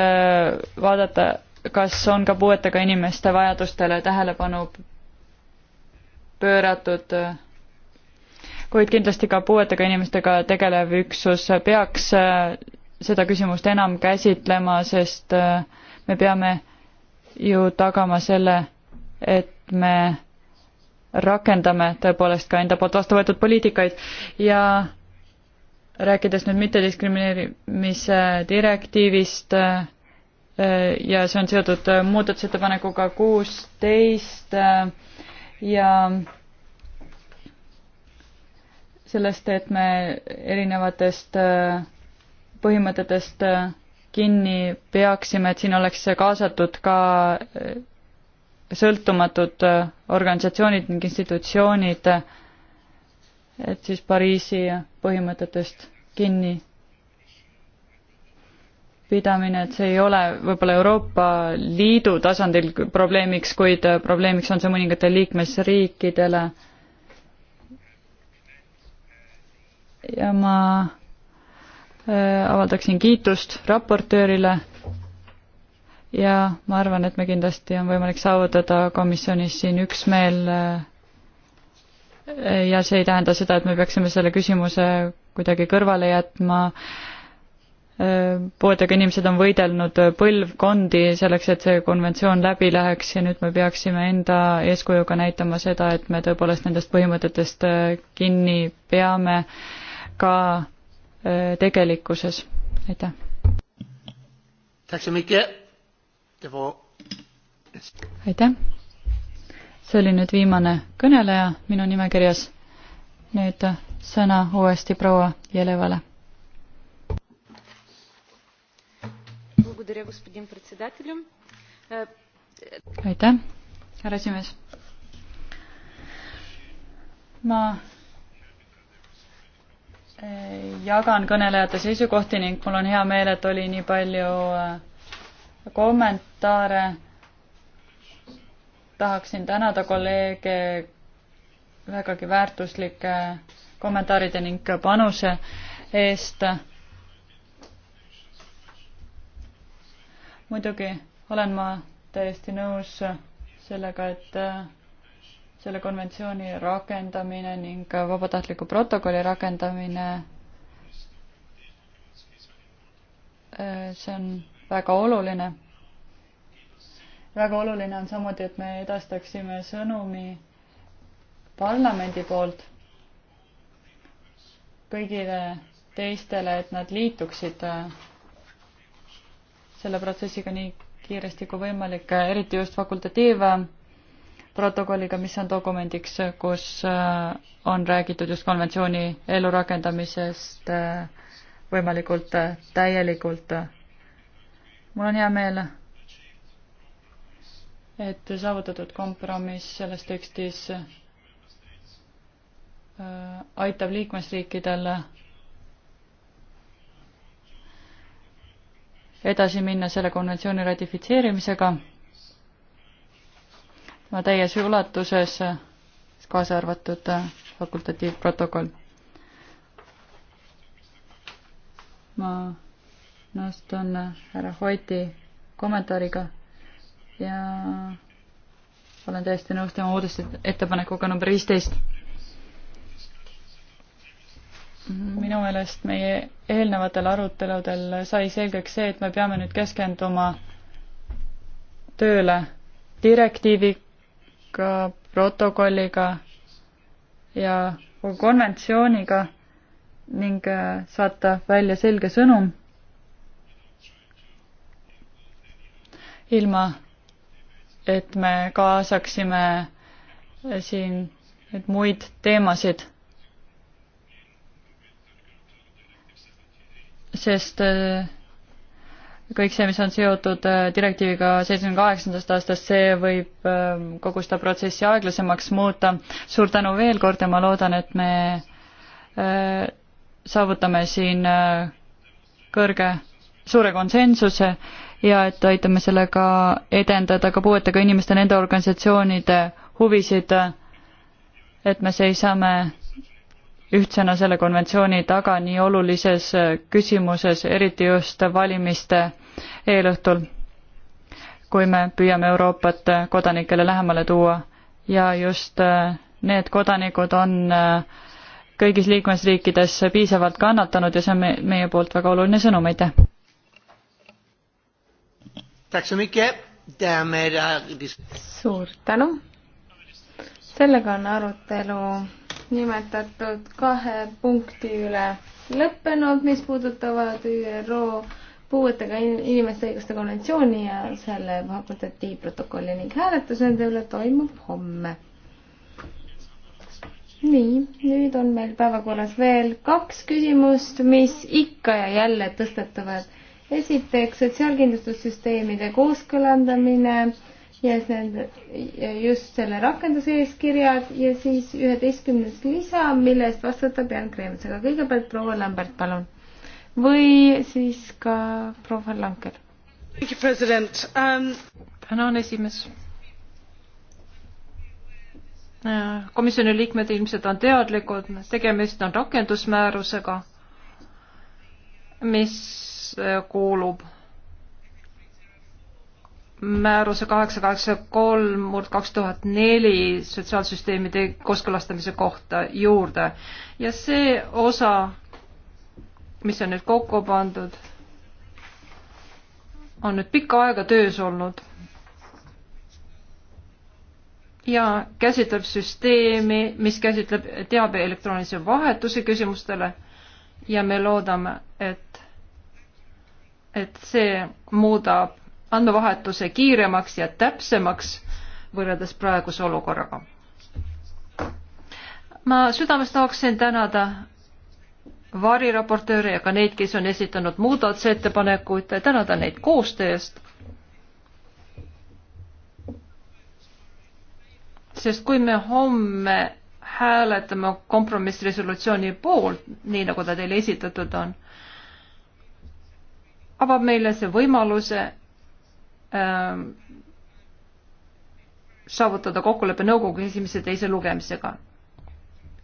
vaadata, kas on ka puuetega inimeste vajadustele tähelepanu pööratud kuid kindlasti ka puuetega inimestega tegelev üksus peaks äh, seda küsimust enam käsitlema, sest äh, me peame ju tagama selle, et me rakendame tõepoolest ka enda poolt vastu võetud poliitikaid ja rääkides nüüd mittediskrimineerimise direktiivist äh, ja see on seotud muudatusettepanekuga kuusteist ja sellest, et me erinevatest äh, põhimõtetest äh, kinni peaksime, et siin oleks kaasatud ka äh, sõltumatud organisatsioonid ning institutsioonid, et siis Pariisi põhimõtetest kinni pidamine, et see ei ole võib-olla Euroopa Liidu tasandil probleemiks, kuid probleemiks on see mõningatele liikmesriikidele ja ma äh, avaldaksin kiitust raportöörile ja ma arvan, et me kindlasti on võimalik saavutada komisjonis siin üksmeel äh, ja see ei tähenda seda, et me peaksime selle küsimuse kuidagi kõrvale jätma. Äh, puuetega inimesed on võidelnud põlvkondi selleks, et see konventsioon läbi läheks ja nüüd me peaksime enda eeskujuga näitama seda, et me tõepoolest nendest põhimõtetest kinni peame ka äh, tegelikkuses, aitäh. aitäh. see oli nüüd viimane kõneleja minu nimekirjas. nüüd sõna uuesti proua Jelevale. aitäh, härra esimees. ma jagan kõnelejate seisukohti ning mul on hea meel, et oli nii palju äh, kommentaare. tahaksin tänada kolleege vägagi väärtuslike kommentaaride ning panuse eest. muidugi olen ma täiesti nõus sellega, et äh, selle konventsiooni rakendamine ning vabatahtliku protokolli rakendamine. Äh, see on väga oluline. väga oluline on samuti, et me edastaksime sõnumi parlamendi poolt kõigile teistele, et nad liituksid äh, selle protsessiga nii kiiresti kui võimalik, äh, eriti just fakultatiiv protokolliga, mis on dokumendiks, kus äh, on räägitud just konventsiooni ellurakendamisest äh, võimalikult äh, täielikult. mul on hea meel, et saavutatud kompromiss selles tekstis aitab liikmesriikidel edasi minna selle konventsiooni ratifitseerimisega ma täies ulatuses, kaasa arvatud äh, fakultatiivprotokoll. ma nõustun äh, härra Hoiti kommentaariga ja olen täiesti nõus tema muudatusettepanekuga number viisteist. minu meelest meie eelnevatel aruteludel sai selgeks see, et me peame nüüd keskenduma tööle direktiivi ka protokolliga ja konventsiooniga ning äh, saata välja selge sõnum ilma, et me kaasaksime siin neid muid teemasid. sest äh, kõik see, mis on seotud äh, direktiiviga seitsmekümne kaheksandast aastast, see võib ähm, kogu seda protsessi aeglasemaks muuta. suur tänu veel kord ja ma loodan, et me äh, saavutame siin äh, kõrge, suure konsensuse ja et aitame sellega edendada ka puuetega inimeste, nende organisatsioonide huvisid, et me seisame ühtsena selle konventsiooni taga nii olulises küsimuses, eriti just valimiste eelõhtul, kui me püüame Euroopat kodanikele lähemale tuua ja just äh, need kodanikud on äh, kõigis liikmesriikides piisavalt kannatanud ja see on meie poolt väga oluline sõnum, aitäh! suur tänu! sellega on arutelu nimetatud kahe punkti üle lõppenud, mis puudutavad ÜRO puuetega inimeste õiguste konventsiooni ja selle fakultatiivprotokolli ning hääletus nende üle toimub homme. nii, nüüd on meil päevakorras veel kaks küsimust, mis ikka ja jälle tõstetavad. esiteks sotsiaalkindlustussüsteemide kooskõlandamine ja nende, just selle rakenduseeskirjad ja siis üheteistkümnes lisa, mille eest vastutab Jan Kreemets, aga kõigepealt proua Lambert, palun või siis ka proua Lanker. Um, tänan, esimees. Äh, komisjoni liikmed ilmselt on teadlikud, tegemist on rakendusmäärusega, mis äh, kuulub määruse kaheksa kaheksa kolm murd kaks tuhat neli sotsiaalsüsteemide kooskõlastamise kohta juurde ja see osa mis on nüüd kokku pandud, on nüüd pikka aega töös olnud ja käsitleb süsteemi, mis käsitleb teabe elektroonilise vahetuse küsimustele ja me loodame, et, et see muudab andmevahetuse kiiremaks ja täpsemaks võrreldes praeguse olukorraga. ma südames tahaksin tänada variraportööre ja ka neid, kes on esitanud muudatusettepanekuid, tänada neid koostöö eest. sest kui me homme hääletame kompromissresolutsiooni poolt, nii nagu ta teile esitatud on, avab meile see võimaluse ähm, saavutada kokkulepe nõukogu esimese teise lugemisega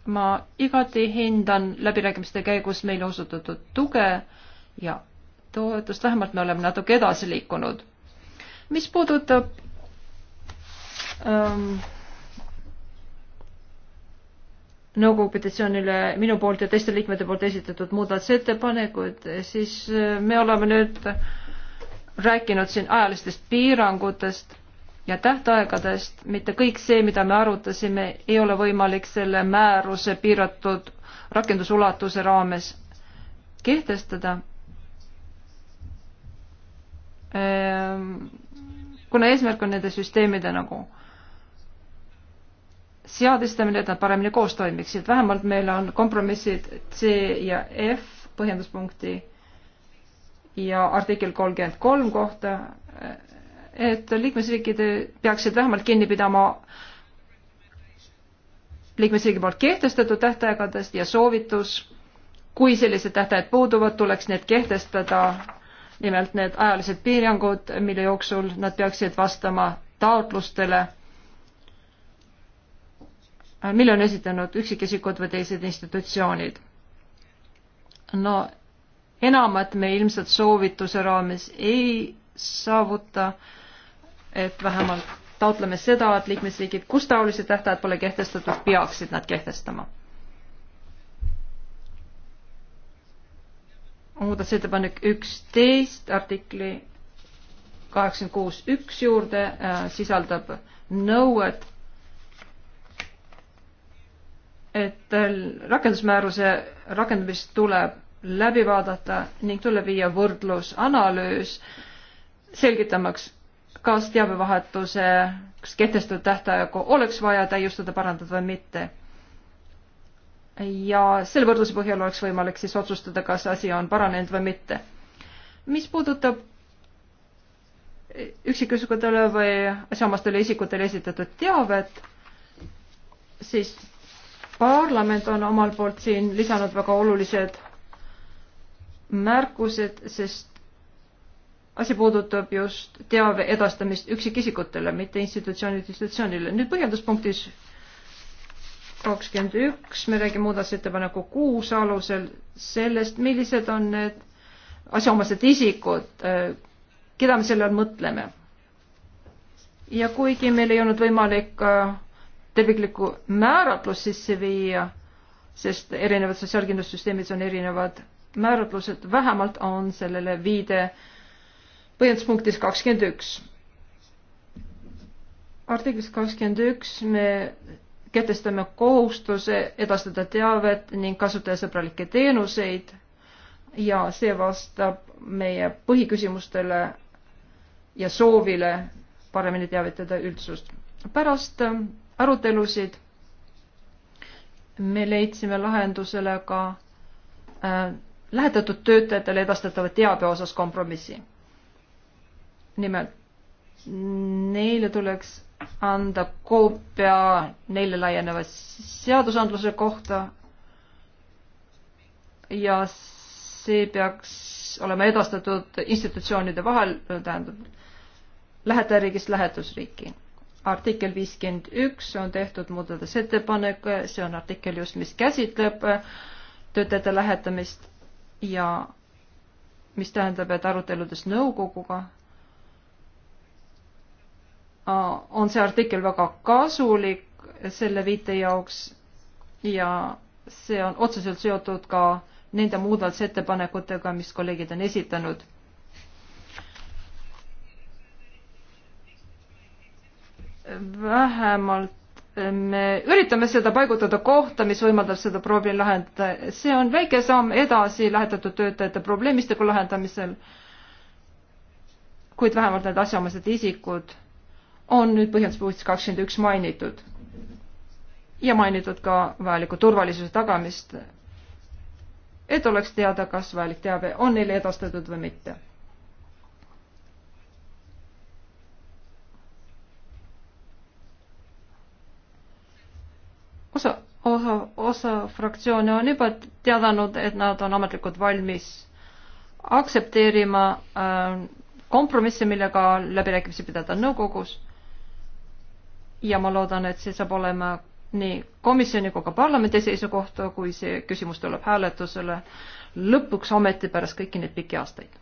ma igati hindan läbirääkimiste käigus meile osutatud tuge ja toetust, vähemalt me oleme natuke edasi liikunud. mis puudutab ähm, nõukogu petitsioonile minu poolt ja teiste liikmete poolt esitatud muudatusettepanekuid, siis äh, me oleme nüüd rääkinud siin ajalistest piirangutest ja tähtaegadest, mitte kõik see, mida me arutasime, ei ole võimalik selle määruse piiratud rakendusulatuse raames kehtestada. Ehm, kuna eesmärk on nende süsteemide nagu seadistamine, et nad paremini koos toimiksid, vähemalt meil on kompromissid C ja F põhjenduspunkti ja artikkel kolmkümmend kolm kohta et liikmesriigid peaksid vähemalt kinni pidama liikmesriigi poolt kehtestatud tähtaegadest ja soovitus, kui sellised tähtajad puuduvad, tuleks need kehtestada, nimelt need ajalised piirangud, mille jooksul nad peaksid vastama taotlustele, mille on esitanud üksikisikud või teised institutsioonid. no enamat me ilmselt soovituse raames ei saavuta äh, et vähemalt taotleme seda, et liikmesriigid, kus taolised tähtajad pole kehtestatud, peaksid nad kehtestama. muudatusettepanek üksteist artikli kaheksakümmend kuus üks juurde äh, sisaldab nõuet, et äh, rakendusmääruse rakendamist tuleb läbi vaadata ning tuleb viia võrdlusanalüüs, selgitamaks kas teabevahetuse kehtestatud tähtaegu oleks vaja täiustada, parandada või mitte. ja selle võrdluse põhjal oleks võimalik siis otsustada, kas asi on paranenud või mitte. mis puudutab üksikisikutele või asjaomastele isikutele esitatud teavet, siis parlament on omalt poolt siin lisanud väga olulised märkused, sest asi puudutab just teave edastamist üksikisikutele, mitte institutsioonilt institutsioonile. nüüd põhjenduspunktis kakskümmend üks me räägime muudatusettepaneku kuus alusel sellest, millised on need asjaomased isikud, keda me selle all mõtleme. ja kuigi meil ei olnud võimalik äh, terviklikku määratlust sisse viia, sest erinevad sotsiaalkindlustussüsteemid on erinevad määratlused, vähemalt on sellele viide äh, põhjenduspunktis kakskümmend üks. artiklis kakskümmend üks me kehtestame kohustuse edastada teavet ning kasutajasõbralikke teenuseid ja see vastab meie põhiküsimustele ja soovile paremini teavitada üldsust. pärast ähm, arutelusid me leidsime lahendusele ka äh, lähetatud töötajatele edastatava teabe osas kompromissi nimelt neile tuleks anda koopia neile laieneva seadusandluse kohta ja see peaks olema edastatud institutsioonide vahel, tähendab lähetajariigist lähetusriiki. artikkel viiskümmend üks on tehtud muudatusettepanek, see on artikkel just, mis käsitleb töötajate lähetamist ja mis tähendab, et aruteludes nõukoguga Äh, on see artikkel väga kasulik selle viite jaoks ja see on otseselt seotud ka nende muudatusettepanekutega, mis kolleegid on esitanud. vähemalt äh, me üritame seda paigutada kohta, mis võimaldab seda probleemi lahendada. see on väike samm edasi lähetatud töötajate probleemistiku lahendamisel, kuid vähemalt need asjaomased isikud on nüüd põhjenduspunktis kakskümmend üks mainitud ja mainitud ka vajaliku turvalisuse tagamist, et oleks teada, kas vajalik teave on neile edastatud või mitte. osa, osa, osa fraktsioone on juba teadanud, et nad on ametlikult valmis aktsepteerima äh, kompromisse, millega läbirääkimisi pidada nõukogus ja ma loodan, et see saab olema nii komisjoni kui ka parlamendi seisukohta, kui see küsimus tuleb hääletusele lõpuks ometi pärast kõiki neid pikki aastaid.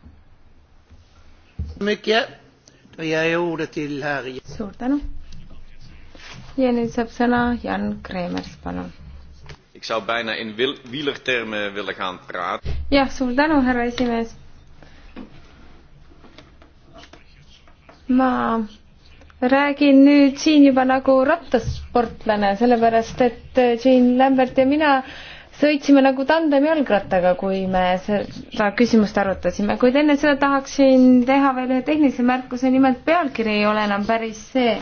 suur tänu. ja nüüd saab sõna Jan Kreemers, palun. jah, suur tänu, härra esimees. ma räägin nüüd siin juba nagu rattasportlane, sellepärast et eh, Jean Lambert ja mina sõitsime nagu tandemjalgrattaga, kui me seda küsimust arutasime, kuid enne seda tahaksin teha veel ühe tehnilise märkuse, nimelt pealkiri ei ole enam päris see.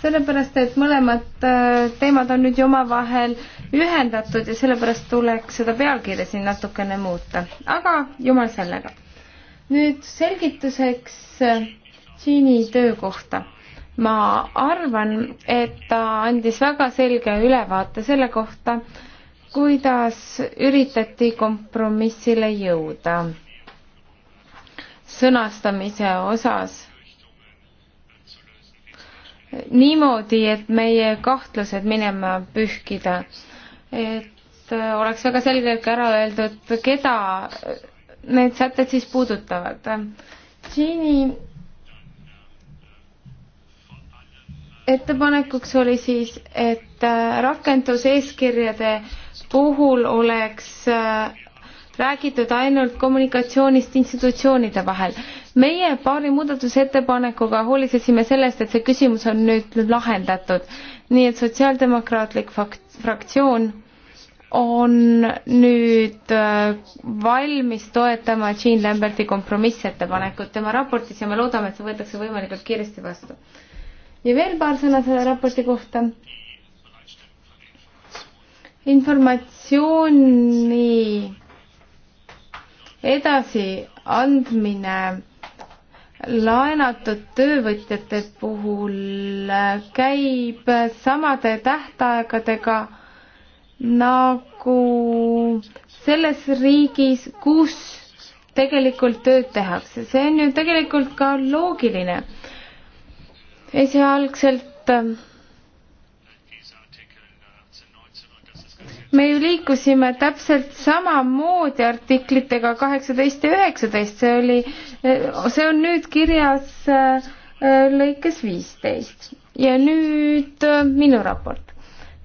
sellepärast, et mõlemad eh, teemad on nüüd ju omavahel ühendatud ja sellepärast tuleks seda pealkirja siin natukene muuta, aga jumal sellega. nüüd selgituseks eh, Jean'i töö kohta ma arvan, et ta andis väga selge ülevaate selle kohta, kuidas üritati kompromissile jõuda sõnastamise osas niimoodi, et meie kahtlused minema pühkida. et oleks väga selgelt ära öeldud, keda need sätted siis puudutavad. Gini ettepanekuks oli siis, et äh, rakenduseeskirjade puhul oleks äh, räägitud ainult kommunikatsioonist institutsioonide vahel. meie paari muudatusettepanekuga hoolitsesime sellest, et see küsimus on nüüd lahendatud. nii et Sotsiaaldemokraatlik fraktsioon on nüüd äh, valmis toetama Jean Lamberti kompromissettepanekut tema raportis ja me loodame, et see võetakse võimalikult kiiresti vastu ja veel paar sõna selle raporti kohta. informatsiooni edasiandmine laenatud töövõtjate puhul käib samade tähtaegadega nagu selles riigis, kus tegelikult tööd tehakse. see on ju tegelikult ka loogiline esialgselt ähm, me ju liikusime täpselt samamoodi artiklitega kaheksateist ja üheksateist, see oli, äh, see on nüüd kirjas äh, äh, lõikes viisteist ja nüüd minu raport.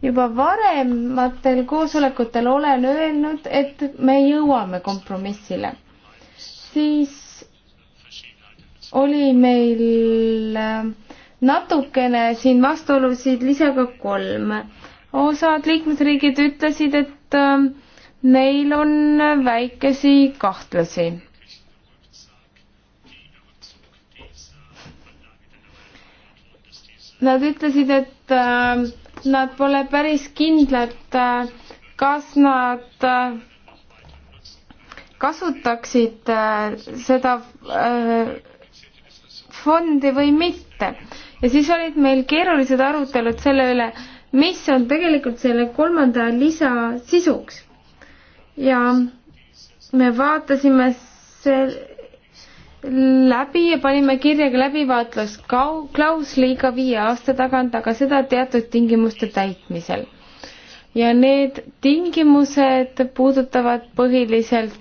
juba varematel koosolekutel olen öelnud, et me jõuame kompromissile. siis oli meil äh, natukene siin vastuolusid lisaga kolm. osad liikmesriigid ütlesid, et ähm, neil on väikesi kahtlusi. Nad ütlesid, et ähm, nad pole päris kindlad, äh, kas nad äh, kasutaksid äh, seda fondi või mitte ja siis olid meil keerulised arutelud selle üle, mis on tegelikult selle kolmanda lisa sisuks. ja me vaatasime selle läbi ja panime kirja ka läbivaatlusklausli iga viie aasta tagant, aga seda teatud tingimuste täitmisel. ja need tingimused puudutavad põhiliselt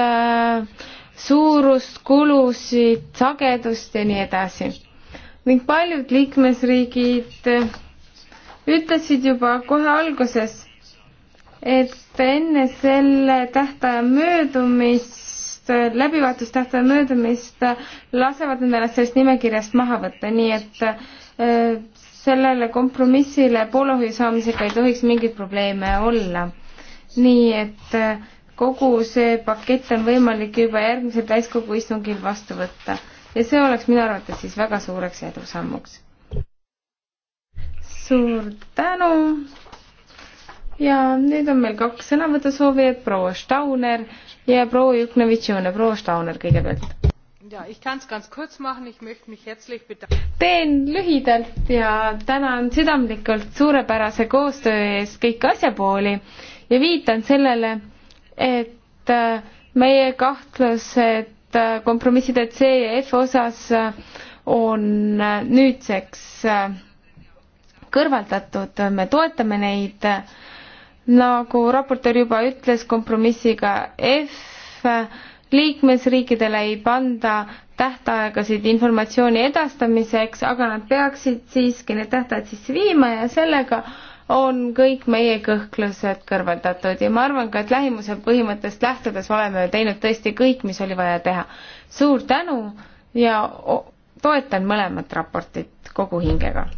äh, suurust, kulusid, sagedust ja nii edasi ning paljud liikmesriigid ütlesid juba kohe alguses, et enne selle tähtaja möödumist, läbivaatustähtaja möödumist lasevad nad ennast sellest nimekirjast maha võtta, nii et äh, sellele kompromissile poolehoiu saamisega ei tohiks mingeid probleeme olla. nii et äh, kogu see pakett on võimalik juba järgmisel täiskogu istungil vastu võtta ja see oleks minu arvates siis väga suureks edusammuks. suur tänu ja nüüd on meil kaks sõnavõtusoovijat, proua Stauner ja proua Juknevitšune, proua Stauner kõigepealt. teen lühidalt ja tänan südamlikult suurepärase koostöö eest kõiki asjapooli ja viitan sellele, et äh, meie kahtlused et äh, kompromisside C ja F osas äh, on äh, nüüdseks kõrvaldatud, me toetame neid, nagu raportöör juba ütles, kompromissiga F liikmesriikidele ei panda tähtaegasid informatsiooni edastamiseks, aga nad peaksid siiski need tähtajad sisse viima ja sellega äh, on kõik meie kõhklused kõrvaldatud ja ma arvan ka, et lähimuse põhimõttest lähtudes oleme teinud tõesti kõik, mis oli vaja teha. suur tänu ja toetan mõlemat raportit kogu hingega.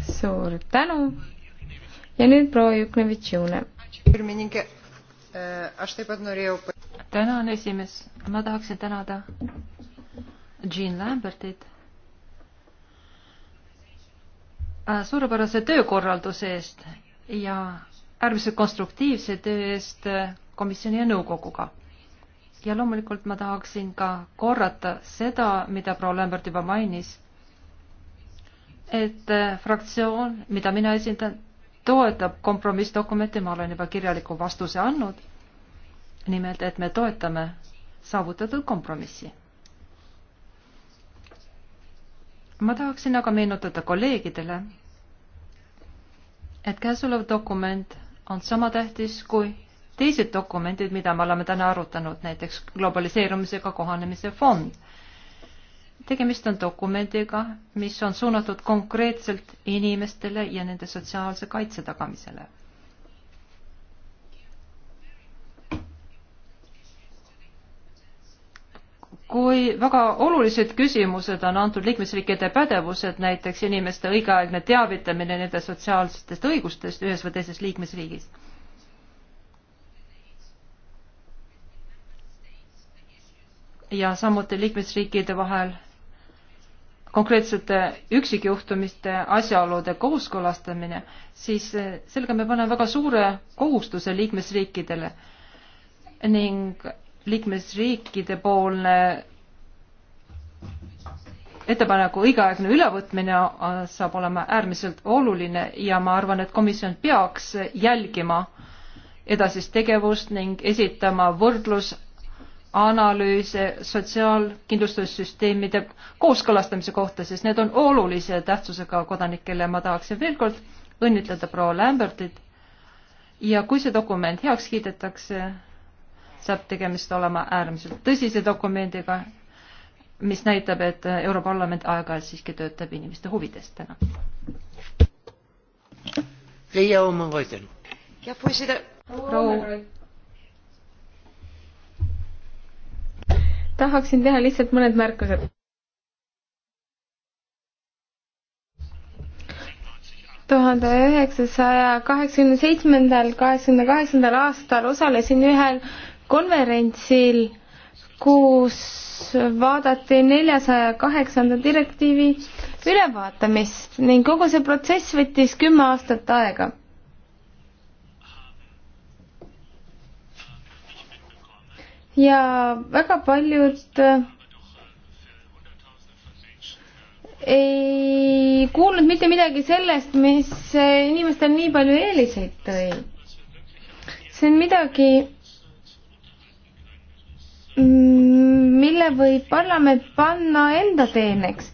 suur tänu. ja nüüd proua Juknevitš-Juune. Äh, tänan, esimees. ma tahaksin tänada Jean Lambertit Äh, suurepärase töökorralduse eest ja äärmiselt konstruktiivse töö eest äh, komisjoni ja nõukoguga. ja loomulikult ma tahaksin ka korrata seda, mida proua Lämbert juba mainis, et äh, fraktsioon, mida mina esindan, toetab kompromissdokumente, ma olen juba kirjaliku vastuse andnud, nimelt et me toetame saavutatud kompromissi ma tahaksin aga meenutada kolleegidele, et käesolev dokument on sama tähtis kui teised dokumendid, mida me oleme täna arutanud, näiteks globaliseerumisega kohanemise fond. tegemist on dokumendiga, mis on suunatud konkreetselt inimestele ja nende sotsiaalse kaitse tagamisele kui väga olulised küsimused on antud liikmesriikide pädevused, näiteks inimeste õigeaegne teavitamine nende sotsiaalsetest õigustest ühes või teises liikmesriigis. ja samuti liikmesriikide vahel konkreetsete üksikjuhtumiste asjaolude kooskõlastamine, siis eh, sellega me paneme väga suure kohustuse liikmesriikidele ning liikmesriikide poolne ettepaneku õigeaegne ülevõtmine saab olema äärmiselt oluline ja ma arvan, et komisjon peaks jälgima edasist tegevust ning esitama võrdlusanalüüse sotsiaalkindlustussüsteemide kooskõlastamise kohta, sest need on olulise tähtsusega kodanikele. ma tahaksin veel kord õnnitleda proua Lambertit ja kui see dokument heaks kiidetakse, saab tegemist olema äärmiselt tõsise dokumendiga, mis näitab, et Europarlament aeg-ajalt siiski töötab inimeste huvides täna. Riia oma hoidjana. ja poisile. tahaksin teha lihtsalt mõned märkused. tuhande üheksasaja kaheksakümne seitsmendal, kaheksakümne kaheksandal aastal osalesin ühel konverentsil, kus vaadati neljasaja kaheksanda direktiivi ülevaatamist ning kogu see protsess võttis kümme aastat aega. ja väga paljud äh, ei kuulnud mitte midagi sellest, mis inimestel nii palju eeliseid tõi. see on midagi, mille võib parlament panna enda teeneks.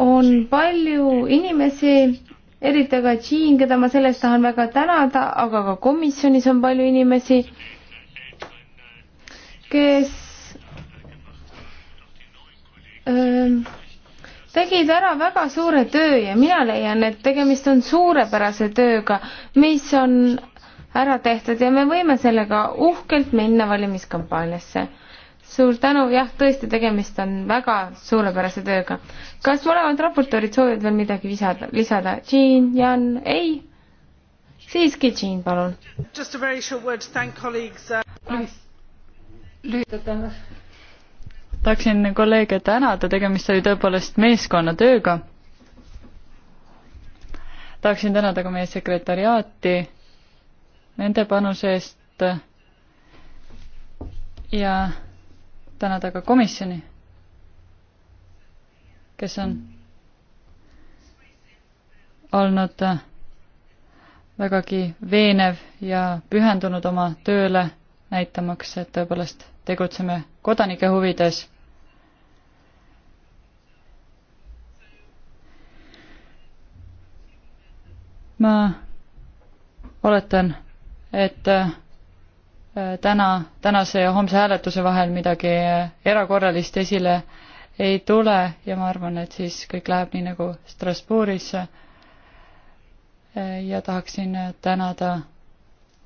on palju inimesi, eriti aga Jean, keda ma selle eest tahan väga tänada, aga ka komisjonis on palju inimesi, kes öö, ähm, tegid ära väga suure töö ja mina leian, et tegemist on suurepärase tööga, mis on ära tehtud ja me võime sellega uhkelt minna valimiskampaaniasse suur tänu, jah, tõesti, tegemist on väga suurepärase tööga. kas mõlemad raportöörid soovivad veel midagi visada, lisada? Jean, Jan, ei? siiski Jean, palun. Uh, lühidalt tänan. tahaksin kolleege tänada, tegemist oli tõepoolest meeskonnatööga. tahaksin tänada ka meie sekretariaati nende panuse eest ja tänada ka komisjoni, kes on olnud äh, vägagi veenev ja pühendunud oma tööle, näitamaks, et tõepoolest tegutseme kodanike huvides. ma oletan, et äh, Äh, täna, tänase ja homse hääletuse vahel midagi äh, erakorralist esile ei tule ja ma arvan, et siis kõik läheb nii nagu Strasbourgis. Äh, ja tahaksin tänada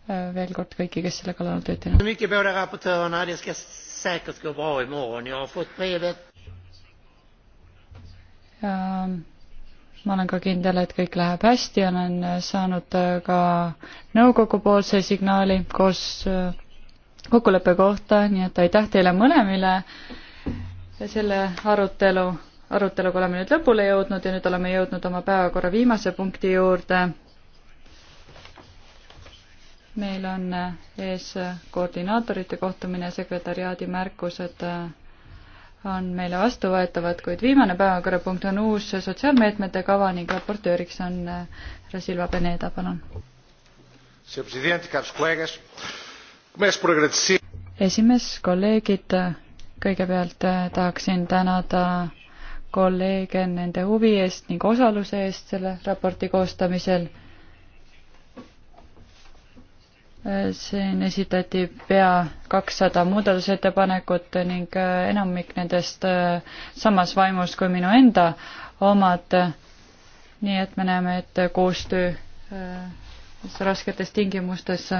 veel kord kõiki, kes selle kallal tööd teinud ma olen ka kindel, et kõik läheb hästi, olen saanud ka nõukogu poolse signaali koos äh, kokkuleppe kohta, nii et aitäh teile mõlemile selle arutelu, aruteluga oleme nüüd lõpule jõudnud ja nüüd oleme jõudnud oma päevakorra viimase punkti juurde. meil on äh, ees äh, koordinaatorite kohtumine, sekretäriaadi märkused on meile vastuvõetavad, kuid viimane päevakorrapunkt on uus sotsiaalmeetmete kava ning raportööriks on äh, härra Silva Peneda, palun. esimees, kolleegid, kõigepealt äh, tahaksin tänada kolleege nende huvi eest ning osaluse eest selle raporti koostamisel siin esitati pea kakssada muudatusettepanekut ning äh, enamik nendest äh, samas vaimus kui minu enda omad. nii et me näeme, et koostöö äh, rasketes tingimustes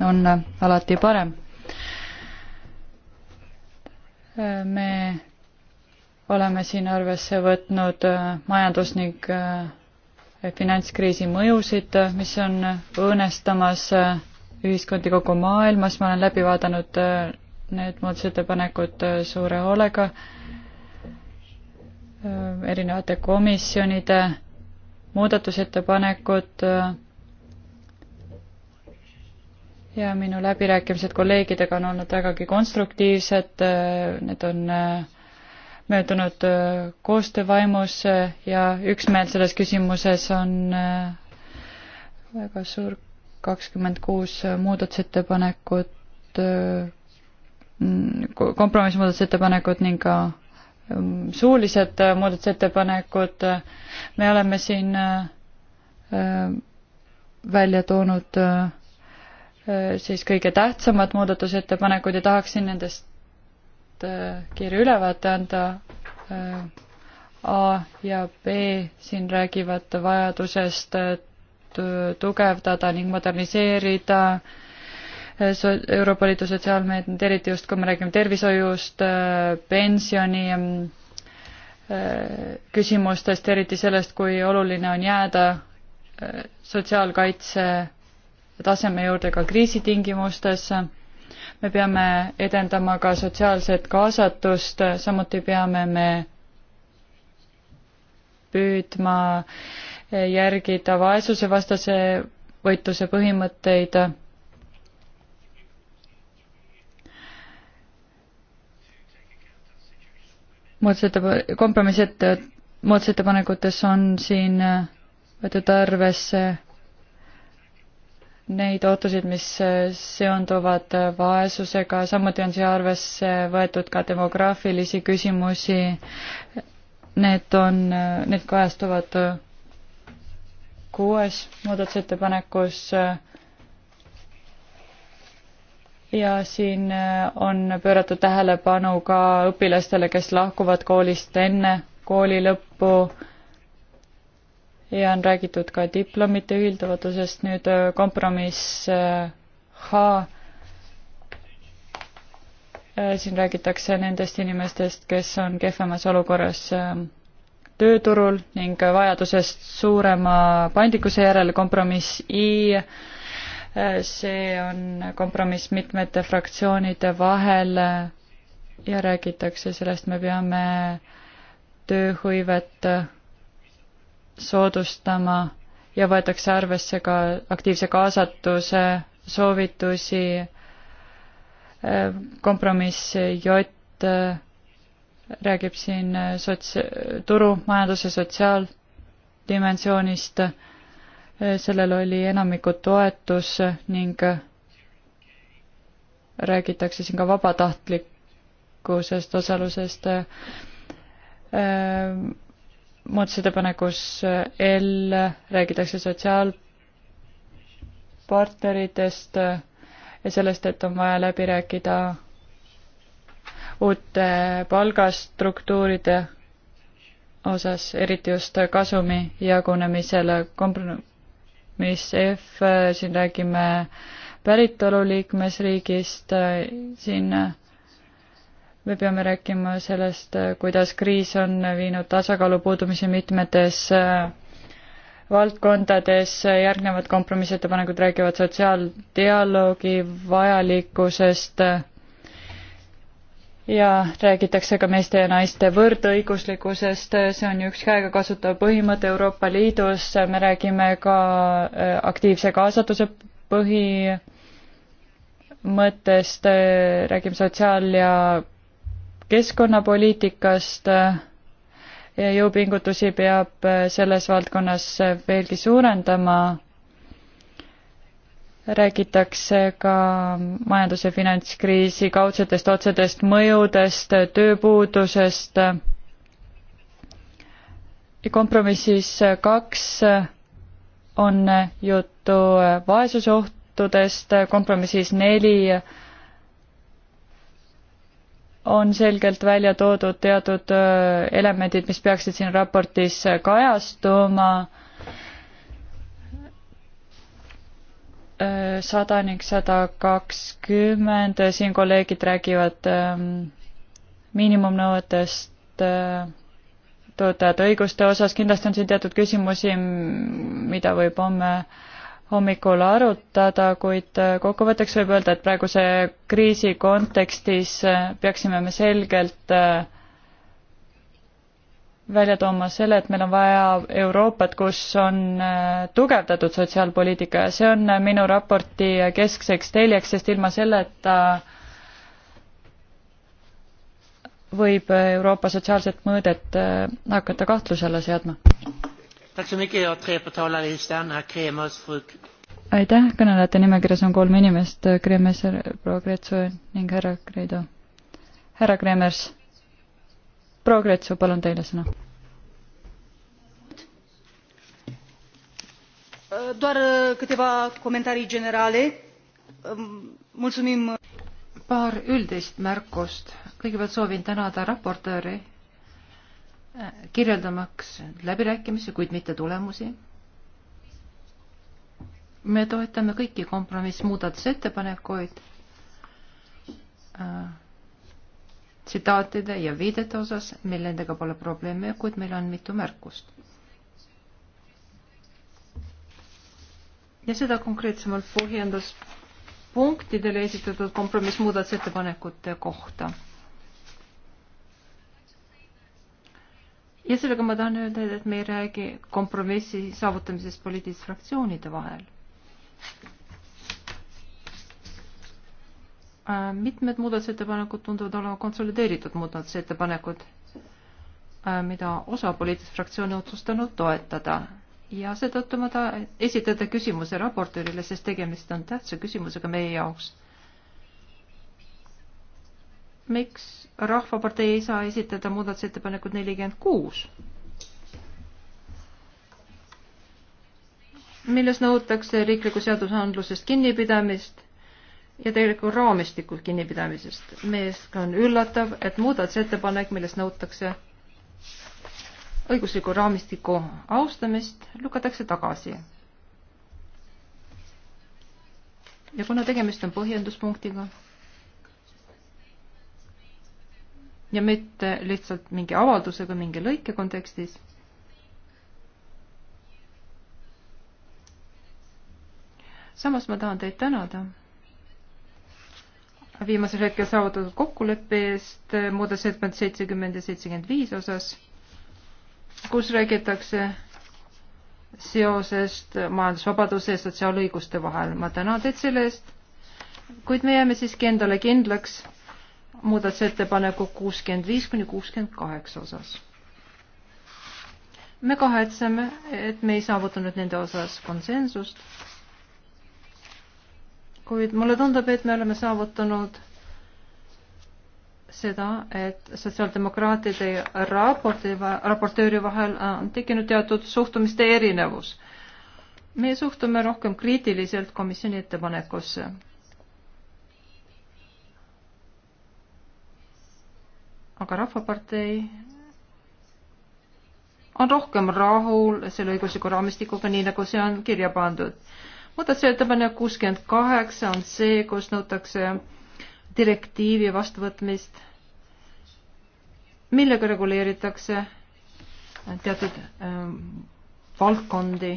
on alati parem. me oleme siin arvesse võtnud majandus- ning finantskriisi mõjusid, mis on õõnestamas ühiskondi kogu maailmas, ma olen läbi vaadanud äh, need muudatusettepanekud äh, suure hoolega, äh, erinevate komisjonide muudatusettepanekud ja minu läbirääkimised kolleegidega on olnud vägagi konstruktiivsed, need on möödunud koostöövaimus ja üksmeel selles küsimuses on väga suur kakskümmend kuus muudatusettepanekut, mm, kompromissmuudatusettepanekut ning ka mm, suulised muudatusettepanekud. me oleme siin äh, välja toonud äh, siis kõige tähtsamad muudatusettepanekud ja tahaksin nendest äh, kiire ülevaate anda. A ja B siin räägivad vajadusest tugevdada ning moderniseerida Euroopa Liidu sotsiaalmeetmed, eriti just kui me räägime tervishoiust, pensioni mm, küsimustest, eriti sellest, kui oluline on jääda sotsiaalkaitse taseme juurde ka kriisitingimustes. me peame edendama ka sotsiaalset kaasatust, samuti peame me püüdma järgida vaesusevastase võitluse põhimõtteid. muudatusettepa-, kompromissette-, muudatusettepanekutes on siin äh, võetud arvesse neid ootusid, mis äh, seonduvad äh, vaesusega, samuti on siia arvesse võetud ka demograafilisi küsimusi. Need on, need kajastuvad kuues muudatusettepanekus ja siin on pööratud tähelepanu ka õpilastele, kes lahkuvad koolist enne kooli lõppu ja on räägitud ka diplomite ühildavatusest, nüüd kompromiss äh, H. Äh, siin räägitakse nendest inimestest, kes on kehvemas olukorras äh, tööturul ning vajadusest suurema paindlikkuse järele kompromiss I. see on kompromiss mitmete fraktsioonide vahel ja räägitakse sellest, me peame tööhõivet soodustama ja võetakse arvesse ka aktiivse kaasatuse soovitusi, kompromiss J räägib siin äh, sots-, turu, majandus- ja sotsiaaldimensioonist, äh, sellel oli enamiku toetus ning äh, räägitakse siin ka vabatahtlikkusest, osalusest. muudatusettepanekus L räägitakse sotsiaalpartneritest ja sellest, et on vaja läbi rääkida uute palgastruktuuride osas, eriti just kasumi jagunemisele, kompromiss F, siin räägime päritolu liikmesriigist, siin me peame rääkima sellest, kuidas kriis on viinud tasakaalu puudumise mitmetes valdkondades, järgnevad kompromissettepanekud räägivad sotsiaaldialoogi vajalikkusest ja räägitakse ka meeste ja naiste võrdõiguslikkusest, see on ju üks käegakasutav põhimõte Euroopa Liidus, me räägime ka äh, aktiivse kaasatuse põhimõttest, äh, räägime sotsiaal- ja keskkonnapoliitikast äh, ja jõupingutusi peab selles valdkonnas veelgi suurendama räägitakse ka majandus- ja finantskriisi kaudsetest otsedest mõjudest, tööpuudusest. kompromissis kaks on juttu vaesusohtudest, kompromissis neli on selgelt välja toodud teatud elemendid, mis peaksid siin raportis kajastuma ka sada ning sada kakskümmend, siin kolleegid räägivad ähm, miinimumnõuetest äh, töötajate õiguste osas, kindlasti on siin teatud küsimusi, mida võib homme hommikul arutada, kuid äh, kokkuvõtteks võib öelda, et praeguse kriisi kontekstis äh, peaksime me selgelt äh, välja tooma selle, et meil on vaja Euroopat, kus on äh, tugevdatud sotsiaalpoliitika ja see on äh, minu raporti keskseks teljeks, sest ilma selleta võib äh, Euroopa sotsiaalset mõõdet hakata kahtluse alla seadma. aitäh, kõnelejate nimekirjas on kolm inimest, Kreemes, proua Kretsu ning härra Kreido. härra Kreemers proua Kretsu, palun teile sõna. doar uh, câteva comentarii generale. Um, mulțumim. Uh, Paar üldist märkust. Kõigepealt soovin tänada raportööri äh, kirjeldamaks läbirääkimisi, kuid mitte tulemusi. Me toetame kõiki kompromissmuudatusettepanekuid. Äh, tsitaatide ja viidete osas meil nendega pole probleeme, kuid meil on mitu märkust. ja seda konkreetsemalt põhjendas punktidele esitatud kompromissmuudatusettepanekute kohta. ja sellega ma tahan öelda, et me ei räägi kompromissi saavutamisest poliitiliste fraktsioonide vahel Äh, mitmed muudatusettepanekud tunduvad olema konsolideeritud muudatusettepanekud, äh, mida osa poliitilist fraktsiooni otsustanud toetada ja seetõttu ma tahan esitada küsimuse raportöörile, sest tegemist on tähtsa küsimusega meie jaoks. miks Rahvapartei ei saa esitada muudatusettepanekut nelikümmend kuus? milles nõutakse riikliku seadusandlusest kinnipidamist ja tegelikult raamistikult kinnipidamisest. meesk on üllatav, et muudatusettepanek, milles nõutakse õigusliku raamistiku austamist, lükatakse tagasi. ja kuna tegemist on põhjenduspunktiga ja mitte lihtsalt mingi avaldusega mingi lõike kontekstis, samas ma tahan teid tänada viimasel hetkel saavutatud kokkuleppe eest muudatusettepanek seitsekümmend ja seitsekümmend viis osas, kus räägitakse seosest majandusvabaduse ja sotsiaalõiguste vahel. ma tänan teid selle eest, kuid me jääme siiski endale kindlaks muudatusettepaneku kuuskümmend viis kuni kuuskümmend kaheksa osas. me kahetseme, et me ei saavutanud nende osas konsensust kuid mulle tundub, et me oleme saavutanud seda, et sotsiaaldemokraatide ja raporti, raportööri vahel äh, on tekkinud teatud suhtumiste erinevus. me suhtume rohkem kriitiliselt komisjoni ettepanekusse. aga Rahvapartei on rohkem rahul selle õigusliku raamistikuga, nii nagu see on kirja pandud muudatusettepanek kuuskümmend kaheksa on see, kus nõutakse direktiivi vastuvõtmist, millega reguleeritakse teatud ähm, valdkondi.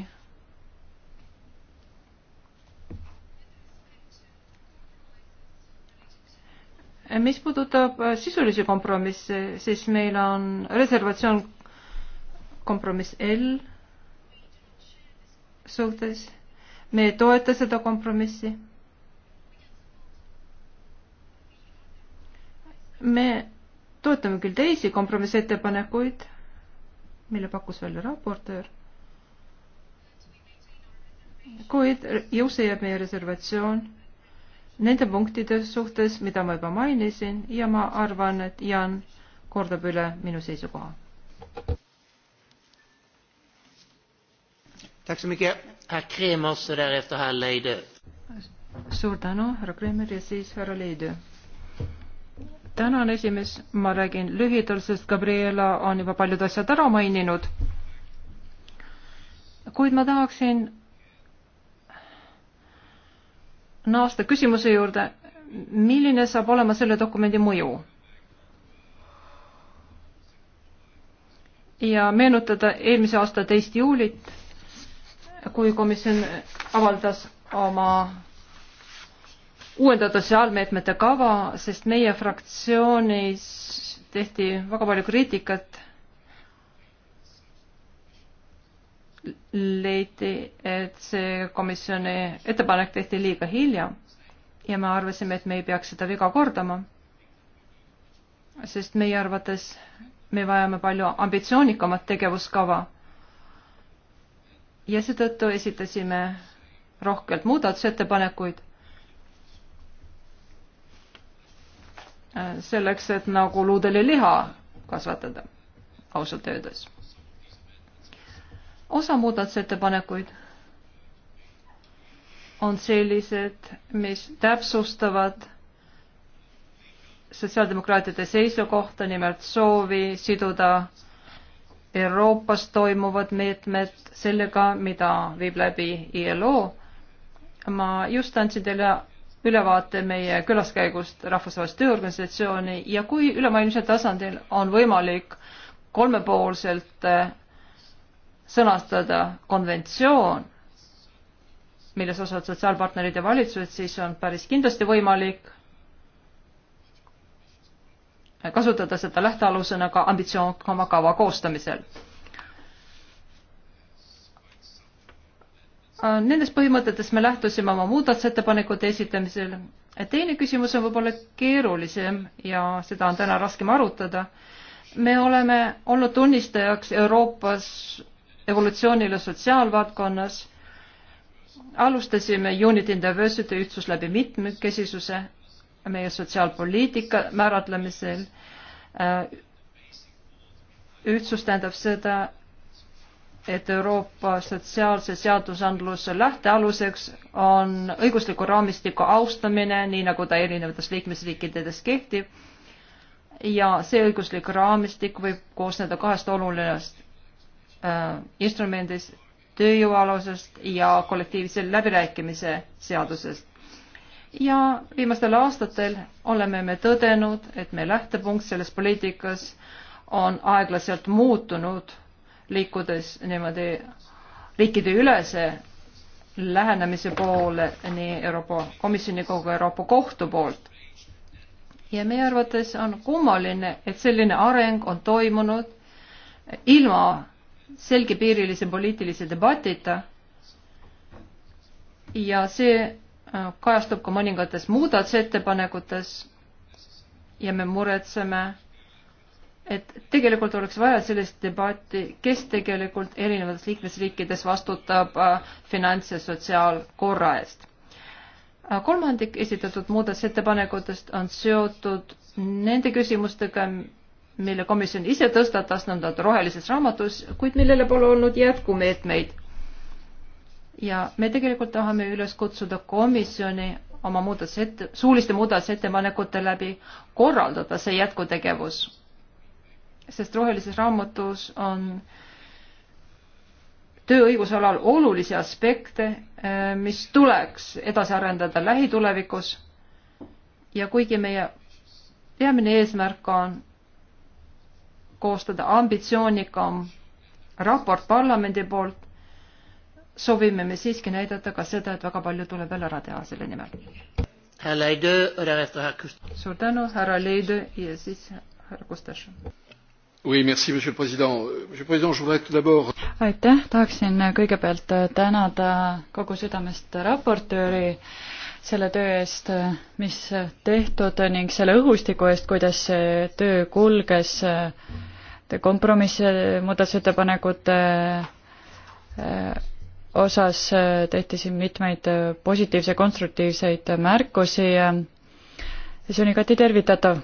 mis puudutab äh, sisulisi kompromisse, siis meil on reservatsioon kompromiss L suhtes me ei toeta seda kompromissi. me toetame küll teisi kompromissettepanekuid, mille pakkus välja raportöör, kuid jõusse jääb meie reservatsioon nende punktide suhtes, mida ma juba mainisin ja ma arvan, et Jan kordab üle minu seisukoha. Tack så mycket. Herr Kremers och därefter herr Leidö. suur tänu, härra Kremer ja siis härra Leidö. tänan, esimees, ma räägin lühidalt, sest Gabriela on juba paljud asjad ära maininud. kuid ma tahaksin naasta küsimuse juurde, milline saab olema selle dokumendi mõju? ja meenutada eelmise aasta teist juulit kui komisjon avaldas oma uuendatud sotsiaalmeetmete kava, sest meie fraktsioonis tehti väga palju kriitikat. leiti, et see komisjoni ettepanek tehti liiga hilja ja me arvasime, et me ei peaks seda viga kordama. sest meie arvates me vajame palju ambitsioonikamat tegevuskava ja seetõttu esitasime rohkelt muudatusettepanekuid selleks, et nagu luudele liha kasvatada, ausalt öeldes. osa muudatusettepanekuid on sellised, mis täpsustavad sotsiaaldemokraatide seisukohta, nimelt soovi siduda Euroopas toimuvad meetmed sellega, mida viib läbi ILO. ma just andsin teile ülevaate meie külaskäigust Rahvusvahelist Tööorganisatsiooni ja kui ülemaailmsel tasandil on võimalik kolmepoolselt eh, sõnastada konventsioon, milles osalevad sotsiaalpartnerid ja valitsused, siis on päris kindlasti võimalik kasutada seda lähtealusena ka ambitsioonikama kava koostamisel. Nendest põhimõtetest me lähtusime oma muudatusettepanekute esitamisel. teine küsimus on võib-olla keerulisem ja seda on täna raskem arutada. me oleme olnud tunnistajaks Euroopas evolutsioonile sotsiaalvaldkonnas. alustasime Unity and Diversity ühtsus läbi mitmekesisuse meie sotsiaalpoliitika määratlemisel. Äh, ühtsus tähendab seda, et Euroopa sotsiaalse seadusandluse lähtealuseks on õigusliku raamistiku austamine, nii nagu ta erinevates liikmesriikides kehtib. ja see õiguslik raamistik võib koosneda kahest olulisest äh, instrumendist, tööjõualusest ja kollektiivse läbirääkimise seadusest ja viimastel aastatel oleme me tõdenud, et meie lähtepunkt selles poliitikas on aeglaselt muutunud, liikudes niimoodi riikideülese lähenemise poole nii Euroopa Komisjoni kui ka Euroopa Kohtu poolt. ja meie arvates on kummaline, et selline areng on toimunud ilma selgepiirilise poliitilise debatita ja see kajastub ka mõningates muudatusettepanekutes ja me muretseme, et tegelikult oleks vaja sellist debatti, kes tegelikult erinevates liikmesriikides vastutab äh, finants- ja sotsiaalkorra eest. Äh, kolmandik esitatud muudatusettepanekutest on seotud nende küsimustega, mille komisjon ise tõstatas nõnda rohelises raamatus, kuid millele pole olnud jätkumeetmeid ja me tegelikult tahame üles kutsuda komisjoni oma muudatusette, suuliste muudatusettepanekute läbi korraldada see jätkutegevus. sest rohelises raamatus on tööõiguse alal olulisi aspekte, eh, mis tuleks edasi arendada lähitulevikus ja kuigi meie peamine eesmärk on koostada ambitsioonikam raport parlamendi poolt, soovime me siiski näidata ka seda, et väga palju tuleb veel ära teha selle nimel. suur tänu, härra Leide ja siis härra Kustas. Oui, merci, monsieur le président. Monsieur le président, je voudrais tout d'abord... aitäh, tahaksin kõigepealt tänada kogu südamest raportööri selle töö eest, mis tehtud ning selle õhustiku eest, kuidas see töö kulges kompromiss, muudatusettepanekute osas äh, tehti siin mitmeid äh, positiivseid, konstruktiivseid äh, märkusi ja see on igati tervitatav.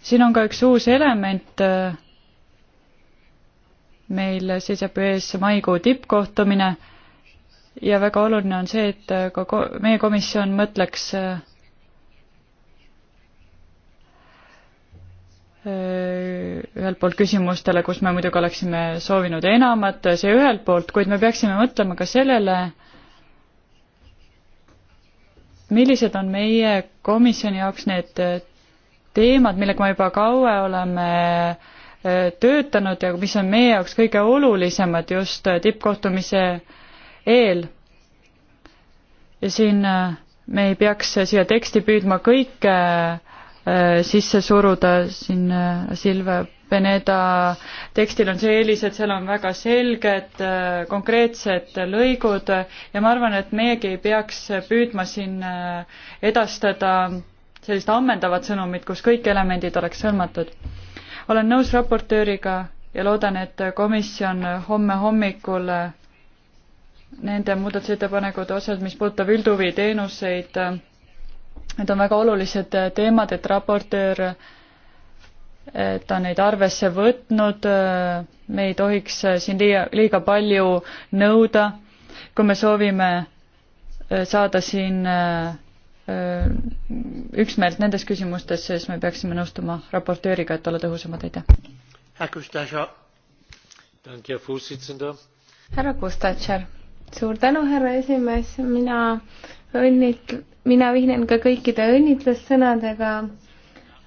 siin on ka üks uus element, meil seisab ees maikuu tippkohtumine ja väga oluline on see, et ka meie komisjon mõtleks Äh, ühelt poolt küsimustele, kus me muidugi oleksime soovinud enamat, äh, see ühelt poolt, kuid me peaksime mõtlema ka sellele, millised on meie komisjoni jaoks need äh, teemad, millega me juba kaua oleme töötanud ja mis on meie jaoks kõige olulisemad just tippkohtumise eel. ja siin me ei peaks siia teksti püüdma kõike Äh, sisse suruda siin äh, Silve Peneda tekstil on see eelis, et seal on väga selged äh, konkreetsed lõigud ja ma arvan, et meiegi ei peaks püüdma siin edastada sellist ammendavat sõnumit, kus kõik elemendid oleks hõlmatud. olen nõus raportööriga ja loodan, et komisjon homme hommikul nende muudatusettepanekute osas, mis puudutab üldhuviteenuseid, Need on väga olulised äh, teemad, et raportöör, äh, ta on neid arvesse võtnud, äh, me ei tohiks siin liia, liiga palju nõuda, kui me soovime saada siin üksmeelt nendes küsimustes, siis me peaksime nõustuma raportööriga, et olla tõhusamad, aitäh. härra Kustatšer, suur tänu, härra esimees, mina õnnit-, mina vihnen ka kõikide õnnitlussõnadega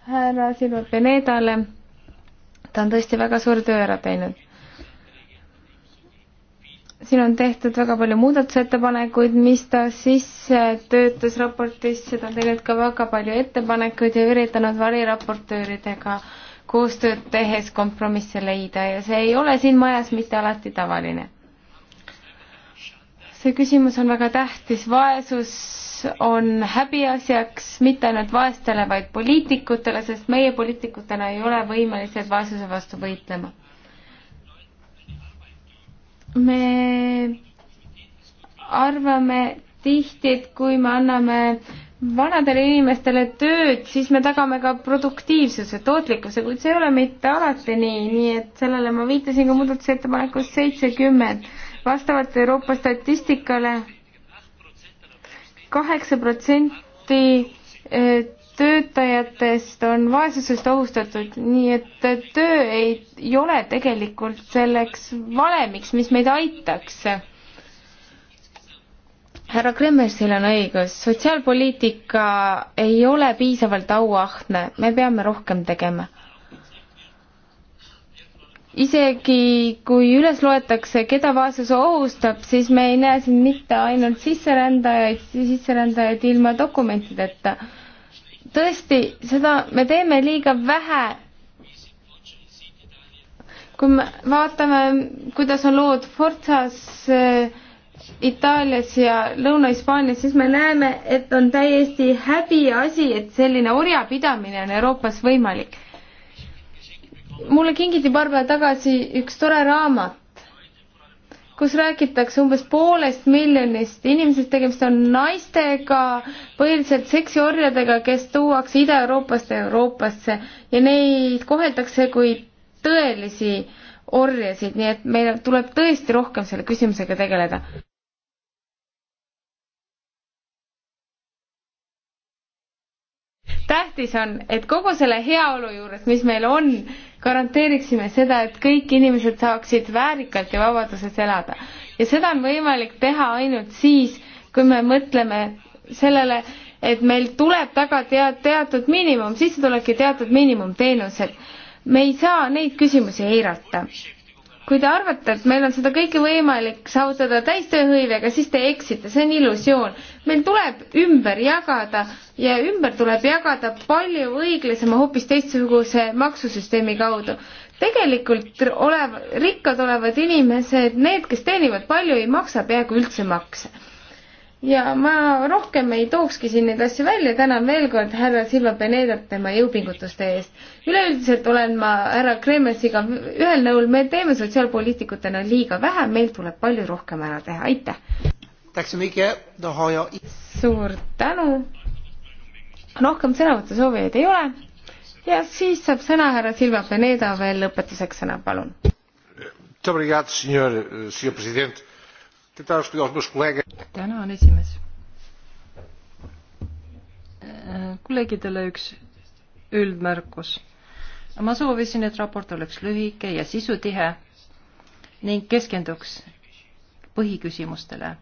härra Silva Penedale. ta on tõesti väga suure töö ära teinud. siin on tehtud väga palju muudatusettepanekuid, mis ta sisse töötas raportisse, ta on teinud ka väga palju ettepanekuid ja üritanud variraportööridega koostööd tehes kompromisse leida ja see ei ole siin majas mitte alati tavaline see küsimus on väga tähtis, vaesus on häbiasjaks mitte ainult vaestele, vaid poliitikutele, sest meie poliitikutena ei ole võimelised vaesuse vastu võitlema. me arvame tihti, et kui me anname vanadele inimestele tööd, siis me tagame ka produktiivsuse, tootlikkuse, kuid see ei ole mitte alati nii, nii et sellele ma viitasin ka muudatusettepanekus seitsekümmend vastavalt Euroopa statistikale kaheksa protsenti eh, töötajatest on vaesusest ohustatud, nii et eh, töö ei, ei ole tegelikult selleks valemiks, mis meid aitaks. härra Kremmersil on õigus, sotsiaalpoliitika ei ole piisavalt auahne, me peame rohkem tegema isegi kui üles loetakse, keda vaesus ohustab, siis me ei näe siin mitte ainult sisserändajaid, sisserändajaid ilma dokumentideta. tõesti, seda me teeme liiga vähe. kui me vaatame, kuidas on lood Forzas eh, Itaalias ja Lõuna-Hispaanias, siis me näeme, et on täiesti häbiasi, et selline orjapidamine on Euroopas võimalik mulle kingiti paar päeva tagasi üks tore raamat, kus räägitakse umbes poolest miljonist inimesest, tegemist on naistega, põhiliselt seksiorjadega, kes tuuakse Ida-Euroopast Euroopasse ja neid koheldakse kui tõelisi orjasid, nii et meil tuleb tõesti rohkem selle küsimusega tegeleda. tähtis on, et kogu selle heaolu juures, mis meil on, garanteeriksime seda, et kõik inimesed saaksid väärikalt ja vabaduses elada. ja seda on võimalik teha ainult siis, kui me mõtleme sellele, et meil tuleb taga tead-, teatud miinimum sissetulek ja teatud miinimumteenused. me ei saa neid küsimusi eirata kui te arvate, et meil on seda kõike võimalik saavutada täistööhõivega, siis te eksite, see on illusioon. meil tuleb ümber jagada ja ümber tuleb jagada palju õiglasema, hoopis teistsuguse maksusüsteemi kaudu. tegelikult olev, rikkad olevad inimesed, need, kes teenivad palju, ei maksa peaaegu üldse makse ja ma rohkem ei tookski siin neid asju välja, tänan veel kord härra Silva Penedat tema jõupingutuste eest. üleüldiselt olen ma härra Kremesiga ühel nõul, me teeme sotsiaalpoliitikutena liiga vähe, meil tuleb palju rohkem ära teha, aitäh! suur tänu! rohkem sõnavõtusoovijaid ei ole ja siis saab sõna härra Silva Peneda veel lõpetuseks sõna, palun! tänan, esimees. kolleegidele üks üldmärkus. ma soovisin, et raport oleks lühike ja sisutihe ning keskenduks põhiküsimustele.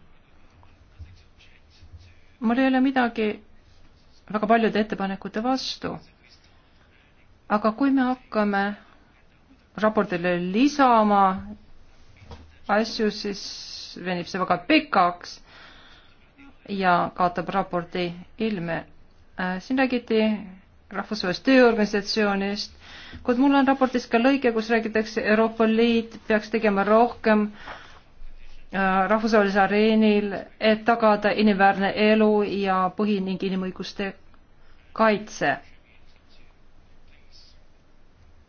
mul ei ole midagi väga paljude ettepanekute vastu, aga kui me hakkame raportile lisama asju, siis venib see väga pikaks ja kaotab raporti ilme. Äh, siin räägiti rahvusvahelisest tööorganisatsioonist, kuid mul on raportis ka lõige, kus räägitakse, Euroopa Liit peaks tegema rohkem äh, rahvusvahelisel areenil, et tagada inimväärne elu ja põhi- ning inimõiguste kaitse.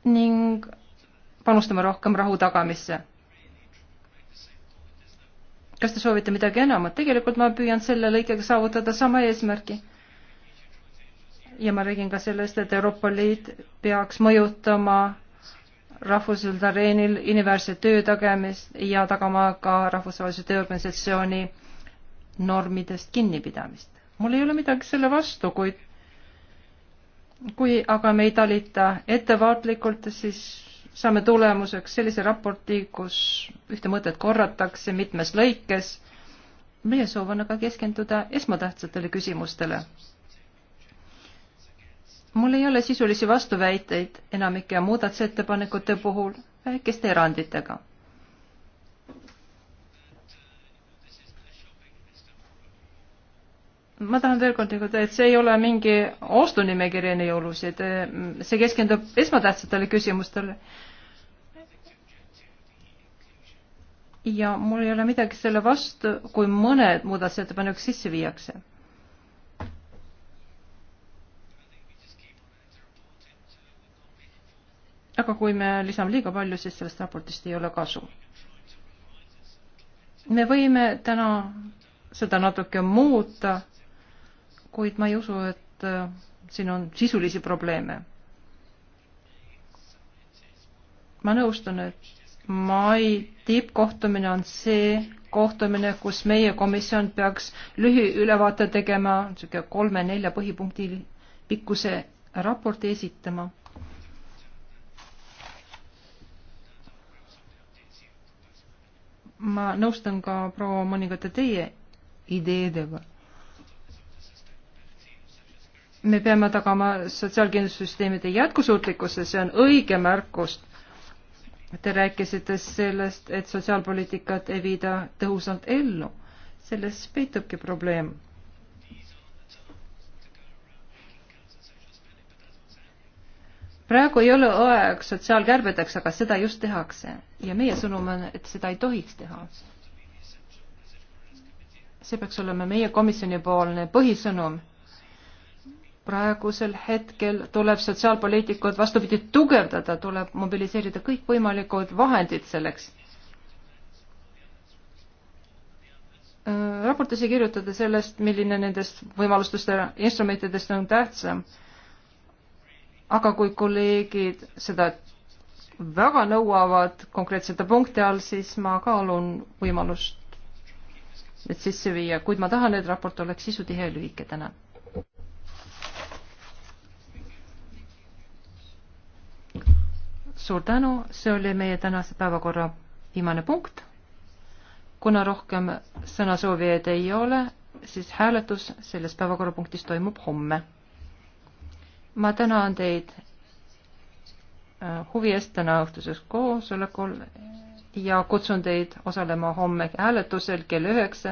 ning panustama rohkem rahu tagamisse kas te soovite midagi enamat? tegelikult ma püüan selle lõikega saavutada sama eesmärgi. ja ma räägin ka sellest, et Euroopa Liit peaks mõjutama rahvusvahelisel areenil inimväärse töö tagamist ja tagama ka Rahvusvahelise Tööorganisatsiooni normidest kinnipidamist. mul ei ole midagi selle vastu, kuid kui aga me ei talita ettevaatlikult, siis saame tulemuseks sellise raporti, kus ühte mõtet korratakse mitmes lõikes. meie soov on aga keskenduda esmatähtsatele küsimustele. mul ei ole sisulisi vastuväiteid enamike muudatusettepanekute puhul väikeste eranditega ma tahan veel kord öelda, et see ei ole mingi ostunimekiri enne jõulusid, see keskendub esmatähtsatele küsimustele. ja mul ei ole midagi selle vastu, kui mõned muudatusettepanekud sisse viiakse. aga kui me lisame liiga palju, siis sellest raportist ei ole kasu. me võime täna seda natuke muuta kuid ma ei usu, et äh, siin on sisulisi probleeme. ma nõustun, et mai tippkohtumine on see kohtumine, kus meie komisjon peaks lühiülevaate tegema, niisugune kolme-nelja põhipunkti pikkuse raporti esitama ma nõustun ka proua mõningate teie ideedega me peame tagama sotsiaalkindlustussüsteemide jätkusuutlikkuse, see on õige märkus. Te rääkisite sellest, et sotsiaalpoliitikat ei viida tõhusalt ellu. selles peitubki probleem. praegu ei ole aeg sotsiaalkärbedeks, aga seda just tehakse ja meie sõnum on, et seda ei tohiks teha see peaks olema meie komisjoni poolne põhisõnum praegusel hetkel tuleb sotsiaalpoliitikud vastupidi tugevdada, tuleb mobiliseerida kõikvõimalikud vahendid selleks. Äh, raportis ei kirjutada sellest, milline nendest võimalustest ja instrumentidest on tähtsam. aga kui kolleegid seda väga nõuavad konkreetsete punkti all, siis ma kaalun võimalust need sisse viia, kuid ma tahan, et raport oleks sisutihe ja lühike, tänan suur tänu, see oli meie tänase päevakorra viimane punkt. kuna rohkem sõnasoovijaid ei ole, siis hääletus selles päevakorrapunktis toimub homme. ma tänan teid äh, huvi eest täna õhtuses koosolekul ja kutsun teid osalema homme hääletusel kell üheksa